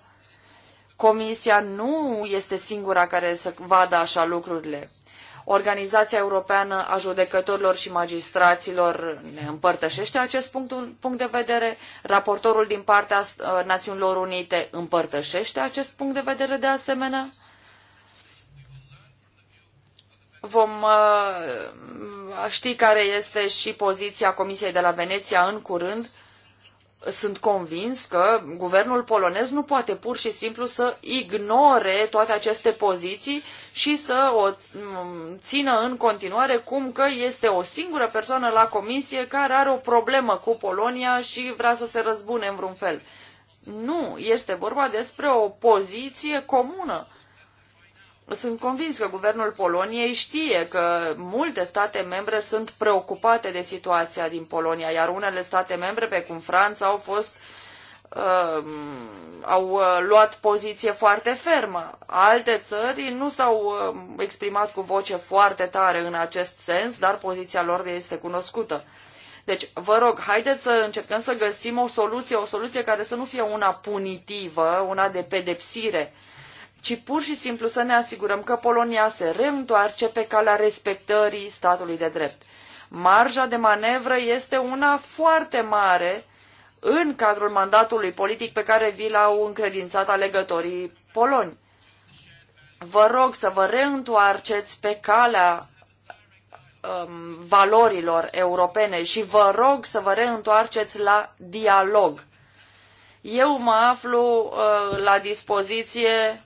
Comisia nu este singura care să vadă așa lucrurile. Organizația Europeană a Judecătorilor și Magistraților ne împărtășește acest punct, de vedere, raportorul din partea ă, Națiunilor Unite împărtășește acest punct de vedere de asemenea vom uh, ști care este și poziția Comisiei de la Veneția în curând. Sunt convins că guvernul polonez nu poate pur și simplu să ignore toate aceste poziții și să o um, țină în continuare cum că este o singură persoană la comisie care are o problemă cu Polonia și vrea să se răzbune în vreun fel. Nu, este vorba despre o poziție comună sunt convins că guvernul Poloniei știe că multe state membre sunt preocupate de situația din Polonia, iar unele state membre, pe cum Franța, au fost um, uh, au luat poziție foarte fermă. Alte țări nu s-au um, exprimat cu voce foarte tare în acest sens, dar poziția lor este cunoscută. Deci, vă rog, haideți să încercăm să găsim o soluție, o soluție care să nu fie una punitivă, una de pedepsire, ci pur și simplu să ne asigurăm că Polonia se reîntoarce pe calea respectării statului de drept. Marja de manevră este una foarte mare în cadrul mandatului politic pe care vi l-au încredințat alegătorii poloni. Vă rog să vă reîntoarceți pe calea um, valorilor europene și vă rog să vă reîntoarceți la dialog. Eu mă aflu uh, la dispoziție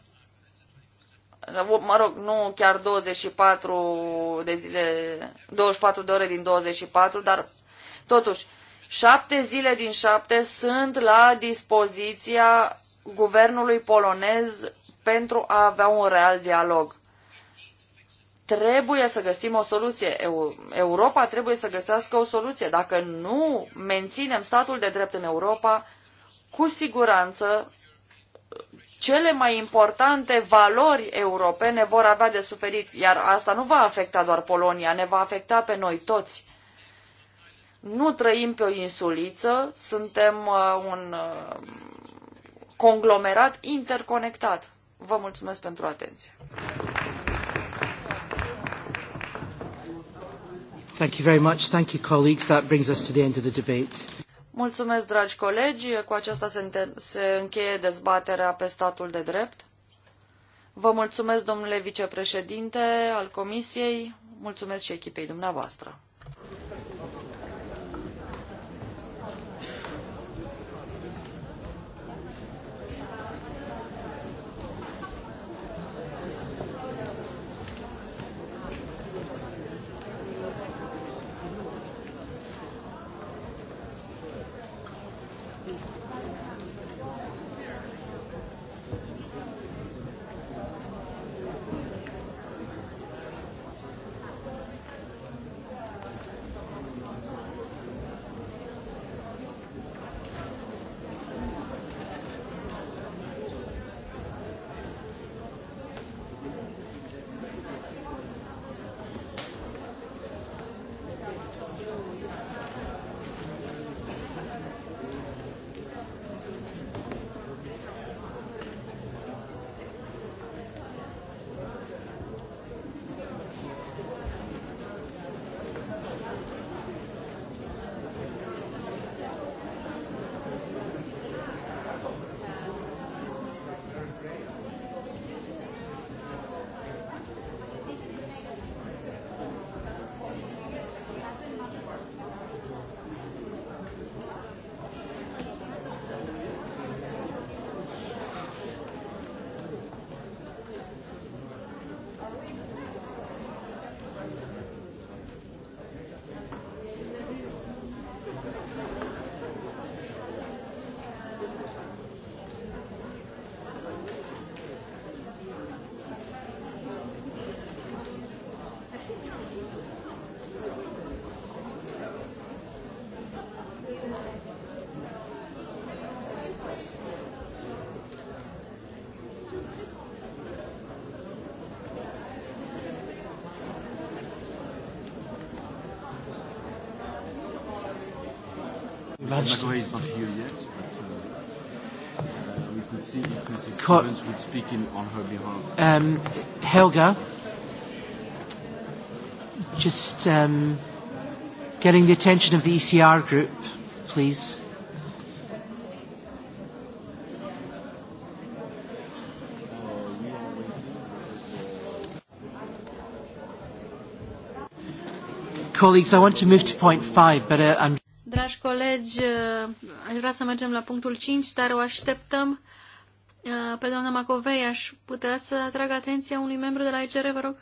mă rog, nu chiar 24 de zile, 24 de ore din 24, dar totuși, șapte zile din șapte sunt la dispoziția guvernului polonez pentru a avea un real dialog. Trebuie să găsim o soluție. Europa trebuie să găsească o soluție. Dacă nu menținem statul de drept în Europa, cu siguranță cele mai importante valori europene vor avea de suferit, iar asta nu va afecta doar Polonia, ne va afecta pe noi toți. Nu trăim pe o insuliță, suntem uh, un uh, conglomerat interconectat. Vă mulțumesc pentru atenție. Thank you very much. Thank you, colleagues. That brings us to the end of the debate. Mulțumesc, dragi colegi. Cu aceasta se, se încheie dezbaterea pe statul de drept. Vă mulțumesc, domnule vicepreședinte al Comisiei. Mulțumesc și echipei dumneavoastră. is not here yet, but uh, uh we could see if Mrs. Co- Stevens would speak in, on her behalf. Um, Helga, just um, getting the attention of the ECR group, please. colleagues, I want to move to point five, but uh, I'm Dragi colegi, uh, aș vrea să mergem la punctul 5, dar o așteptăm uh, pe doamna Macovei. Aș putea să atrag atenția unui membru de la ICR, vă rog.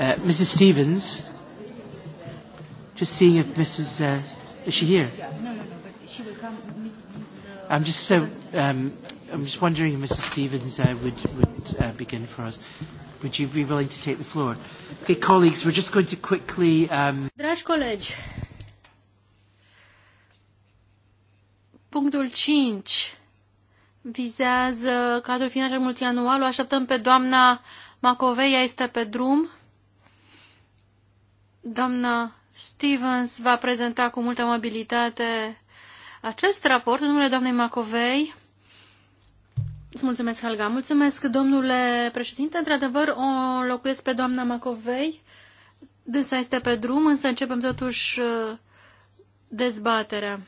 Uh, Mrs. Stevens, just seeing if Mrs. Uh, is she here? No, no, no, but she will come. Ms. Ms. Uh, I'm just so um, I'm just wondering if Mrs. Stevens uh, would would uh, begin for us. Would you be willing to take the floor? Okay, colleagues, we're just going to quickly. Um... Dragi colegi, punctul 5 vizează cadrul financiar multianual. O așteptăm pe doamna Macovei, ea este pe drum doamna Stevens va prezenta cu multă amabilitate acest raport în numele doamnei Macovei. Îți mulțumesc, Helga. Mulțumesc, domnule președinte. Într-adevăr, o locuiesc pe doamna Macovei. Dânsa este pe drum, însă începem totuși uh, dezbaterea.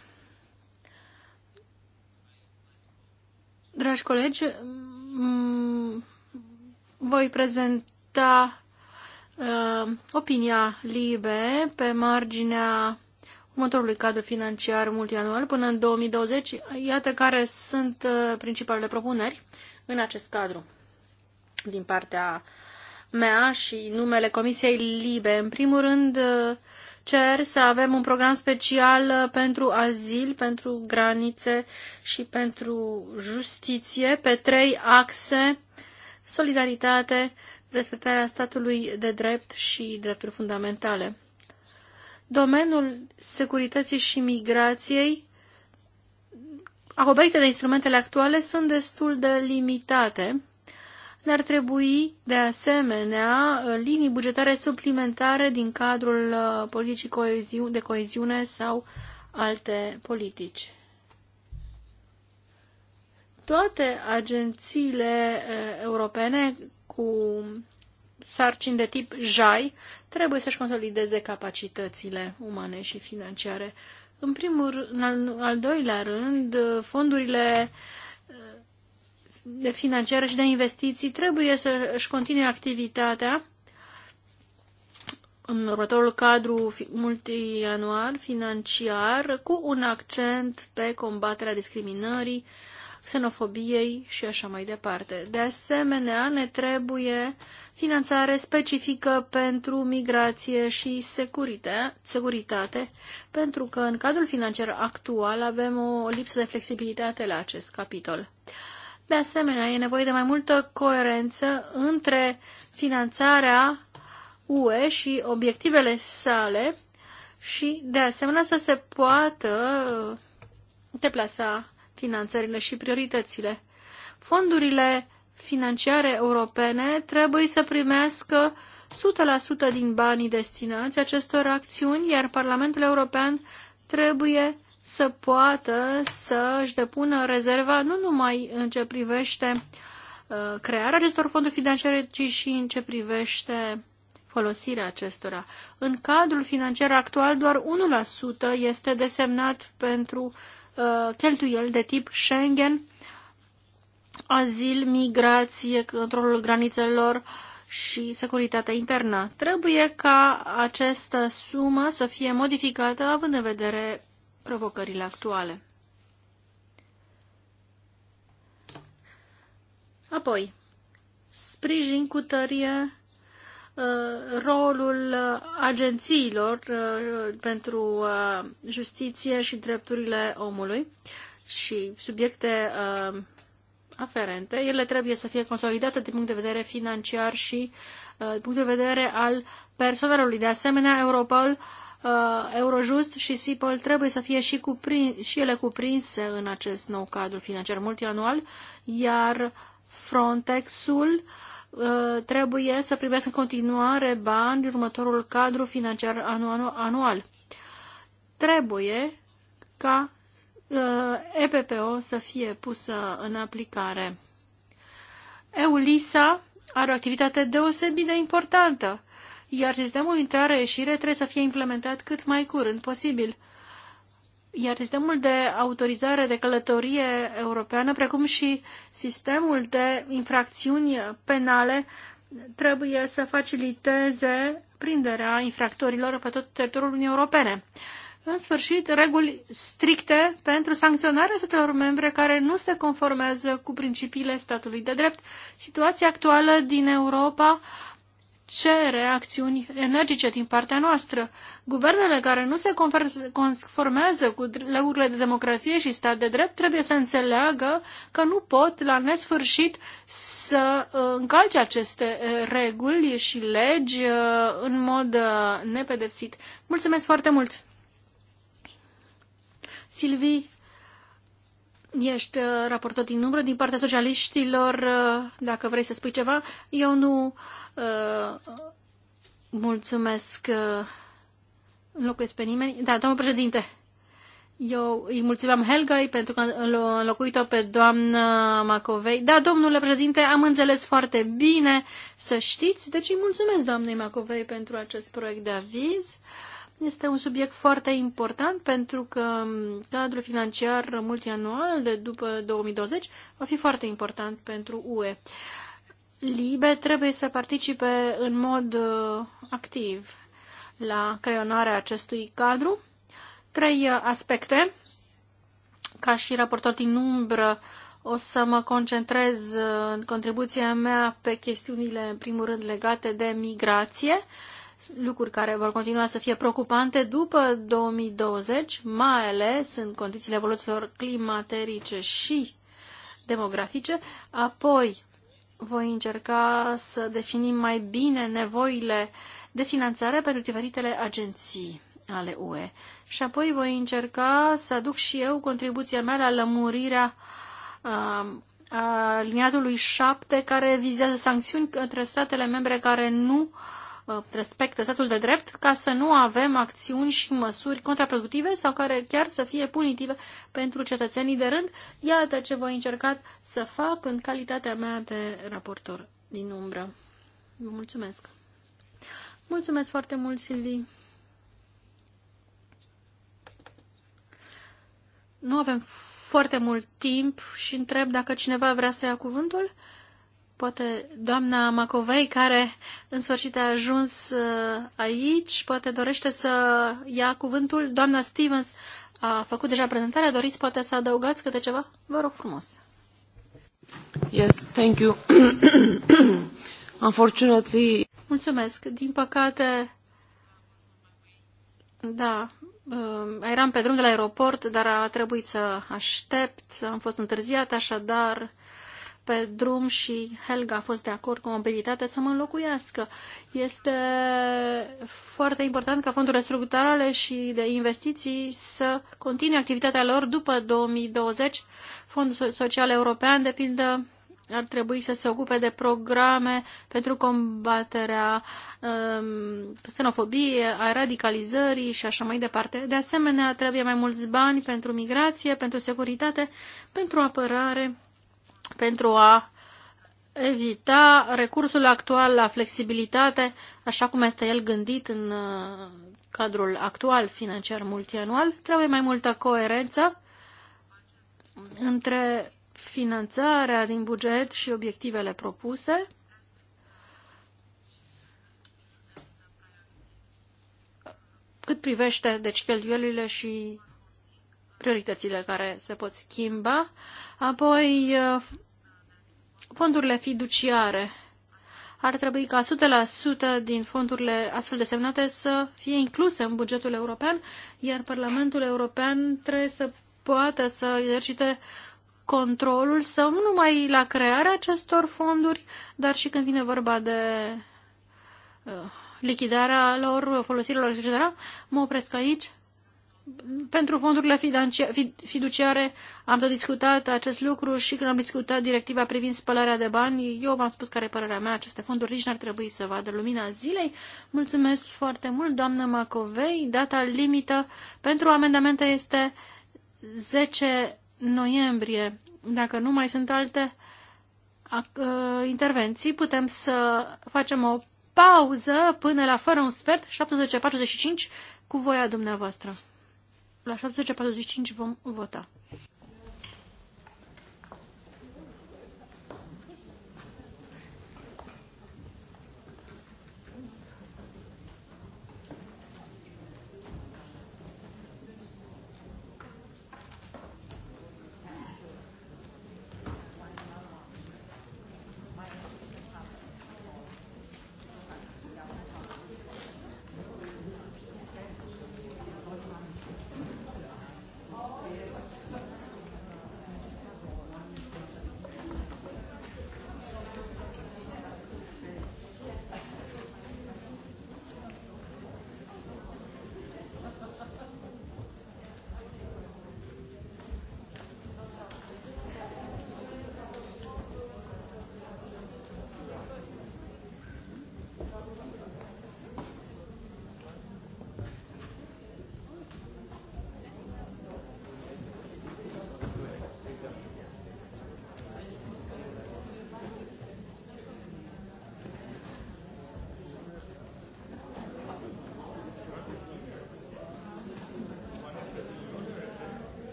Dragi colegi, voi prezenta uh, opinia LIBE pe marginea următorului cadru financiar multianual până în 2020. Iată care sunt uh, principalele propuneri în acest cadru din partea mea și numele Comisiei LIBE. În primul rând, uh, cer să avem un program special uh, pentru azil, pentru granițe și pentru justiție pe trei axe, solidaritate, respectarea statului de drept și drepturi fundamentale. Domeniul securității și migrației acoperite de instrumentele actuale sunt destul de limitate. Ne-ar trebui, de asemenea, linii bugetare suplimentare din cadrul uh, politicii de coeziune sau alte politici. Toate agențiile uh, europene cu sarcini de tip JAI trebuie să-și consolideze capacitățile umane și financiare. În primul, în al, al doilea rând, fondurile eh, de financiare și de investiții trebuie să-și continue activitatea în următorul cadru multianual financiar cu un accent pe combaterea discriminării, xenofobiei și așa mai departe. De asemenea, ne trebuie finanțare specifică pentru migrație și securitate, pentru că în cadrul financiar actual avem o lipsă de flexibilitate la acest capitol. De asemenea, e nevoie de mai multă coerență între finanțarea UE și obiectivele sale și, de asemenea, să se poată deplasa finanțările și prioritățile. Fondurile financiare europene trebuie să primească 100% din banii destinați acestor acțiuni, iar Parlamentul European trebuie să poată să își depună rezerva nu numai în ce privește uh, crearea acestor fonduri financiare, ci și în ce privește folosirea acestora. În cadrul financiar actual, doar 1% este desemnat pentru Uh, cheltuieli de tip Schengen, azil, migrație, controlul granițelor și securitatea internă. Trebuie ca această sumă să fie modificată având în vedere provocările actuale. Apoi, sprijin cu tărie Uh, rolul uh, agențiilor uh, pentru justiție și drepturile omului și subiecte aferente. Ele trebuie să fie consolidate din punct de vedere financiar și din punct de vedere al personalului. De asemenea, Europol, Eurojust și SIPOL trebuie să fie și, cuprin, și ele cuprinse în acest nou cadru financiar multianual, iar Frontexul uh, Uh, trebuie să primească în continuare bani din următorul cadru financiar anual. Trebuie ca uh, EPPO să fie pusă în aplicare. EULISA are o activitate deosebit de importantă, iar sistemul intrare-ieșire trebuie să fie implementat cât mai curând posibil. Iar sistemul de autorizare de călătorie europeană, precum și sistemul de infracțiuni penale, trebuie să faciliteze prinderea infractorilor pe tot teritoriul Uniunii Europene. În sfârșit, reguli stricte pentru sancționarea statelor membre care nu se conformează cu principiile statului de drept. Situația actuală din Europa uh, cere acțiuni energice din partea noastră. Guvernele care nu se conformează cu legurile de democrație și stat de drept trebuie să înțeleagă că nu pot la nesfârșit să uh, încalce aceste uh, reguli și legi uh, în mod nepedepsit. Mulțumesc foarte mult! Silvii, ești raportor din umbră din partea socialiștilor, dacă vrei să spui ceva. Eu nu uh, Uh, mulțumesc. Uh, locuiesc pe nimeni. Da, domnul președinte. Eu îi mulțumeam Helgai pentru că a înlocuit-o pe doamna Macovei. Da, domnule președinte, am înțeles foarte bine să știți. Deci îi mulțumesc doamnei Macovei pentru acest proiect de aviz. Este un subiect foarte important pentru că cadrul financiar multianual de după 2020 va fi foarte important pentru UE libe trebuie să participe în mod uh, activ la creionarea acestui cadru. Trei uh, aspecte. Ca și raportor din umbră, o să mă concentrez uh, în contribuția mea pe chestiunile, în primul rând, legate de migrație, lucruri care vor continua să fie preocupante după 2020, mai ales în condițiile evoluțiilor climaterice și demografice, apoi voi încerca să definim mai bine nevoile de finanțare pentru diferitele agenții ale UE. Și apoi voi încerca să aduc și eu contribuția mea la lămurirea uh, aliniatului 7 care vizează sancțiuni către statele membre care nu uh, Uh, respecte statul de drept ca să nu avem acțiuni și măsuri contraproductive sau care chiar să fie punitive pentru cetățenii de rând. Iată ce voi încerca să fac în calitatea mea de raportor din umbră. Vă mulțumesc! Mulțumesc foarte mult, Silvi! Nu avem foarte mult timp și întreb dacă cineva vrea să ia cuvântul poate doamna Macovei, care în sfârșit a ajuns uh, aici, poate dorește să ia cuvântul. Doamna Stevens a făcut deja prezentarea, doriți poate să adăugați câte ceva? Vă rog frumos. Yes, thank you. Unfortunately... Mulțumesc. Din păcate, da, um, eram pe drum de la aeroport, dar a trebuit să aștept, am fost întârziat, așadar pe drum și Helga a fost de acord cu mobilitatea să mă înlocuiască. Este foarte important ca fondurile structurale și de investiții să continue activitatea lor după 2020. Fondul Social European, de pildă, ar trebui să se ocupe de programe pentru combaterea um, xenofobiei, a radicalizării și așa mai departe. De asemenea, trebuie mai mulți bani pentru migrație, pentru securitate, pentru apărare pentru a evita recursul actual la flexibilitate, așa cum este el gândit în uh, cadrul actual financiar multianual, trebuie mai multă coerență între finanțarea din buget și obiectivele propuse. cât privește deci cheltuielile și prioritățile care se pot schimba, apoi uh, fondurile fiduciare. Ar trebui ca 100% din fondurile astfel desemnate să fie incluse în bugetul european, iar Parlamentul European trebuie să poată să exercite controlul său nu numai la crearea acestor fonduri, dar și când vine vorba de uh, lichidarea lor, folosirea lor, etc. Mă opresc aici pentru fondurile fiduciare am tot discutat acest lucru și când am discutat directiva privind spălarea de bani, eu v-am spus care e părerea mea, aceste fonduri nici n-ar trebui să vadă lumina zilei. Mulțumesc foarte mult, doamnă Macovei. Data limită pentru amendamente este 10 noiembrie. Dacă nu mai sunt alte ă, intervenții, putem să facem o pauză până la fără un sfert, 17.45, cu voia dumneavoastră. La 17.45 vom vota.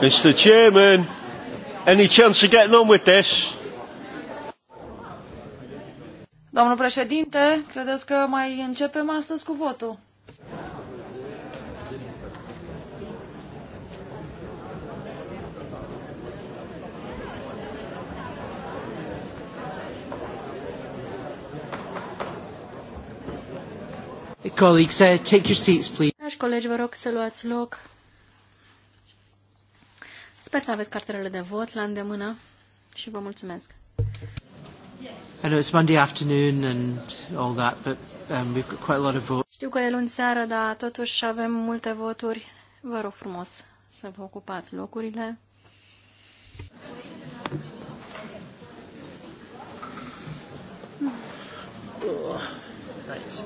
Mr. Chairman, any chance of getting on with this? Domnul președinte, credeți că mai începem astăzi cu votul? Colleagues, uh, take your seats, please. colegi, vă rog să luați loc. Iată, aveți cartelele de vot la îndemână și vă mulțumesc. I know it's Monday afternoon and all that, but um, we've got quite a lot of votes. Știu că e luni seară, dar totuși avem multe voturi. Vă rog frumos să vă ocupați locurile. Oh, right.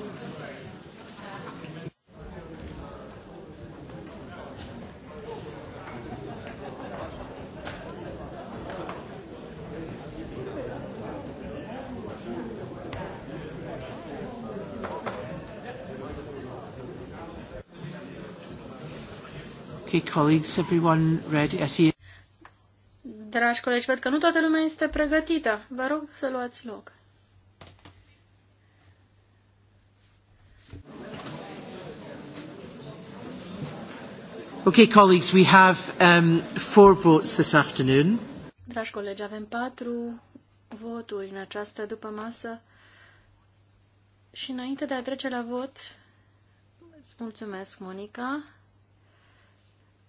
Okay, colleagues, everyone ready? I see. Dragi colegi, văd că nu toată lumea este pregătită. Vă rog să luați loc. Okay, colleagues, we have um, four votes this afternoon. Dragi colegi, avem patru voturi în această după masă. Și înainte de a trece la vot, îți mulțumesc, Monica.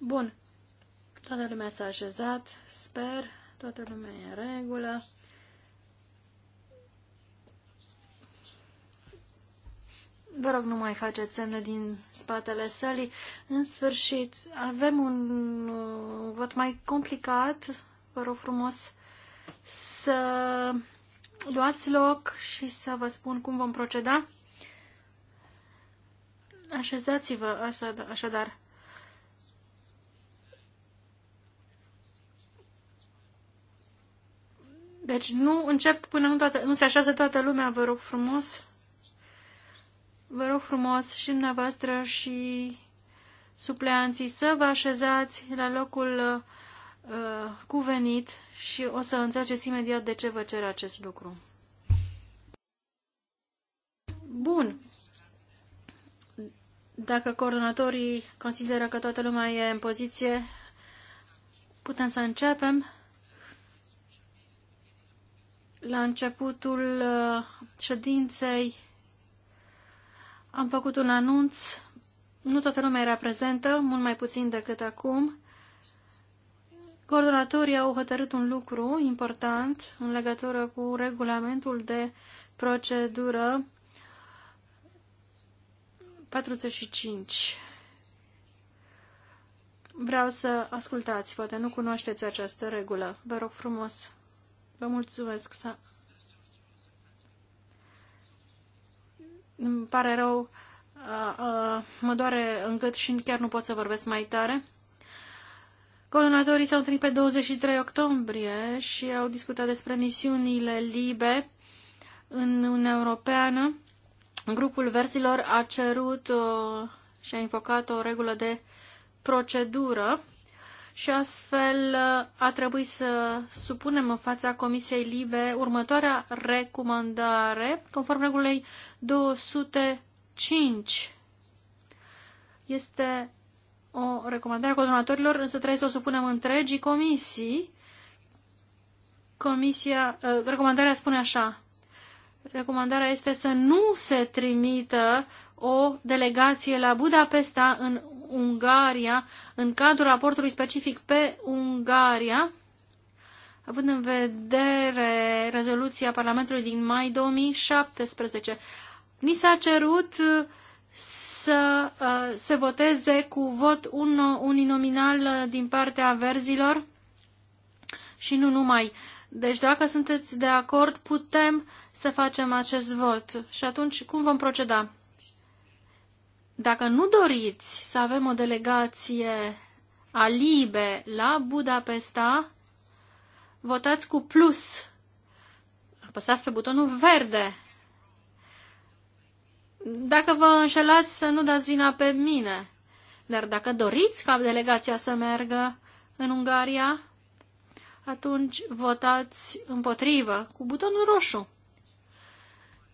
Bun. Toată lumea s-a așezat, sper. Toată lumea e în regulă. Vă rog, nu mai faceți semne din spatele sălii. În sfârșit, avem un uh, vot mai complicat. Vă rog frumos să luați loc și să vă spun cum vom proceda. Așezați-vă așadar. Deci nu încep până nu, toată, nu se așează toată lumea, vă rog frumos. Vă rog frumos și dumneavoastră și supleanții să vă așezați la locul uh, cuvenit și o să înțelegeți imediat de ce vă cer acest lucru. Bun. Dacă coordonatorii consideră că toată lumea e în poziție, putem să începem. La începutul uh, ședinței am făcut un anunț. Nu toată lumea era prezentă, mult mai puțin decât acum. Coordonatorii au hotărât un lucru important în legătură cu regulamentul de procedură 45. Vreau să ascultați, poate nu cunoașteți această regulă. Vă rog frumos. Vă mulțumesc. Să... Îmi pare rău, a, a, mă doare în gât și chiar nu pot să vorbesc mai tare. Colonatorii s-au întâlnit pe 23 octombrie și au discutat despre misiunile libe în Uniunea Europeană. Grupul Versilor a cerut uh, și a invocat o regulă de procedură și astfel a trebuit să supunem în fața Comisiei Libe următoarea recomandare, conform regulei 205. Este o recomandare a coordonatorilor, însă trebuie să o supunem întregii comisii. Comisia, eh, recomandarea spune așa, recomandarea este să nu se trimită o delegație la Budapesta în Ungaria, în cadrul raportului specific pe Ungaria, având în vedere rezoluția Parlamentului din mai 2017. Ni s-a cerut să uh, se voteze cu vot un, uninominal uh, din partea verzilor și nu numai. Deci dacă sunteți de acord, putem uh, să facem acest vot. Și atunci, cum vom proceda? Dacă nu doriți să avem o delegație a la Budapesta, votați cu plus. Apăsați pe butonul verde. Dacă vă înșelați, să nu dați vina pe mine. Dar dacă doriți ca delegația să meargă în Ungaria, atunci votați împotrivă cu butonul roșu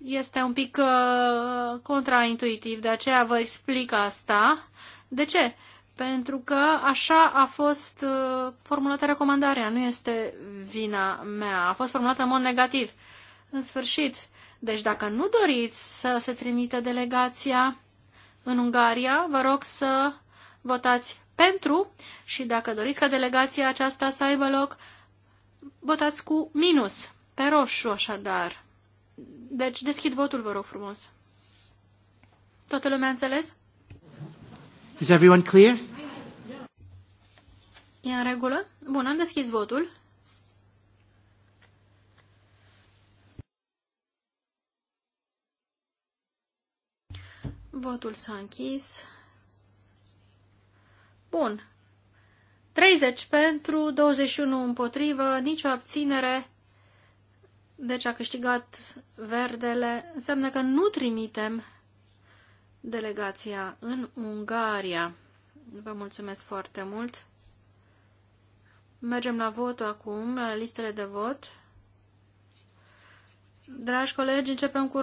este un pic uh, contraintuitiv, de aceea vă explic asta. De ce? Pentru că așa a fost uh, formulată recomandarea, nu este vina mea, a fost formulată în mod negativ. În sfârșit, deci dacă nu doriți să se trimite delegația în Ungaria, vă rog să votați pentru și dacă doriți ca delegația aceasta să aibă loc, votați cu minus, pe roșu așadar. Deci deschid votul, vă rog frumos. Toată lumea a înțeles? Is everyone clear? E în regulă? Bun, am deschis votul. Votul s-a închis. Bun. 30 pentru, 21 împotrivă, nicio abținere. Deci a câștigat verdele, înseamnă că nu trimitem delegația în Ungaria. Vă mulțumesc foarte mult. Mergem la vot acum, la listele de vot. Dragi colegi, începem cu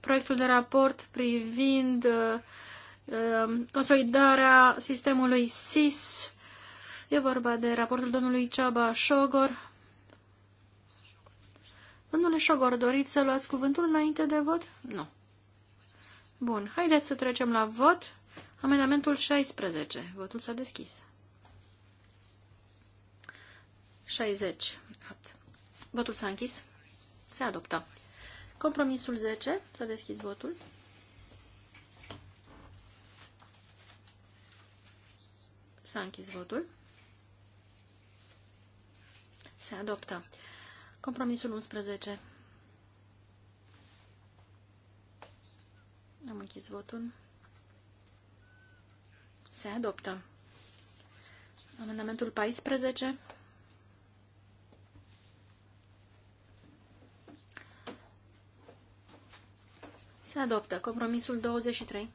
proiectul de raport privind uh, um, consolidarea sistemului SIS. E vorba de raportul domnului Ceaba Șogor Domnule Șogor, doriți să luați cuvântul înainte de vot? Nu. Bun, haideți să trecem la vot. Amendamentul 16. Votul s-a deschis. 60. Votul s-a închis. Se adoptă. Compromisul 10. S-a deschis votul. S-a închis votul. Se adoptă. Compromisul 11. Am închis votul. Se adoptă. Amendamentul 14. Se adoptă. Compromisul 23.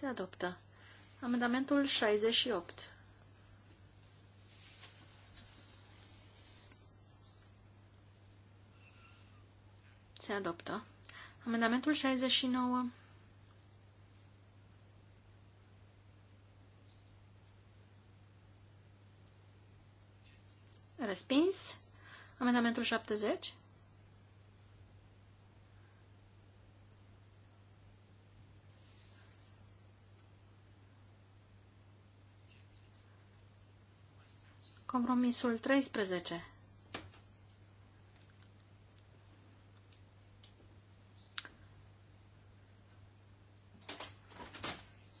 Se adoptă. Amendamentul 68. Se adoptă. Amendamentul 69. Respins. Amendamentul 70. Compromisul 13.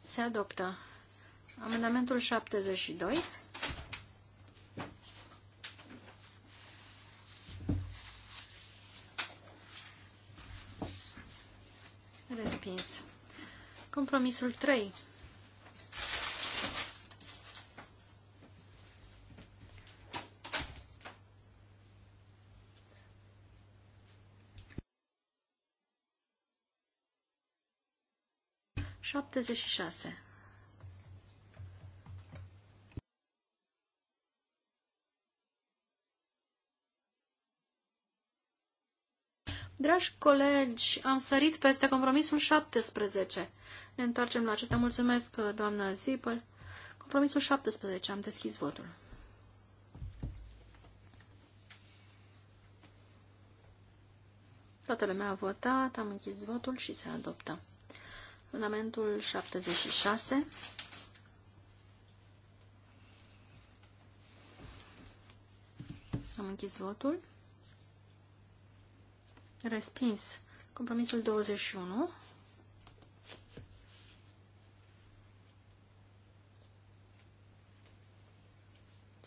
Se adoptă. Amendamentul 72. Respins. Compromisul 3. 76. Dragi colegi, am sărit peste compromisul 17. Ne întoarcem la acesta. Mulțumesc, doamna Zipăl. Compromisul 17. Am deschis votul. Toată lumea a votat, am închis votul și se adoptă. Fundamentul 76. Am închis votul. Respins. Compromisul 21.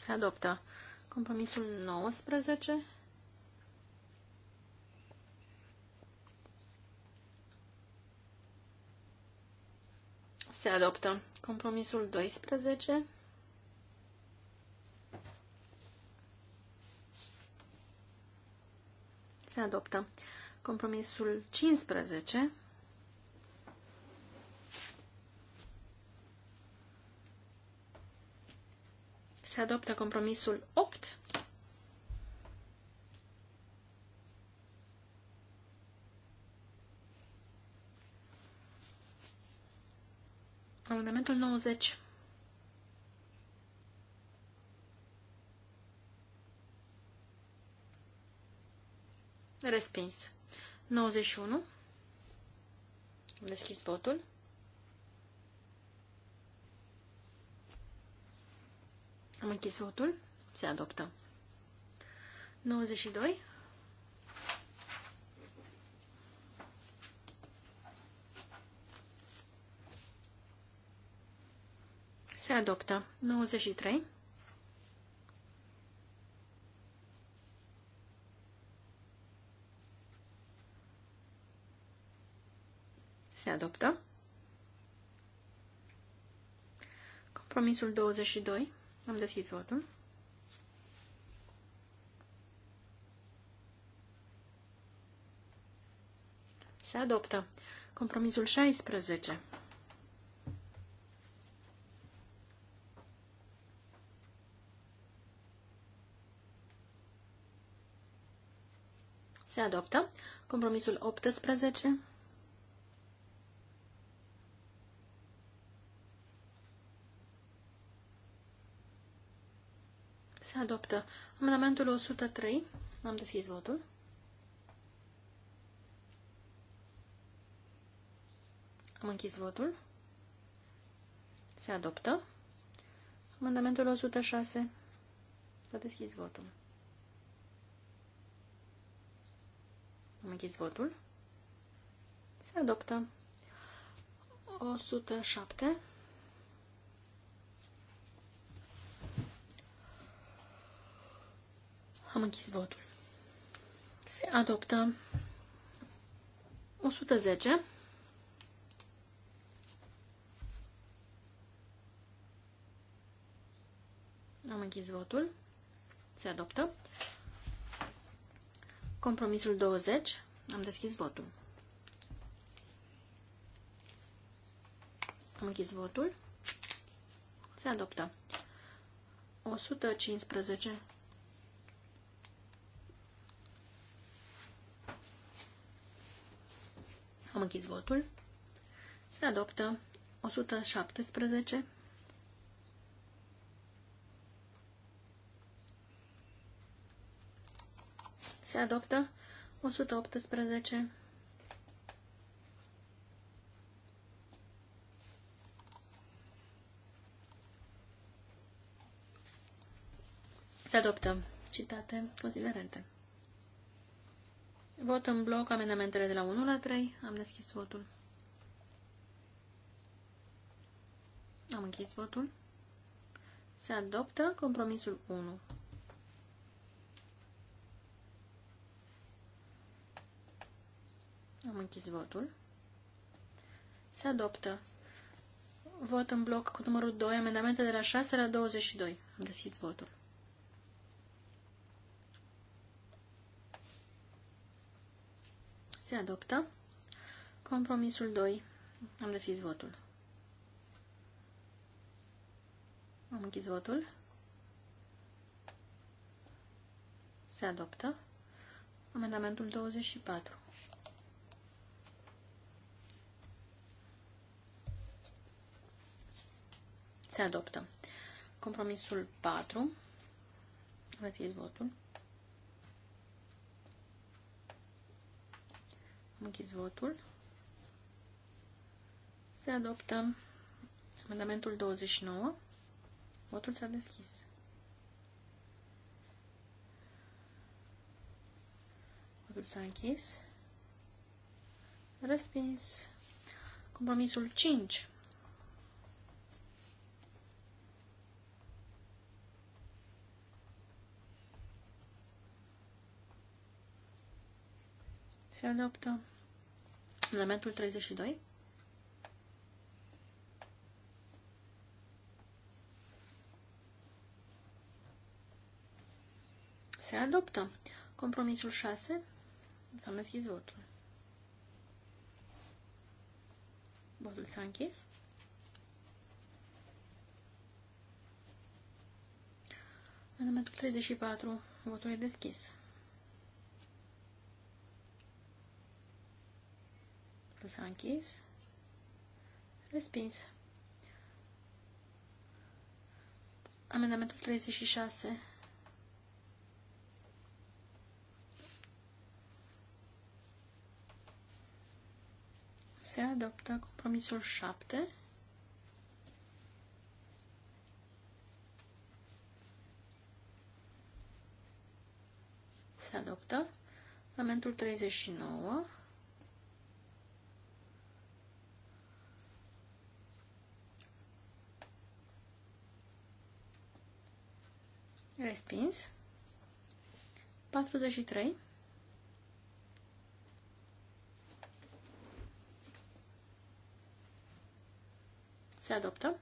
Se adoptă. Compromisul 19. Se adoptă. Compromisul 12. Se adoptă. Compromisul 15. Se adoptă compromisul 8. Amendamentul 90. Respins. 91. Am deschis votul. Am închis votul. Se adoptă. 92. Se adoptă. 93. Se adoptă. Compromisul 22. Am deschis votul. Se adoptă. Compromisul 16. se adoptă. Compromisul 18. Se adoptă. Amendamentul 103. Am deschis votul. Am închis votul. Se adoptă. Amendamentul 106. S-a deschis votul. Acum închis votul. Se adoptă. 107. Am închis votul. Se adoptă 110. Am închis votul. Se adoptă. Compromisul 20. Am deschis votul. Am închis votul. Se adoptă. 115. Am închis votul. Se adoptă 117. adoptă. 118. Se adoptă. Citate. Considerente. Vot în bloc amendamentele de la 1 la 3. Am deschis votul. Am închis votul. Se adoptă compromisul 1. Am închis votul. Se adoptă. Vot în bloc cu numărul 2, amendamente de la 6 la 22. Am deschis votul. Se adoptă. Compromisul 2. Am deschis votul. Am închis votul. Se adoptă. Amendamentul 24. Se adoptă. Compromisul 4. Rățiți votul. Am închis votul. Se adoptă amendamentul 29. Votul s-a deschis. Votul s-a închis. Respins. Compromisul 5. Se adoptă. Elementul 32. Se adoptă. Compromisul 6. S-a deschis votul. Votul s-a închis. Elementul 34. Votul e deschis. Votul s-a închis. Respins. Amendamentul 36. Se adoptă compromisul 7. Se adoptă amendamentul 39. Respins. 43. Se adoptă.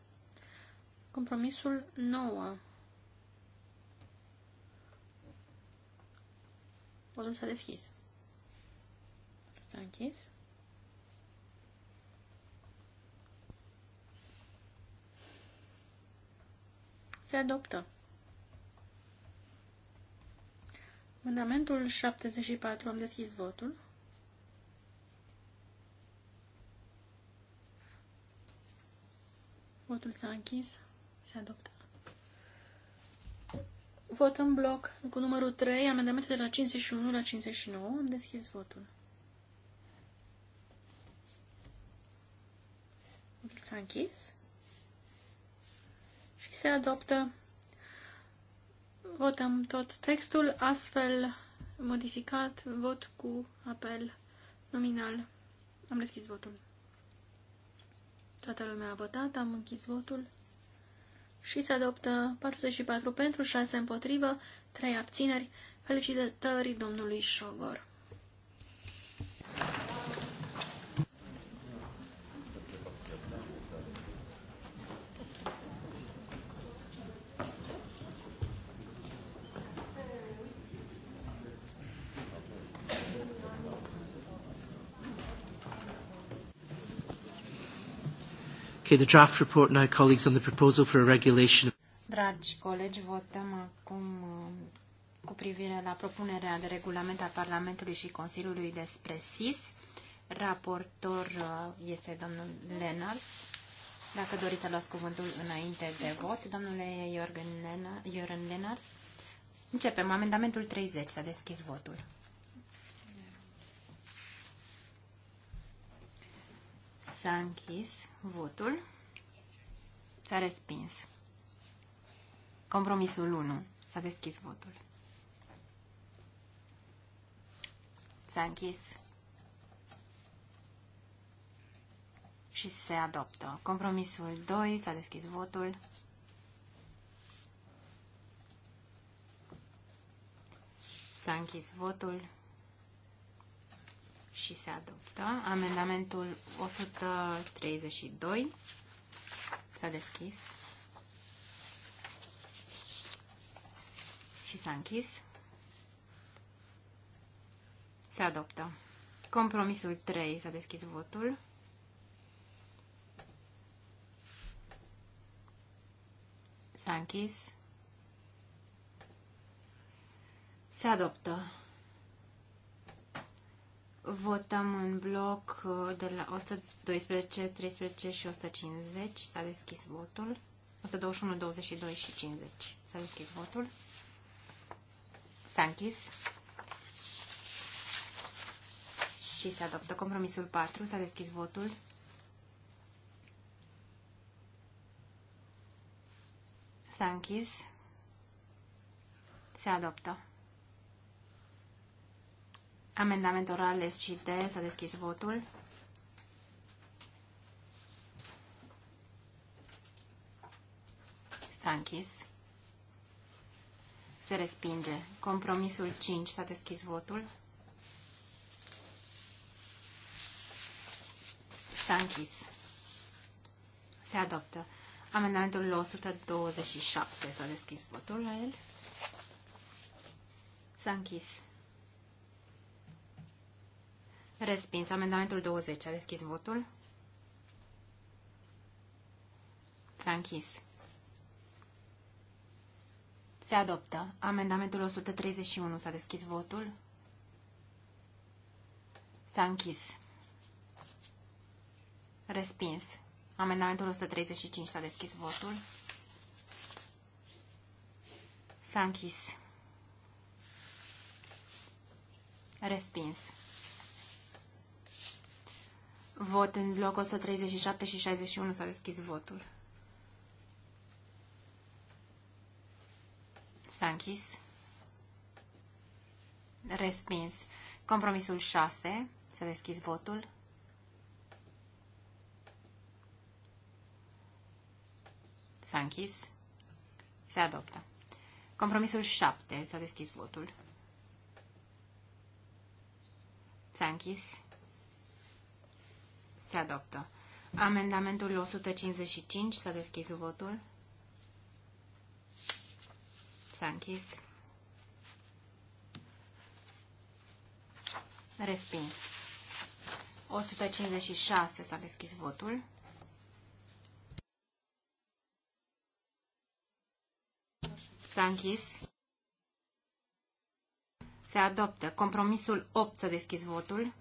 Compromisul 9. Votul s-a deschis. S-a închis. Se adoptă. Amendamentul 74. Am deschis votul. Votul s-a închis. Se adoptă. Vot în bloc cu numărul 3, Amendamentul de la 51 la 59. Am deschis votul. Votul s-a închis. Și se adoptă Votăm tot textul astfel modificat, vot cu apel nominal. Am deschis votul. Toată lumea a votat, am închis votul și se adoptă 44 pentru, 6 împotrivă, 3 abțineri. Felicitări domnului Șogor. Okay, the draft report now, colleagues, on the proposal for a regulation. Dragi colegi, votăm acum uh, cu privire la propunerea de regulament a Parlamentului și Consiliului despre SIS. Raportor uh, este domnul Lenars. Dacă doriți să luați cuvântul înainte de vot, domnule Jorgen Lenars, începem. Amendamentul 30. S-a deschis votul. S-a închis votul. S-a respins. Compromisul 1. S-a deschis votul. S-a închis. Și se adoptă. Compromisul 2. S-a deschis votul. S-a închis votul și se adoptă. Amendamentul 132 s-a deschis și s-a închis. Se adoptă. Compromisul 3 s-a deschis votul. S-a închis. Se adoptă. Votăm în bloc uh, de la 112, 13 și 150. S-a deschis votul. 121, 22 și 50. S-a deschis votul. S-a închis. Și se adoptă compromisul 4. S-a deschis votul. S-a închis. Se adoptă. Amendament oral S și D. S-a deschis votul. S-a închis. Se respinge. Compromisul 5. S-a deschis votul. S-a închis. Se adoptă. Amendamentul 127. S-a deschis votul la el. S-a închis. Respins. Amendamentul 20. A deschis votul. S-a închis. Se adoptă. Amendamentul 131. S-a deschis votul. S-a închis. Respins. Amendamentul 135. S-a deschis votul. S-a închis. Respins. Vot în bloc 137 și 61 s-a deschis votul. S-a închis. Respins. Compromisul 6. S-a deschis votul. S-a închis. Se adoptă. Compromisul 7. S-a deschis votul. S-a închis. Se adoptă. Amendamentul 155. S-a deschis votul. S-a închis. Respins. 156 s-a deschis votul. S-a închis. Se adoptă. Compromisul 8 s-a deschis votul.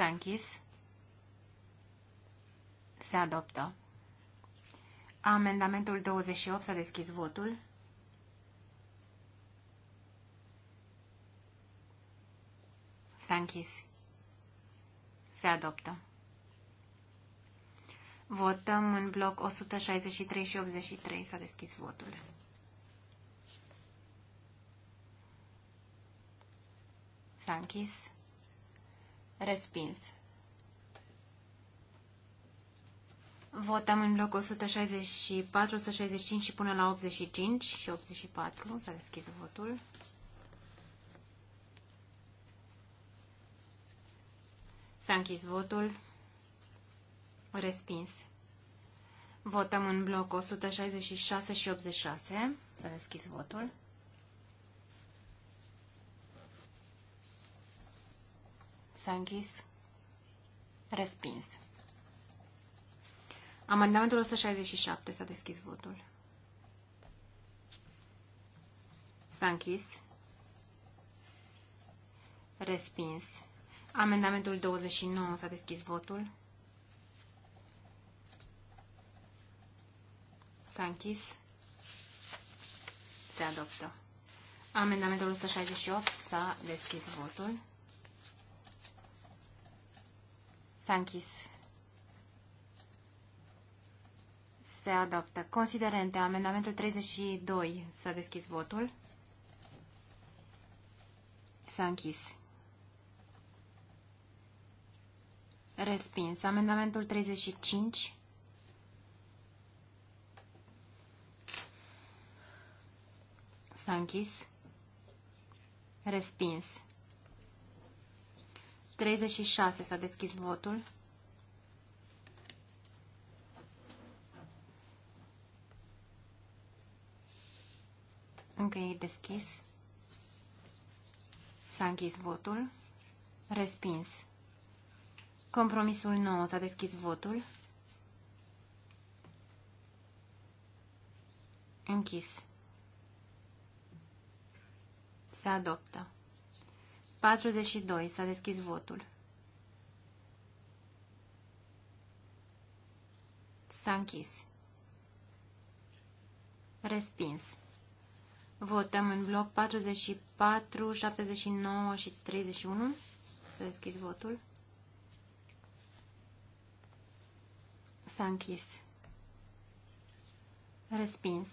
S-a închis. Se adoptă. Amendamentul 28 s-a deschis votul. S-a închis. Se adoptă. Votăm în bloc 163 și 83. S-a deschis votul. S-a închis. Respins. Votăm în bloc 164, 165 și până la 85 și 84. S-a deschis votul. S-a închis votul. Respins. Votăm în bloc 166 și 86. S-a deschis votul. S-a închis. Respins. Amendamentul 167. S-a deschis votul. S-a închis. Respins. Amendamentul 29. S-a deschis votul. S-a închis. Se adoptă. Amendamentul 168. S-a deschis votul. S-a închis. Se adoptă. Considerente. Amendamentul 32. S-a deschis votul. S-a închis. Respins. Amendamentul 35. S-a închis. Respins. 36 s-a deschis votul. Încă e deschis. S-a închis votul. Respins. Compromisul 9 s-a deschis votul. Închis. Se adoptă. 42. S-a deschis votul. S-a închis. Respins. Votăm în bloc 44, 79 și 31. Să deschis votul. S-a închis. Respins.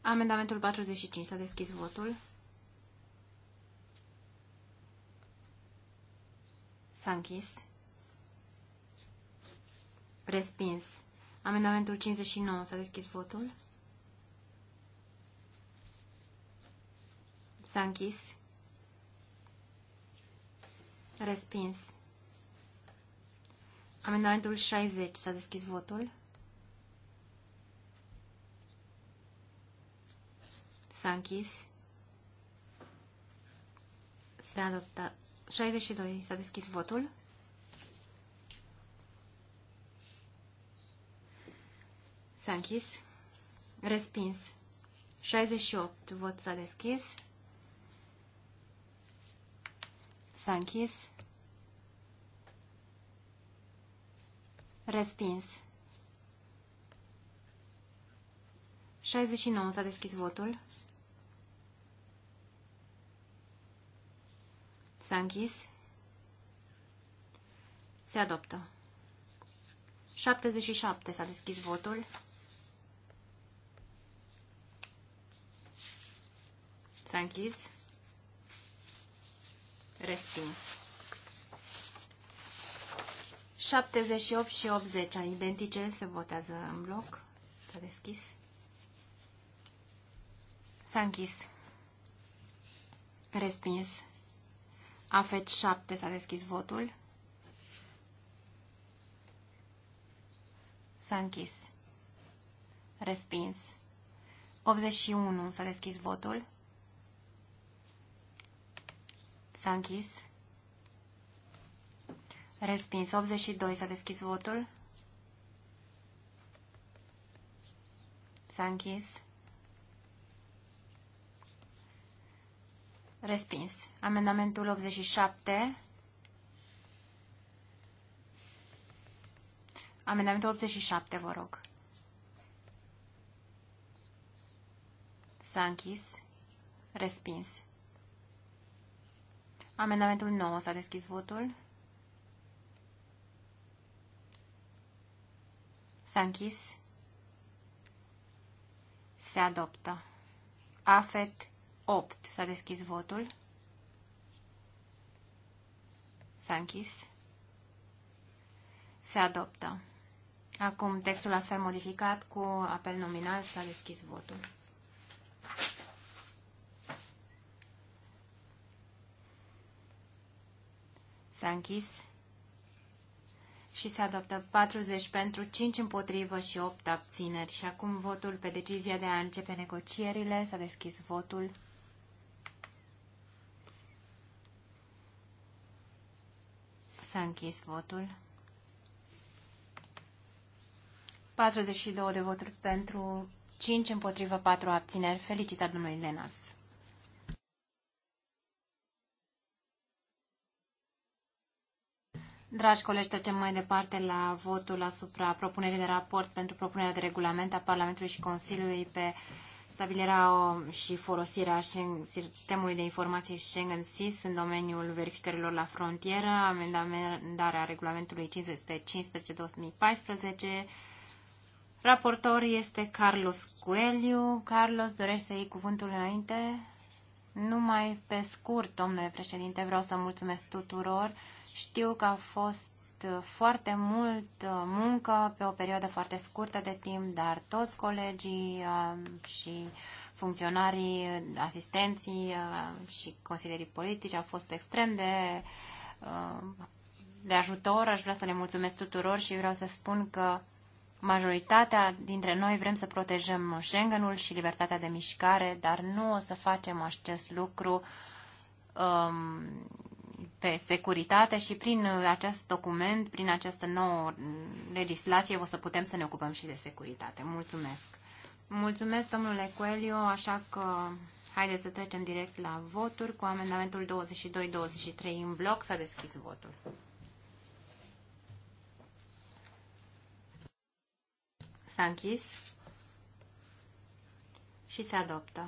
Amendamentul 45. S-a deschis votul. S-a închis. Respins. Amendamentul 59. S-a deschis votul. S-a închis. Respins. Amendamentul 60. S-a deschis votul. S-a închis. S-a adoptat. 62. S-a deschis votul. S-a închis. Respins. 68. Vot s-a deschis. S-a închis. Respins. 69. S-a deschis votul. S-a închis. Se adoptă. 77. S-a deschis votul. S-a închis. Respins. 78 și 80 identice se votează în bloc. S-a deschis. S-a închis. Respins. AFET 7 s-a deschis votul. S-a închis. Respins. 81 s-a deschis votul. S-a închis. Respins. 82 s-a deschis votul. S-a închis. Respins. Amendamentul 87. Amendamentul 87, vă rog. S-a închis. Respins. Amendamentul 9. S-a deschis votul. S-a închis. Se adoptă. AFET 8. S-a deschis votul. S-a închis. Se adoptă. Acum textul astfel modificat cu apel nominal s-a deschis votul. S-a închis și se adoptă 40 pentru, 5 împotrivă și 8 abțineri. Și acum votul pe decizia de a începe negocierile. S-a deschis votul. S-a închis votul. 42 de voturi pentru, 5 împotrivă, 4 abțineri. Felicitat domnului Lenars. Dragi colegi, trecem mai departe la votul asupra propunerii de raport pentru propunerea de regulament a Parlamentului și Consiliului pe uh, stabilirea și folosirea sistemului de informații Schengen SIS în domeniul verificărilor la frontieră, amendarea regulamentului 515-2014. Raportor este Carlos Coelho. Carlos, dorești să iei cuvântul înainte? Numai pe scurt, domnule președinte, vreau să mulțumesc tuturor. Știu că a fost Uh, foarte mult uh, muncă pe o perioadă foarte scurtă de timp, dar toți colegii uh, și funcționarii, asistenții și consilierii politici au fost extrem de, de ajutor. Aș vrea să le mulțumesc tuturor și vreau să spun că majoritatea dintre noi vrem să protejăm Schengenul și libertatea de mișcare, dar nu o să facem acest lucru um, pe securitate și prin uh, acest document, prin această nouă mm, legislație, o să putem să ne ocupăm și de securitate. Mulțumesc! Mulțumesc, domnule Coelio, așa că haideți să trecem direct la voturi. Cu amendamentul 22-23 în bloc s-a deschis votul. S-a închis și se adoptă.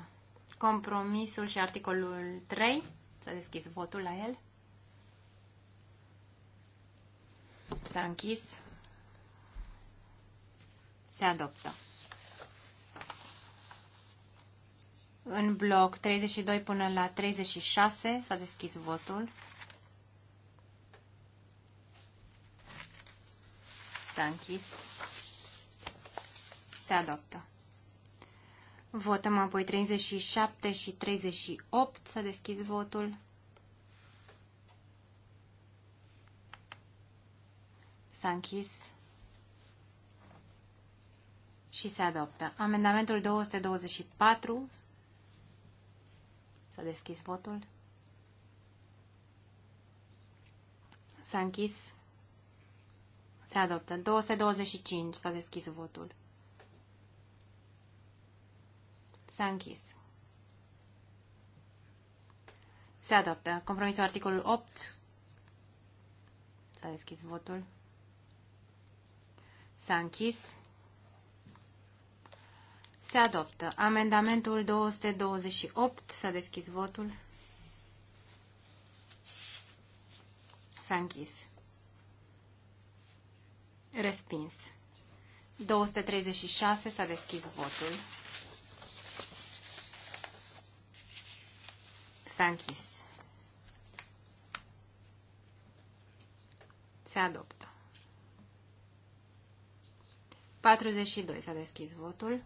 Compromisul și articolul 3 s-a deschis votul la el. S-a închis. Se adoptă. În bloc 32 până la 36 s-a deschis votul. S-a închis. Se adoptă. Votăm apoi 37 și 38. S-a deschis votul. S-a închis și se adoptă. Amendamentul 224. S-a deschis votul. S-a închis. Se adoptă. 225. S-a deschis votul. S-a închis. Se adoptă. Compromisul articolul 8. S-a deschis votul. S-a închis. Se adoptă. Amendamentul 228. S-a deschis votul. S-a închis. Respins. 236. S-a deschis votul. S-a închis. Se adoptă. 42 s-a deschis votul.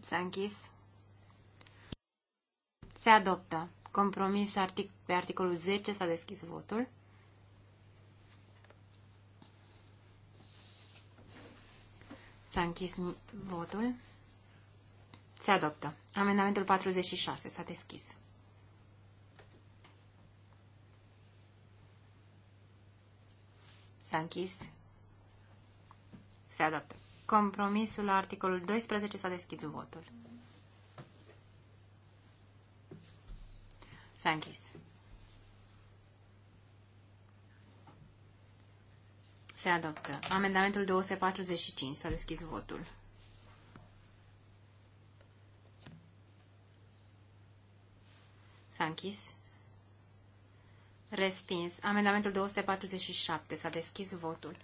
S-a închis. Se adoptă. Compromis artic pe articolul 10 s-a deschis votul. S-a închis votul. Se adoptă. Amendamentul 46 s-a deschis. s-a închis. Se adoptă. Compromisul la articolul 12 s-a deschis votul. S-a închis. Se adoptă. Amendamentul 245 s-a deschis votul. S-a închis. Respins. Amendamentul 247. S-a deschis votul.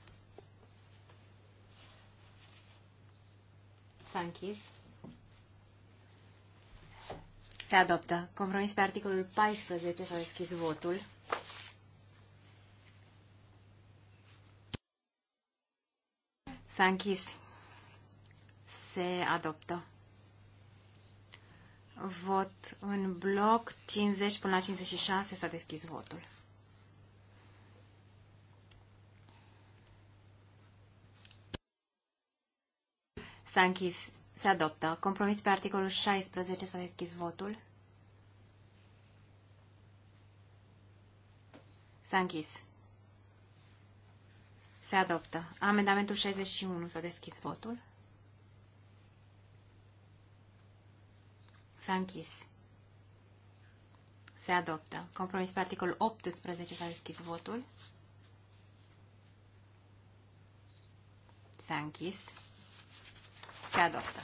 S-a închis. Se adoptă. Compromis pe articolul 14. S-a deschis votul. S-a închis. Se adoptă. Vot în bloc 50 până la 56. S-a deschis votul. S-a închis. Se adoptă. Compromis pe articolul 16. S-a deschis votul. S-a închis. Se adoptă. Amendamentul 61. S-a deschis votul. S-a închis. Se adoptă. Compromis pe articolul 18. S-a deschis votul. S-a închis. Se adoptă.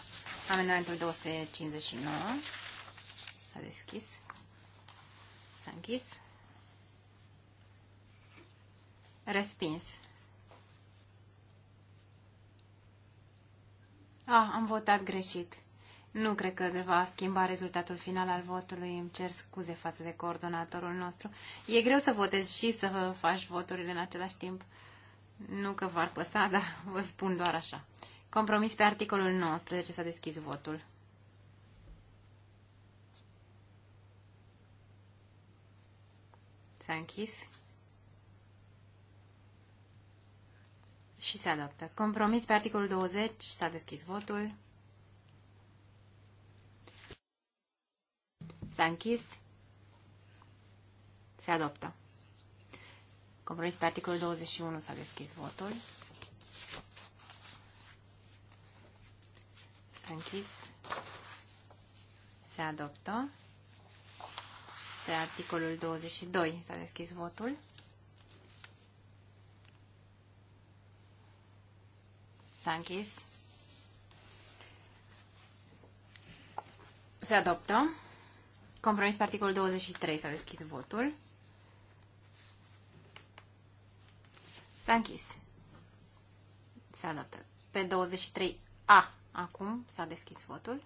Amendamentul 259 s-a deschis. S-a închis. Respins. Ah, am votat greșit. Nu cred că va schimba rezultatul final al votului. Îmi cer scuze față de coordonatorul nostru. E greu să votezi și să faci voturile în același timp. Nu că v-ar păsa, dar vă spun doar așa. Compromis pe articolul 19. S-a deschis votul. S-a închis. Și se adoptă. Compromis pe articolul 20. S-a deschis votul. S-a închis. Se adoptă. Compromis pe articolul 21 s-a deschis votul. închis, se adoptă. Pe articolul 22 s-a deschis votul. S-a închis. Se adoptă. Compromis pe articolul 23 s-a deschis votul. S-a închis. Se adoptă. Pe 23A Acum s-a deschis votul.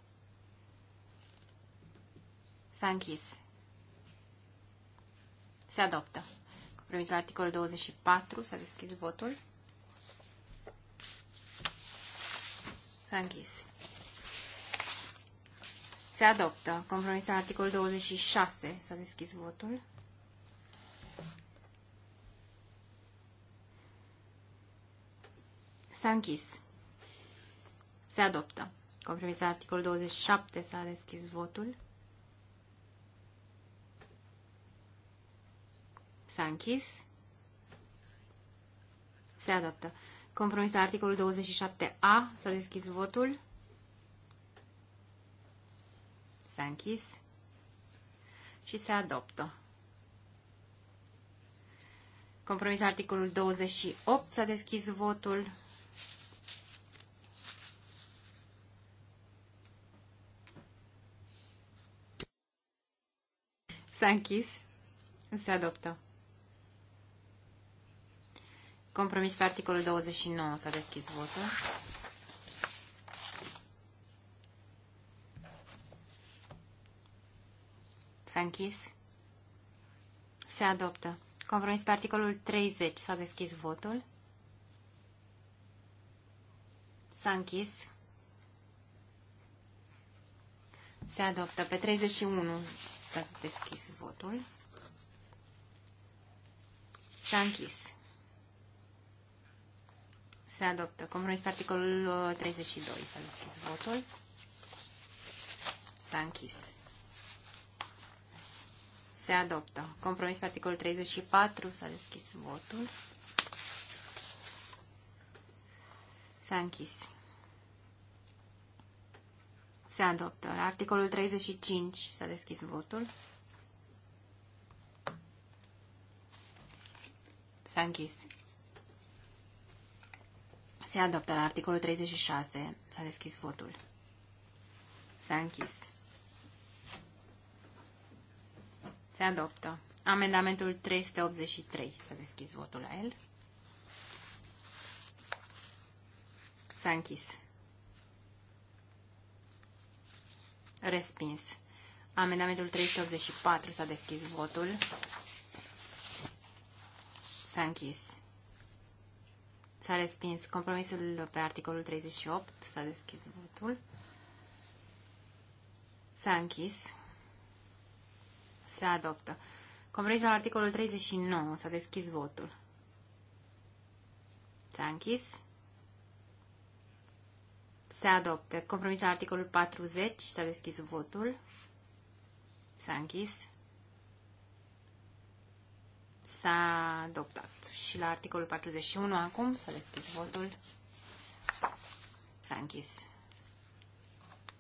S-a închis. Se adoptă. Cu premis la articolul 24 s-a deschis votul. S-a închis. Se adoptă. Compromisul la articolul 26 s-a deschis votul. S-a închis. Se adoptă. Compromisul articolul 27 s-a deschis votul. S-a închis. Se adoptă. Compromisul articolul 27A s-a deschis votul. S-a închis. Și se adoptă. Compromisul articolul 28 s-a deschis votul. S-a închis. Se adoptă. Compromis pe articolul 29. S-a deschis votul. S-a închis. Se adoptă. Compromis pe articolul 30. S-a deschis votul. S-a închis. Se adoptă. Pe 31 S-a deschis votul. S-a închis. Se adoptă. Compromis pe articolul 32. Uh, S-a deschis votul. S-a închis. Se adoptă. Compromis pe articolul 34. S-a deschis votul. S-a închis. Se adoptă. La articolul 35 s-a deschis votul. S-a închis. Se adoptă. La articolul 36 s-a deschis votul. S-a închis. Se adoptă. Amendamentul 383. Să deschis votul la el. S-a închis. Respins. Amendamentul 384 s-a deschis votul. S-a închis. S-a respins compromisul pe articolul 38. S-a deschis votul. S-a închis. Se adoptă. Compromisul articolul 39. S-a deschis votul. S-a închis. Se adoptă. Compromisul articolul 40. S-a deschis votul. S-a închis. S-a adoptat. Și la articolul 41 acum s-a deschis votul. S-a închis.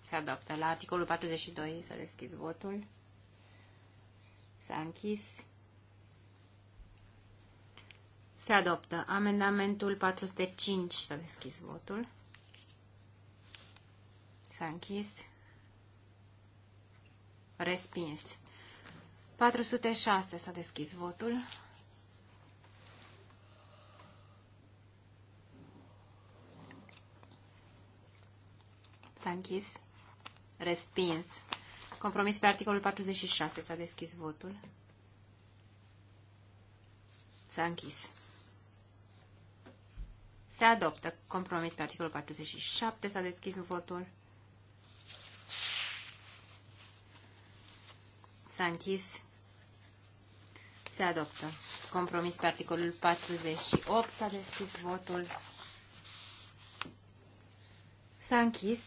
Se adoptă. La articolul 42 s-a deschis votul. S-a închis. Se adoptă. Amendamentul 405 s-a deschis votul. S-a închis. Respins. 406 s-a deschis votul. S-a închis. Respins. Compromis pe articolul 46 s-a deschis votul. S-a închis. Se adoptă. Compromis pe articolul 47 s-a deschis votul. S-a închis. Se adoptă. Compromis pe articolul 48. S-a deschis votul. S-a închis.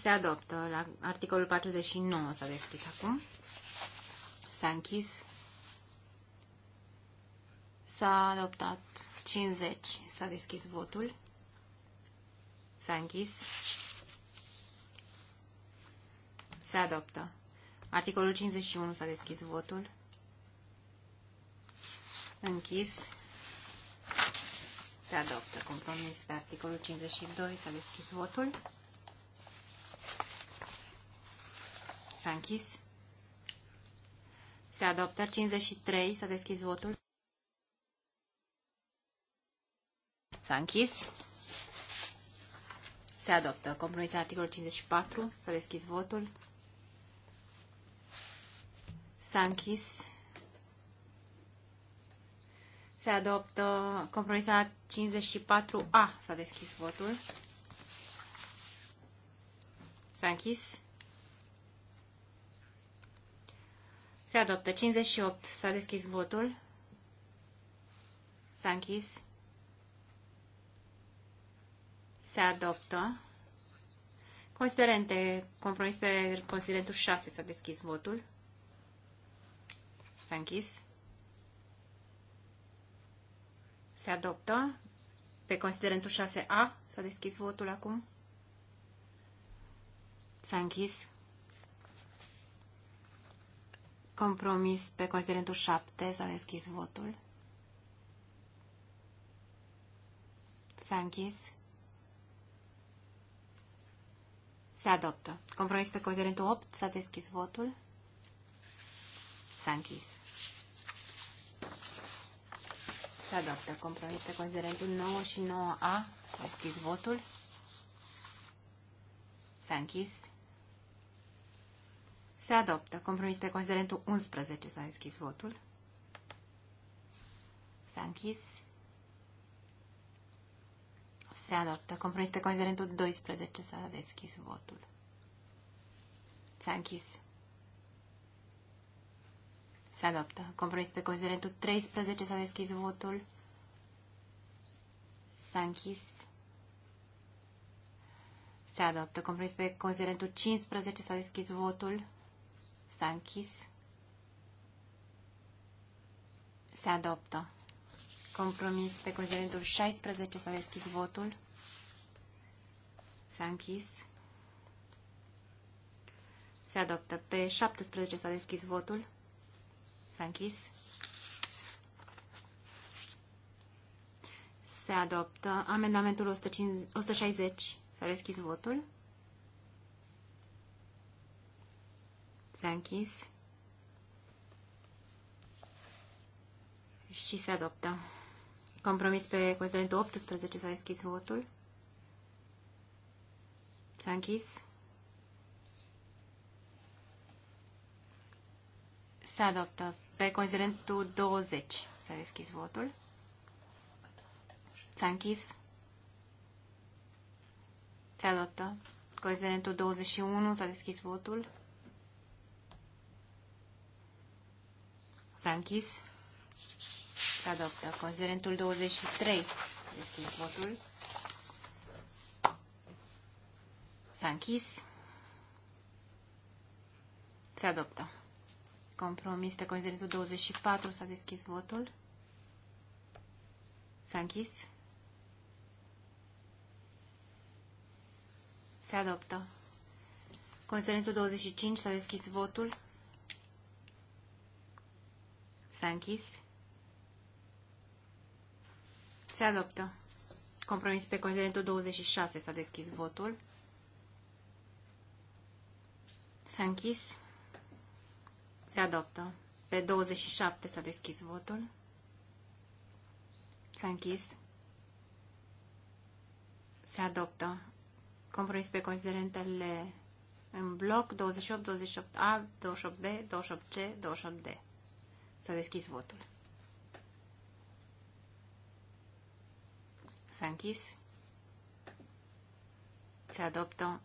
Se adoptă. La articolul 49 s-a deschis acum. S-a închis. S-a adoptat 50. S-a deschis votul. S-a închis. Se adoptă. Articolul 51 s-a deschis votul. Închis. Se adoptă compromis pe articolul 52. S-a deschis votul. S-a închis. Se adoptă 53. S-a deschis votul. S-a închis. Se adoptă compromis articolul 54. S-a deschis votul. S-a închis. Se adoptă compromisul 54A. S-a deschis votul. S-a închis. Se adoptă 58. S-a deschis votul. S-a închis. Se adoptă. Considerente, compromis pe considerentul 6 s-a deschis votul. S-a închis. Se adoptă. Pe considerentul 6A s-a deschis votul acum. S-a închis. Compromis pe considerentul 7 s-a deschis votul. S-a închis. Se adoptă. Compromis pe considerentul 8 s-a deschis votul. S-a închis. Se adoptă. Compromis pe considerentul 9 și 9A. Deschis votul. S-a închis. Se adoptă. Compromis pe considerentul 11. S-a deschis votul. S-a închis. Se adoptă. Compromis pe considerentul 12. S-a deschis votul. S-a închis. Se adoptă. Compromis pe considerentul 13. S-a deschis votul. S-a închis. Se adoptă. Compromis pe considerentul 15. S-a deschis votul. S-a închis. Se adoptă. Compromis pe considerentul 16. S-a deschis votul. S-a închis. Se adoptă. Pe 17 s-a deschis votul. S-a închis. Se adoptă amendamentul 150, 160. S-a deschis votul. S-a închis. Și se adoptă. Compromis pe considerentul 18 s-a deschis votul. S-a închis. Se adoptă pe considerentul 20. S-a deschis votul. S-a închis. Se adoptă. Considerentul 21. S-a deschis votul. S-a închis. Se adoptă. Considerentul 23. S-a deschis votul. S-a închis. Se adoptă compromis pe considerentul 24. S-a deschis votul. S-a închis. Se adoptă. Considerentul 25. S-a deschis votul. S-a închis. Se adoptă. Compromis pe considerentul 26. S-a deschis votul. S-a închis. Se adoptă. Pe 27 s-a deschis votul. S-a închis. Se adoptă. Compromis pe considerentele în bloc 28, 28A, 28B, 28C, 28D. S-a deschis votul. S-a închis. Se adoptă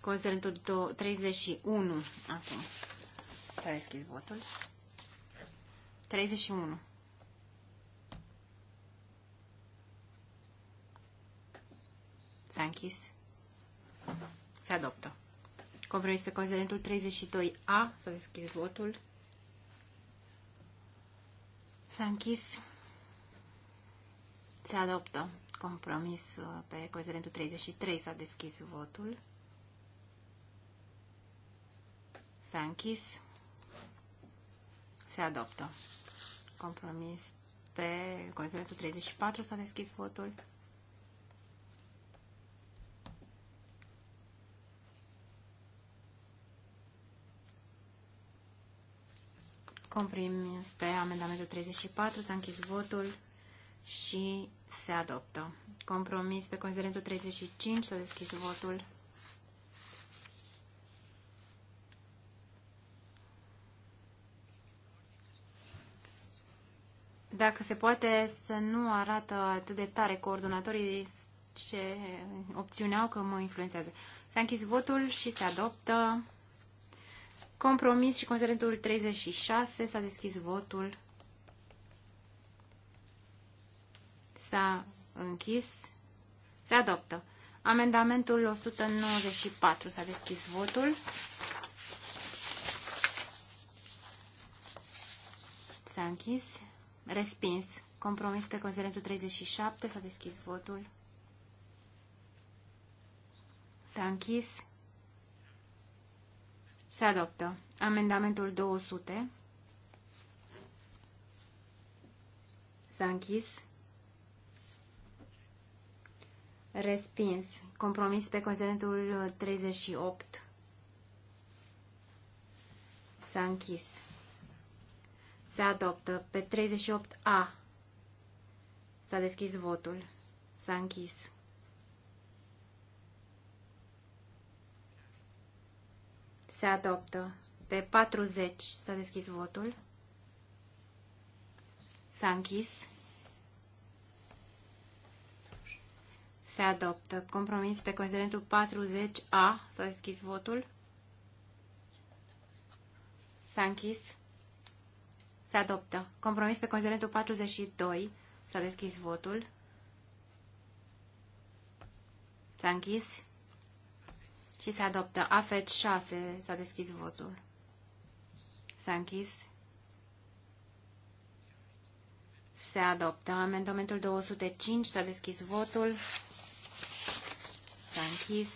considerentul 31 acum. S-a deschis votul. 31. S-a închis. Se adoptă. Compromis pe considerentul 32A. S-a deschis votul. S-a închis. Se adoptă. Compromis uh, pe considerentul 33. S-a deschis votul. S-a închis se adoptă. Compromis pe considerentul 34 s-a deschis votul. Compromis pe amendamentul 34 s-a închis votul și se adoptă. Compromis pe considerentul 35 s-a deschis votul. dacă se poate să nu arată atât de tare coordonatorii ce opțiune au că mă influențează. S-a închis votul și se adoptă. Compromis și considerentul 36 s-a deschis votul. S-a închis. Se adoptă. Amendamentul 194 s-a deschis votul. S-a închis. Respins. Compromis pe considerentul 37. S-a deschis votul. S-a închis. Se adoptă. Amendamentul 200. S-a închis. Respins. Compromis pe considerentul 38. S-a închis. Se adoptă. Pe 38A s-a deschis votul. S-a închis. Se adoptă. Pe 40 s-a deschis votul. S-a închis. Se adoptă. Compromis pe considerentul 40A. S-a deschis votul. S-a închis. Se adoptă. Compromis pe considerentul 42. S-a deschis votul. S-a închis. Și se adoptă. AFET 6. S-a deschis votul. S-a închis. Se adoptă. Amendamentul 205. S-a deschis votul. S-a închis.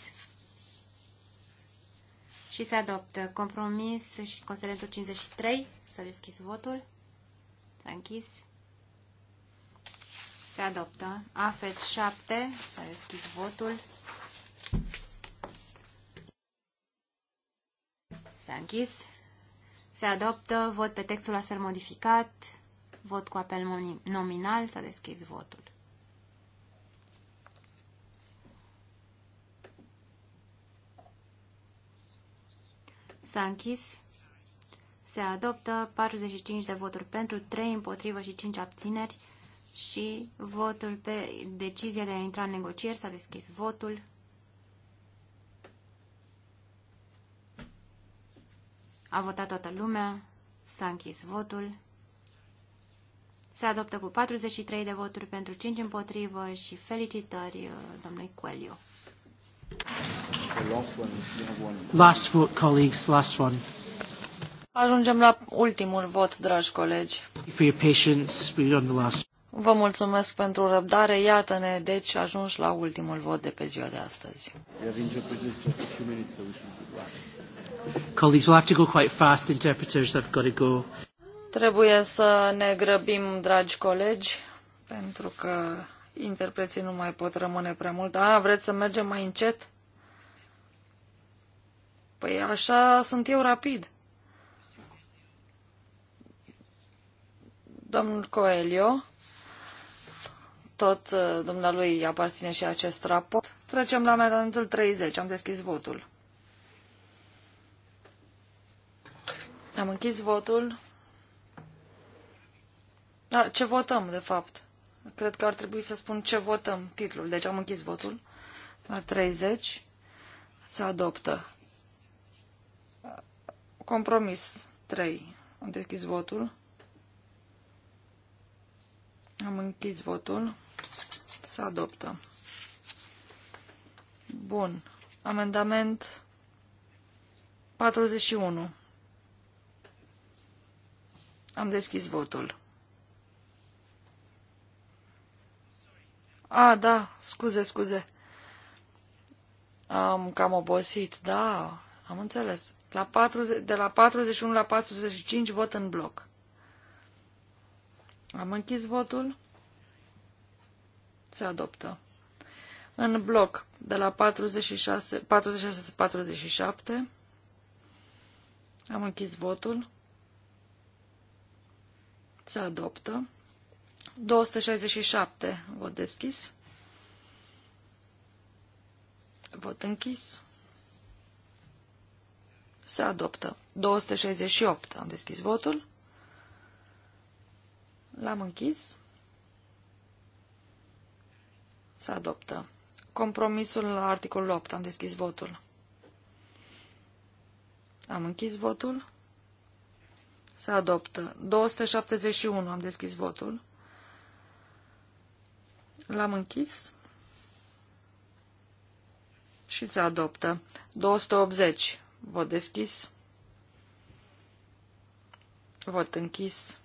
Și se adoptă. Compromis și considerentul 53. S-a deschis votul. S-a închis. Se adoptă. AFET 7. S-a deschis votul. S-a închis. Se adoptă. Vot pe textul astfel modificat. Vot cu apel nominal. S-a deschis votul. S-a închis se adoptă 45 de voturi pentru, 3 împotrivă și 5 abțineri și votul pe decizia de a intra în negocieri s-a deschis votul. A votat toată lumea, s-a închis votul. Se adoptă cu 43 de voturi pentru 5 împotrivă și felicitări uh, domnului Coelho. Last vote, colleagues, last one. Ajungem la ultimul vot, dragi colegi. Vă mulțumesc pentru răbdare. Iată-ne, deci, ajungi la ultimul vot de pe ziua de astăzi. Colleagues, we'll have to go quite fast. Interpreters have got to go. Trebuie să ne grăbim, dragi colegi, pentru că interpreții nu mai pot rămâne prea mult. A, vreți să mergem mai încet? Păi așa sunt eu rapid. Domnul Coelho, tot uh, dumnealui aparține și acest raport. Trecem la amendamentul 30. Am deschis votul. Am închis votul. Da, ce votăm, de fapt? Cred că ar trebui să spun ce votăm, titlul. Deci am închis votul. La 30 se adoptă. Compromis 3. Am deschis votul. Am închis votul. Se adoptă. Bun. Amendament 41. Am deschis votul. A, da, scuze, scuze. Am cam obosit, da, am înțeles. La 40, de la 41 la 45 vot în bloc. Am închis votul. Se adoptă. În bloc, de la 46, 46 47, am închis votul. Se adoptă. 267, vot deschis. Vot închis. Se adoptă. 268, am deschis votul. L-am închis. Se adoptă. Compromisul la articolul 8. Am deschis votul. Am închis votul. Se adoptă. 271. Am deschis votul. L-am închis. Și se adoptă. 280. Vot deschis. Vot închis.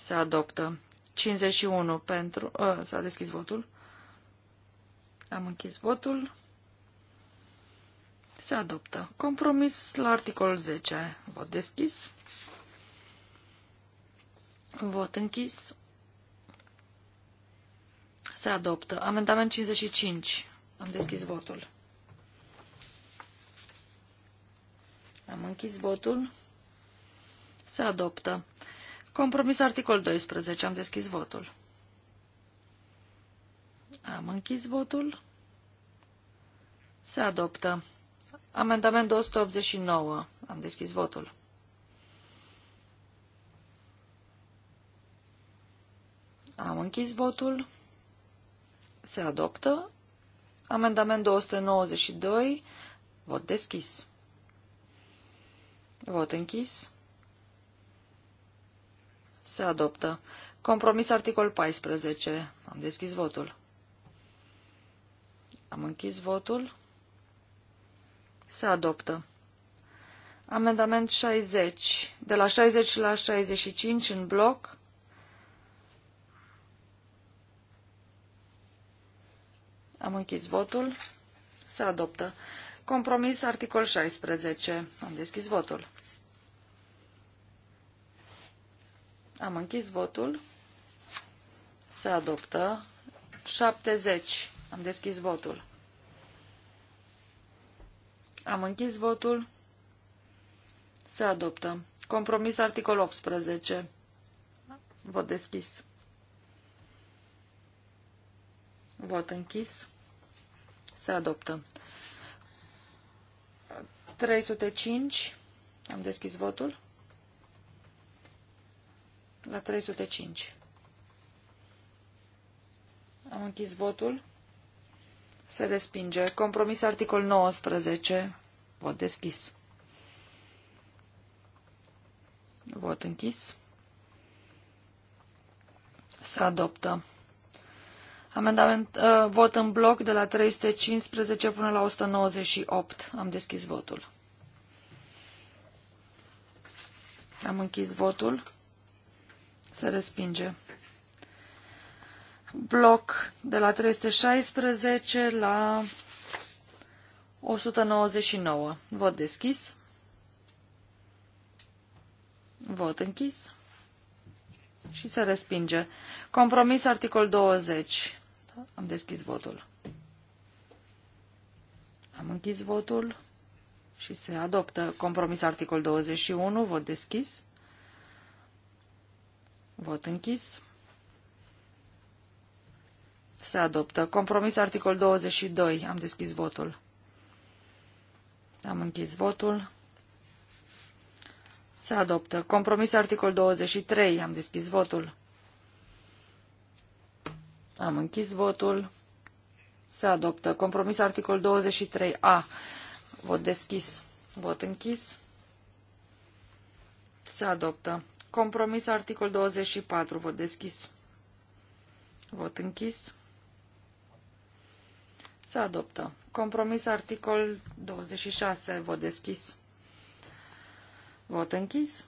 Se adoptă. 51 pentru... Ă, s-a deschis votul. Am închis votul. Se adoptă. Compromis la articolul 10. Vot deschis. Vot închis. Se adoptă. Amendament 55. Am deschis votul. Am închis votul. Se adoptă. Compromis articol 12. Am deschis votul. Am închis votul. Se adoptă. Amendament 289. Am deschis votul. Am închis votul. Se adoptă. Amendament 292. Vot deschis. Vot închis. Se adoptă. Compromis articol 14. Am deschis votul. Am închis votul. Se adoptă. Amendament 60. De la 60 la 65 în bloc. Am închis votul. Se adoptă. Compromis articol 16. Am deschis votul. Am închis votul. Se adoptă. 70. Am deschis votul. Am închis votul. Se adoptă. Compromis articol 18. Vot deschis. Vot închis. Se adoptă. 305. Am deschis votul la 305. Am închis votul. Se respinge. Compromis articol 19. Vot deschis. Vot închis. Se adoptă. Amendament, uh, vot în bloc de la 315 până la 198. Am deschis votul. Am închis votul. Se respinge. Bloc de la 316 la 199. Vot deschis. Vot închis. Și se respinge. Compromis articol 20. Am deschis votul. Am închis votul și se adoptă compromis articol 21, vot deschis. Vot închis. Se adoptă. Compromis articol 22. Am deschis votul. Am închis votul. Se adoptă. Compromis articol 23. Am deschis votul. Am închis votul. Se adoptă. Compromis articol 23A. Vot deschis. Vot închis. Se adoptă. Compromis articol 24. Vot deschis. Vot închis. Se adoptă. Compromis articol 26. Vot deschis. Vot închis.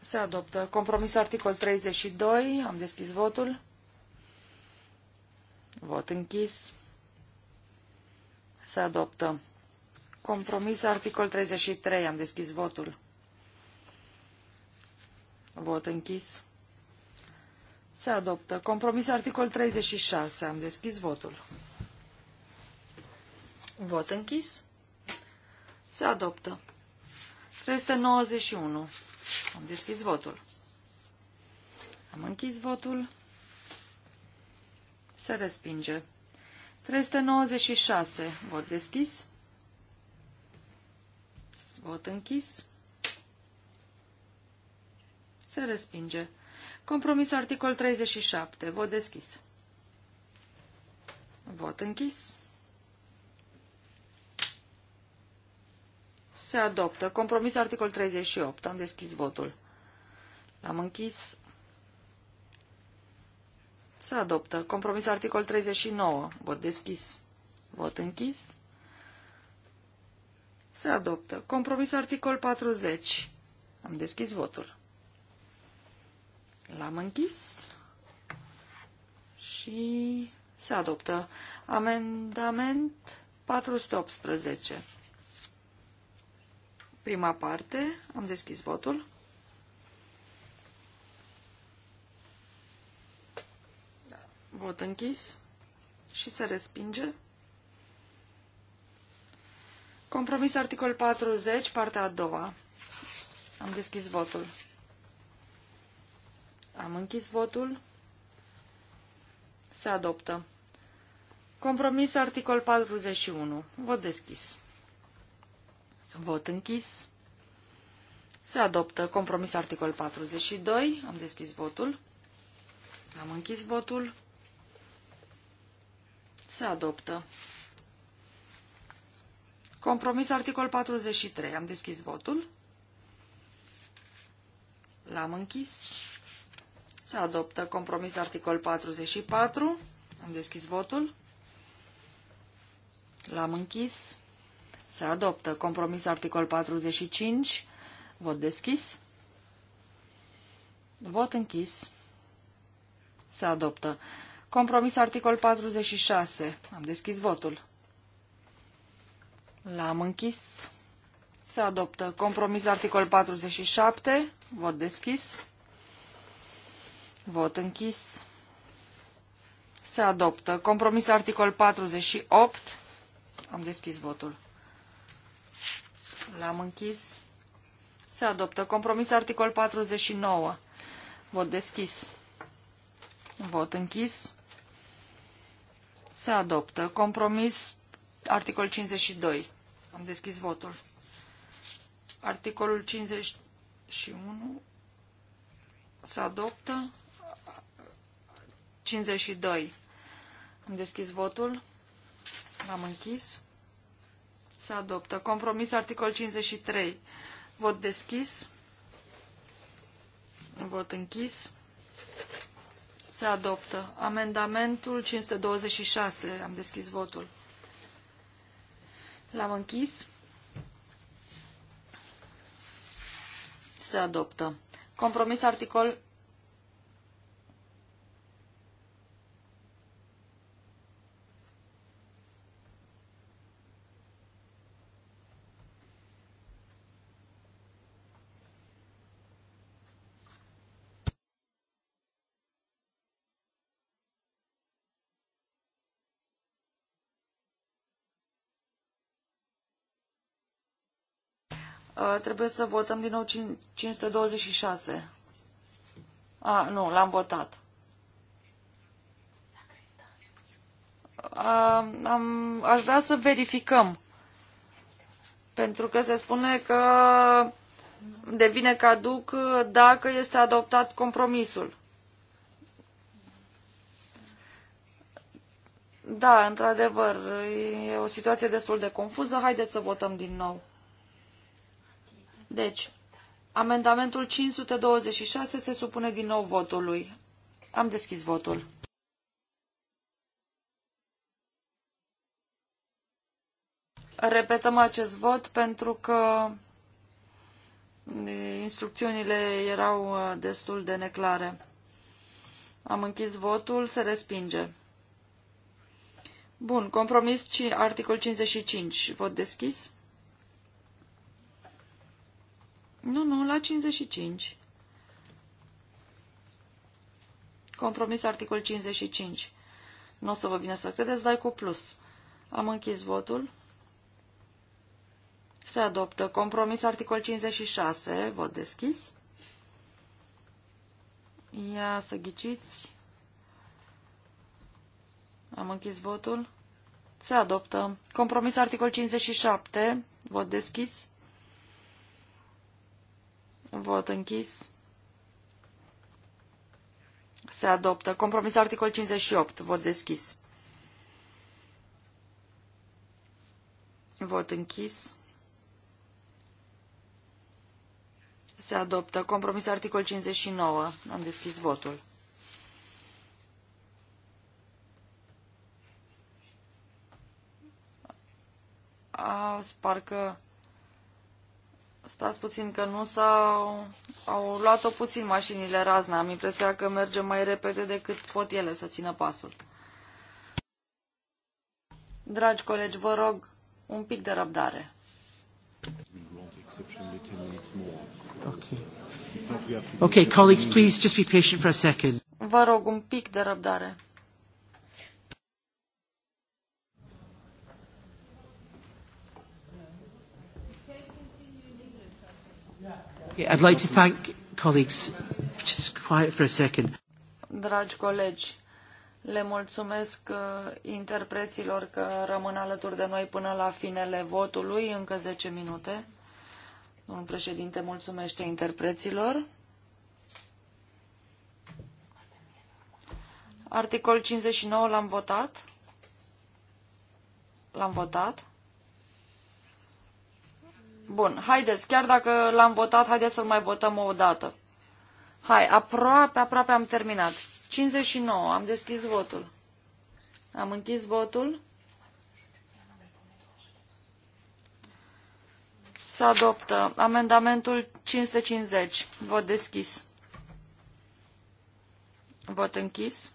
Se adoptă. Compromis articol 32. Am deschis votul. Vot închis. Se adoptă. Compromis articol 33. Am deschis votul. Vot închis. Se adoptă. Compromis articol 36. Am deschis votul. Vot închis. Se adoptă. 391. Am deschis votul. Am închis votul. Se respinge. 396. Vot deschis. Vot închis. Se respinge. Compromis articol 37. Vot deschis. Vot închis. Se adoptă. Compromis articol 38. Am deschis votul. L-am închis. Se adoptă. Compromis articol 39. Vot deschis. Vot închis. Se adoptă. Compromis articol 40. Am deschis votul. L-am închis și se adoptă amendament 418. Prima parte, am deschis votul. Vot închis și se respinge. Compromis articol 40, partea a doua. Am deschis votul. Am închis votul. Se adoptă. Compromis articol 41. Vot deschis. Vot închis. Se adoptă compromis articol 42. Am deschis votul. Am închis votul. Se adoptă. Compromis articol 43. Am deschis votul. L-am închis. Se adoptă compromis articol 44. Am deschis votul. L-am închis. Se adoptă compromis articol 45. Vot deschis. Vot închis. Se adoptă. Compromis articol 46. Am deschis votul. L-am închis. Se adoptă. Compromis articol 47. Vot deschis. Vot închis. Se adoptă. Compromis articol 48. Am deschis votul. L-am închis. Se adoptă. Compromis articol 49. Vot deschis. Vot închis. Se adoptă. Compromis articol 52. Am deschis votul. Articolul 51 se adoptă. 52. Am deschis votul. L-am închis. Se adoptă. Compromis articol 53. Vot deschis. Vot închis. Se adoptă. Amendamentul 526. Am deschis votul. L-am închis. Se adoptă. Compromis articol Trebuie să votăm din nou 526. A, nu, l-am votat. A, am, aș vrea să verificăm. Pentru că se spune că devine caduc dacă este adoptat compromisul. Da, într-adevăr, e o situație destul de confuză. Haideți să votăm din nou. Deci, amendamentul 526 se supune din nou votului. Am deschis votul. Repetăm acest vot pentru că instrucțiunile erau destul de neclare. Am închis votul, se respinge. Bun, compromis articol 55. Vot deschis. Nu, nu, la 55. Compromis articol 55. Nu o să vă vine să credeți, dai cu plus. Am închis votul. Se adoptă compromis articol 56, vot deschis. Ia să ghiciți. Am închis votul. Se adoptă. Compromis articol 57, vot deschis. Vot închis. Se adoptă. Compromis articol 58. Vot deschis. Vot închis. Se adoptă. Compromis articol 59. Am deschis votul. Ah, parcă Stați puțin că nu s-au au luat-o puțin mașinile razna. Am impresia că merge mai repede decât pot ele să țină pasul. Dragi colegi, vă rog un pic de răbdare. Okay. okay, colleagues, please just be patient for a second. Vă rog un pic de răbdare. I'd like to thank colleagues. Just quiet for a second. Dragi colegi, le mulțumesc uh, interpreților că rămân alături de noi până la finele votului, încă 10 minute. Domnul președinte mulțumește interpreților. Articol 59 l-am votat. L-am votat. Bun, haideți, chiar dacă l-am votat, haideți să-l mai votăm o dată. Hai, aproape, aproape am terminat. 59, am deschis votul. Am închis votul. Să adoptă amendamentul 550. Vot deschis. Vot închis.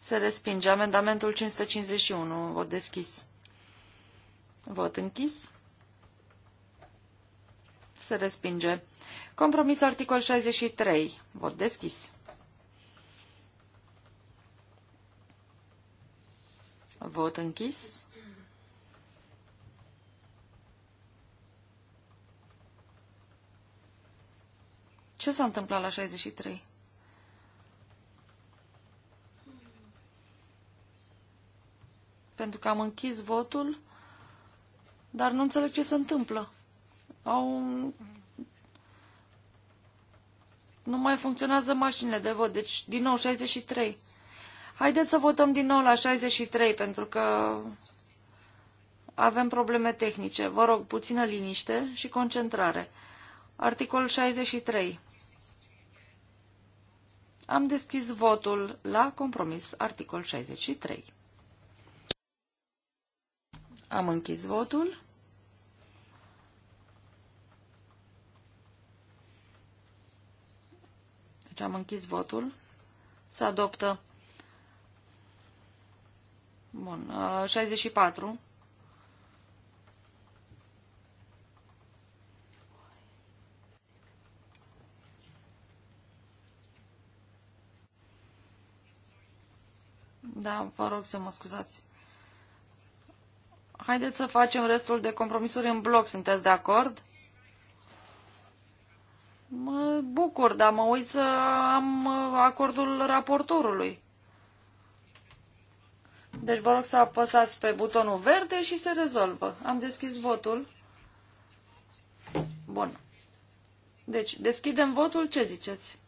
Se respinge amendamentul 551. Vot deschis. Vot închis. Se respinge. Compromis articol 63. Vot deschis. Vot închis. Ce s-a întâmplat la 63? Pentru că am închis votul, dar nu înțeleg ce se întâmplă. Au... Nu mai funcționează mașinile de vot, deci din nou 63. Haideți să votăm din nou la 63, pentru că avem probleme tehnice. Vă rog, puțină liniște și concentrare. Articol 63. Am deschis votul la compromis articol 63. Am închis votul. Și deci am închis votul. Se adoptă. Bun. 64. Uh, da, vă rog să mă scuzați. Haideți să facem restul de compromisuri în bloc. Sunteți de acord? Mă bucur, dar mă uit să am uh, acordul raportorului. Deci vă rog să apăsați pe butonul verde și se rezolvă. Am deschis votul. Bun. Deci, deschidem votul. Ce ziceți?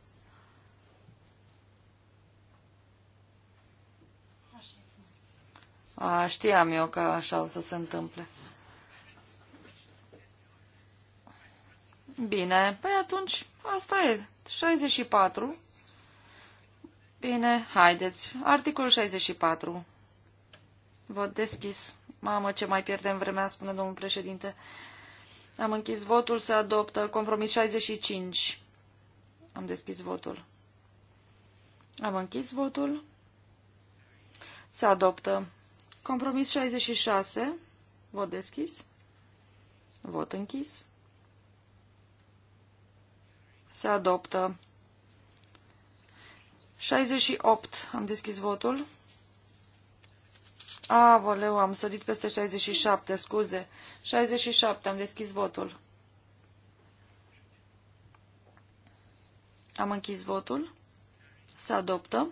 A, știam eu că așa o să se întâmple. Bine, păi atunci asta e. 64. Bine, haideți. Articolul 64. Vot deschis. Mamă, ce mai pierdem vremea, spune domnul președinte. Am închis votul, se adoptă compromis 65. Am deschis votul. Am închis votul. Se adoptă compromis 66. Vot deschis. Vot închis. Se adoptă. 68. Am deschis votul. A, voleu, am sărit peste 67, scuze. 67, am deschis votul. Am închis votul. Se adoptă.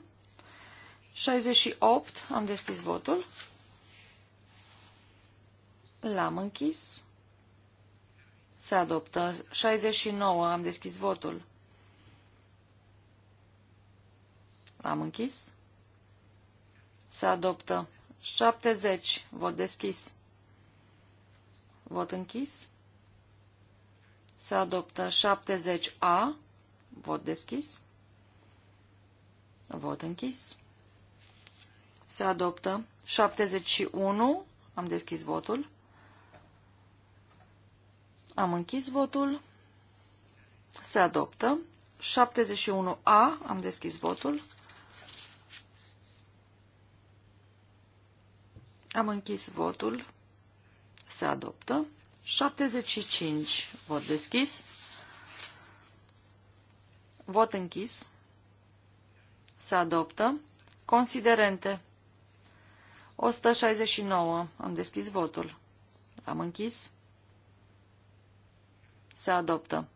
68, am deschis votul. L-am închis. Se adoptă. 69. Am deschis votul. L-am închis. Se adoptă. 70. Vot deschis. Vot închis. Se adoptă 70A. Vot deschis. Vot închis. Se adoptă 71. Am deschis votul. Am închis votul. Se adoptă. 71A. Am deschis votul. Am închis votul. Se adoptă. 75. Vot deschis. Vot închis. Se adoptă. Considerente. 169. Am deschis votul. Am închis. Se adoptă.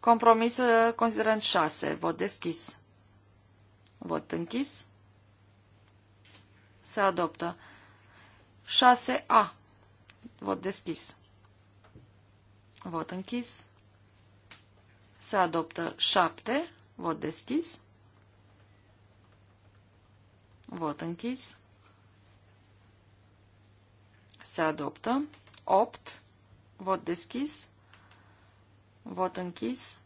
Compromis uh, considerăm 6. Vot deschis. Vot închis. Se adoptă. 6A. Vot deschis. Vot închis. Se adoptă 7. Vot deschis. Vot închis. Se adoptă 8. Vot deschis. Vot închis.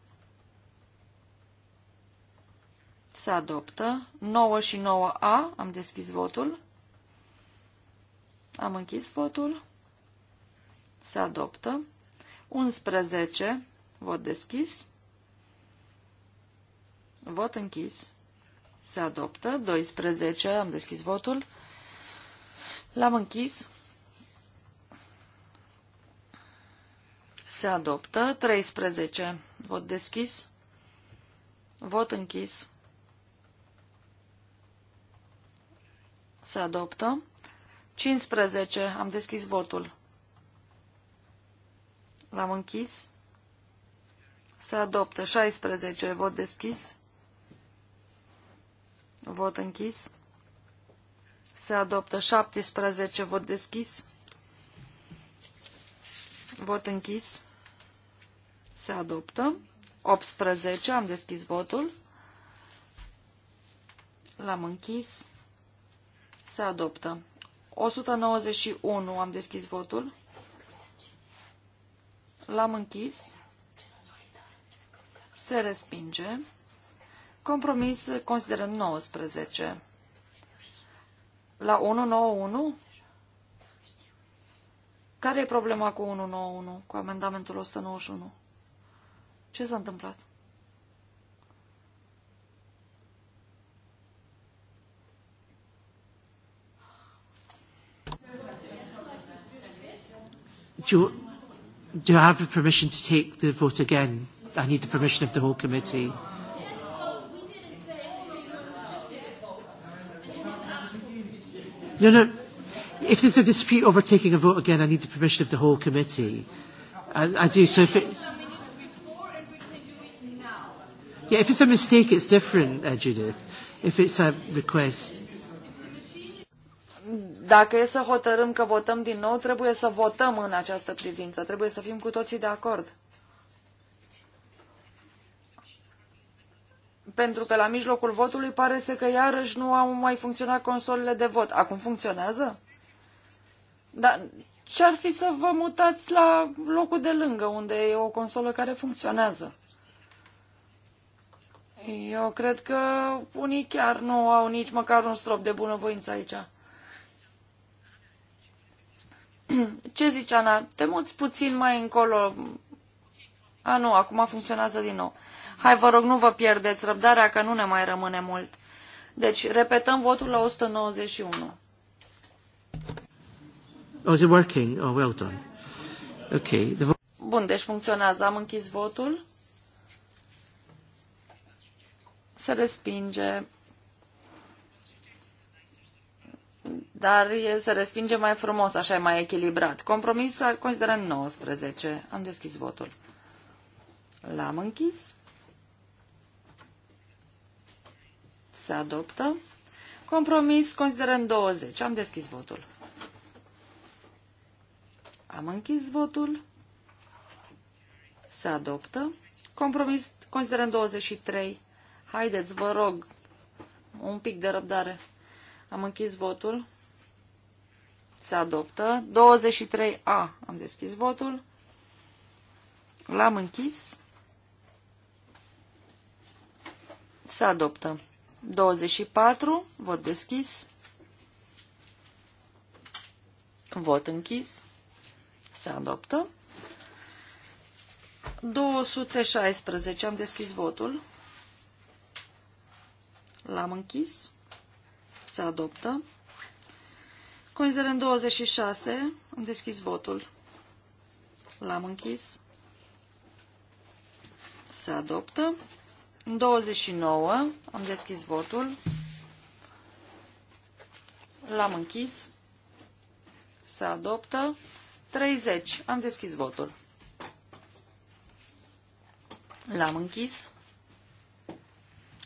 Se adoptă. 9 și 9A. Am deschis votul. Am închis votul. Se adoptă. 11. Vot deschis. Vot închis. Se adoptă. 12. Am deschis votul. L-am închis. Se adoptă. 13. Vot deschis. Vot închis. Se adoptă. 15. Am deschis votul. L-am închis. Se adoptă. 16. Vot deschis. Vot închis. Se adoptă. 17. Vot deschis. Vot închis. Se adoptă. 18. Am deschis votul. L-am închis. Se adoptă. 191. Am deschis votul. L-am închis. Se respinge. Compromis considerăm 19. La 191? Care e problema cu 191, cu amendamentul 191? Ce s-a întâmplat? Do you, do I have permission to take the vote again? I need the permission of the whole committee. No, no. If there's a dispute over taking a vote again, I need the permission of the whole committee. I, I do. So if it, Yeah, if it's a mistake, it's different, uh, Judith. If it's a request. Dacă e să hotărâm că votăm din nou, trebuie să votăm în această privință. Trebuie să fim cu toții de acord. Pentru că la mijlocul votului pare să că iarăși nu au mai funcționat consolele de vot. Acum funcționează? Dar ce-ar fi să vă mutați la locul de lângă, unde e o consolă care funcționează? Eu cred că unii chiar nu au nici măcar un strop de bunăvoință aici. Ce zici Ana? Te muți puțin mai încolo. A, nu, acum funcționează din nou. Hai, vă rog, nu vă pierdeți răbdarea, că nu ne mai rămâne mult. Deci, repetăm votul la 191. Oh, is it working? Oh, well done. Okay. The... Bun, deci funcționează. Am închis votul se respinge. Dar e, se respinge mai frumos, așa e mai echilibrat. Compromis considerăm 19. Am deschis votul. L-am închis. Se adoptă. Compromis considerăm 20. Am deschis votul. Am închis votul. Se adoptă. Compromis considerăm 23. Haideți, vă rog, un pic de răbdare. Am închis votul. Se adoptă. 23A. Am deschis votul. L-am închis. Se adoptă. 24. Vot deschis. Vot închis. Se adoptă. 216. Am deschis votul. L-am închis. Se adoptă. Considerând 26, am deschis votul. L-am închis. Se adoptă. În 29 am deschis votul. L-am închis. Se adoptă. 30. Am deschis votul. L-am închis.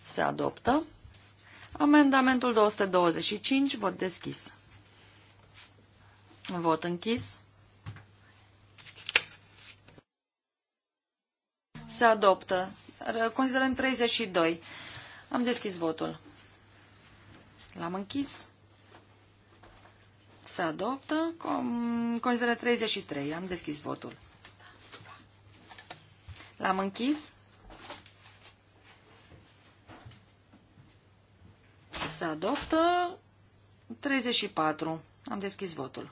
Se adoptă. Amendamentul 225, vot deschis. Vot închis. Se adoptă. Considerăm 32. Am deschis votul. L-am închis. Se adoptă. Considerăm 33. Am deschis votul. L-am închis. se adoptă. 34. Am deschis votul.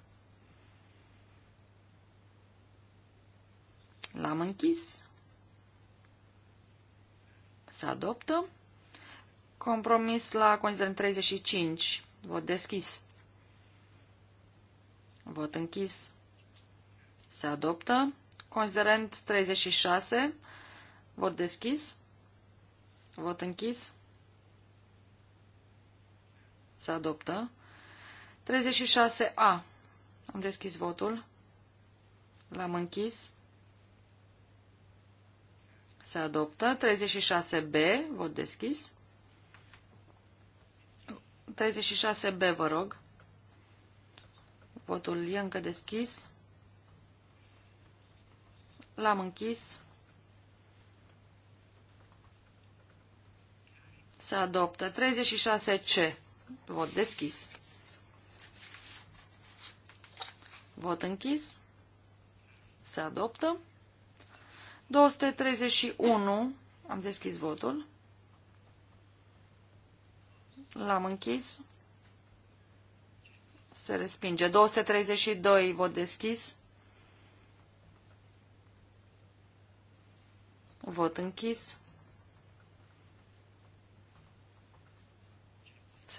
L-am închis. Se adoptă. Compromis la considerent 35. Vot deschis. Vot închis. Se adoptă. Considerent 36. Vot deschis. Vot închis. Se adoptă. 36A. Am deschis votul. L-am închis. Se adoptă. 36B. Vot deschis. 36B, vă rog. Votul e încă deschis. L-am închis. Se adoptă. 36C. Vot deschis. Vot închis. Se adoptă. 231. Am deschis votul. L-am închis. Se respinge. 232. Vot deschis. Vot închis.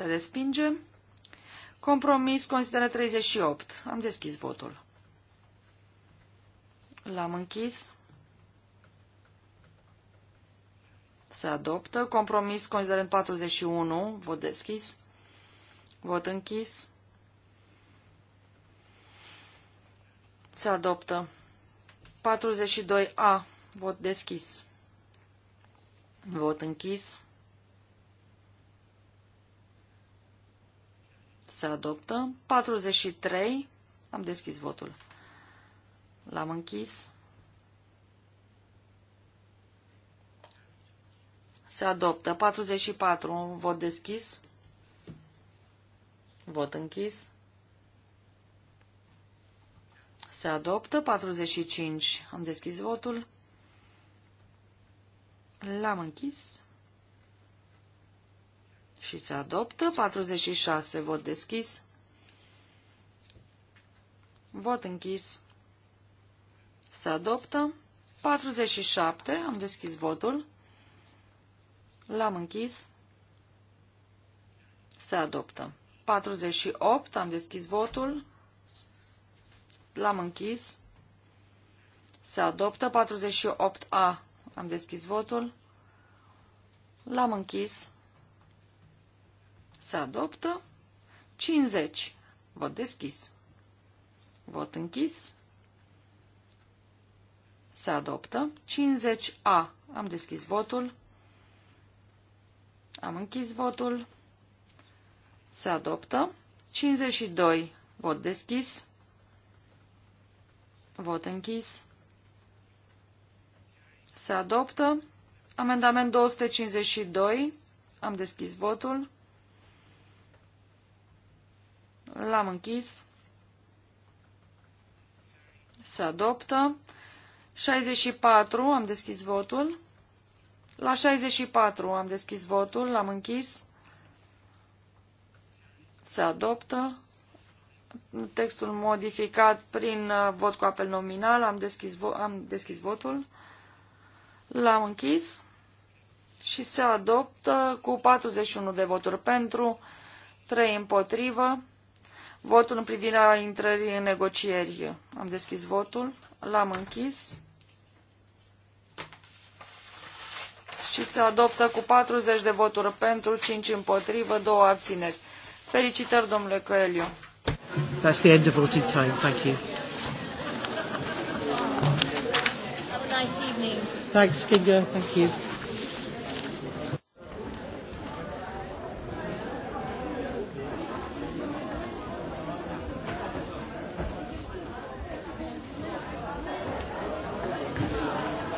Se respinge. Compromis consideră 38. Am deschis votul. L-am închis. Se adoptă. Compromis considerând 41. Vot deschis. Vot închis. Se adoptă. 42A. Vot deschis. Vot închis. se adoptă. 43, am deschis votul. L-am închis. Se adoptă. 44, vot deschis. Vot închis. Se adoptă. 45, am deschis votul. L-am închis și se adoptă. 46. Vot deschis. Vot închis. Se adoptă. 47. Am deschis votul. L-am închis. Se adoptă. 48. Am deschis votul. L-am închis. Se adoptă. 48A. Am deschis votul. L-am închis. Se adoptă. 50. Vot deschis. Vot închis. Se adoptă. 50A. Am deschis votul. Am închis votul. Se adoptă. 52. Vot deschis. Vot închis. Se adoptă. Amendament 252. Am deschis votul. L-am închis. Se adoptă. 64, am deschis votul. La 64 am deschis votul, l-am închis. Se adoptă. Textul modificat prin uh, vot cu apel nominal, am deschis, vo am deschis votul. L-am închis și se adoptă cu 41 de voturi pentru, 3 împotrivă. Votul în privirea intrării în negocieri. Am deschis votul, l-am închis și se adoptă cu 40 de voturi pentru, 5 împotrivă, 2 abțineri. Felicitări, domnule Coelho. That's the end of voting time. Thank you. Have a nice evening. Thanks, Kinga. Thank you.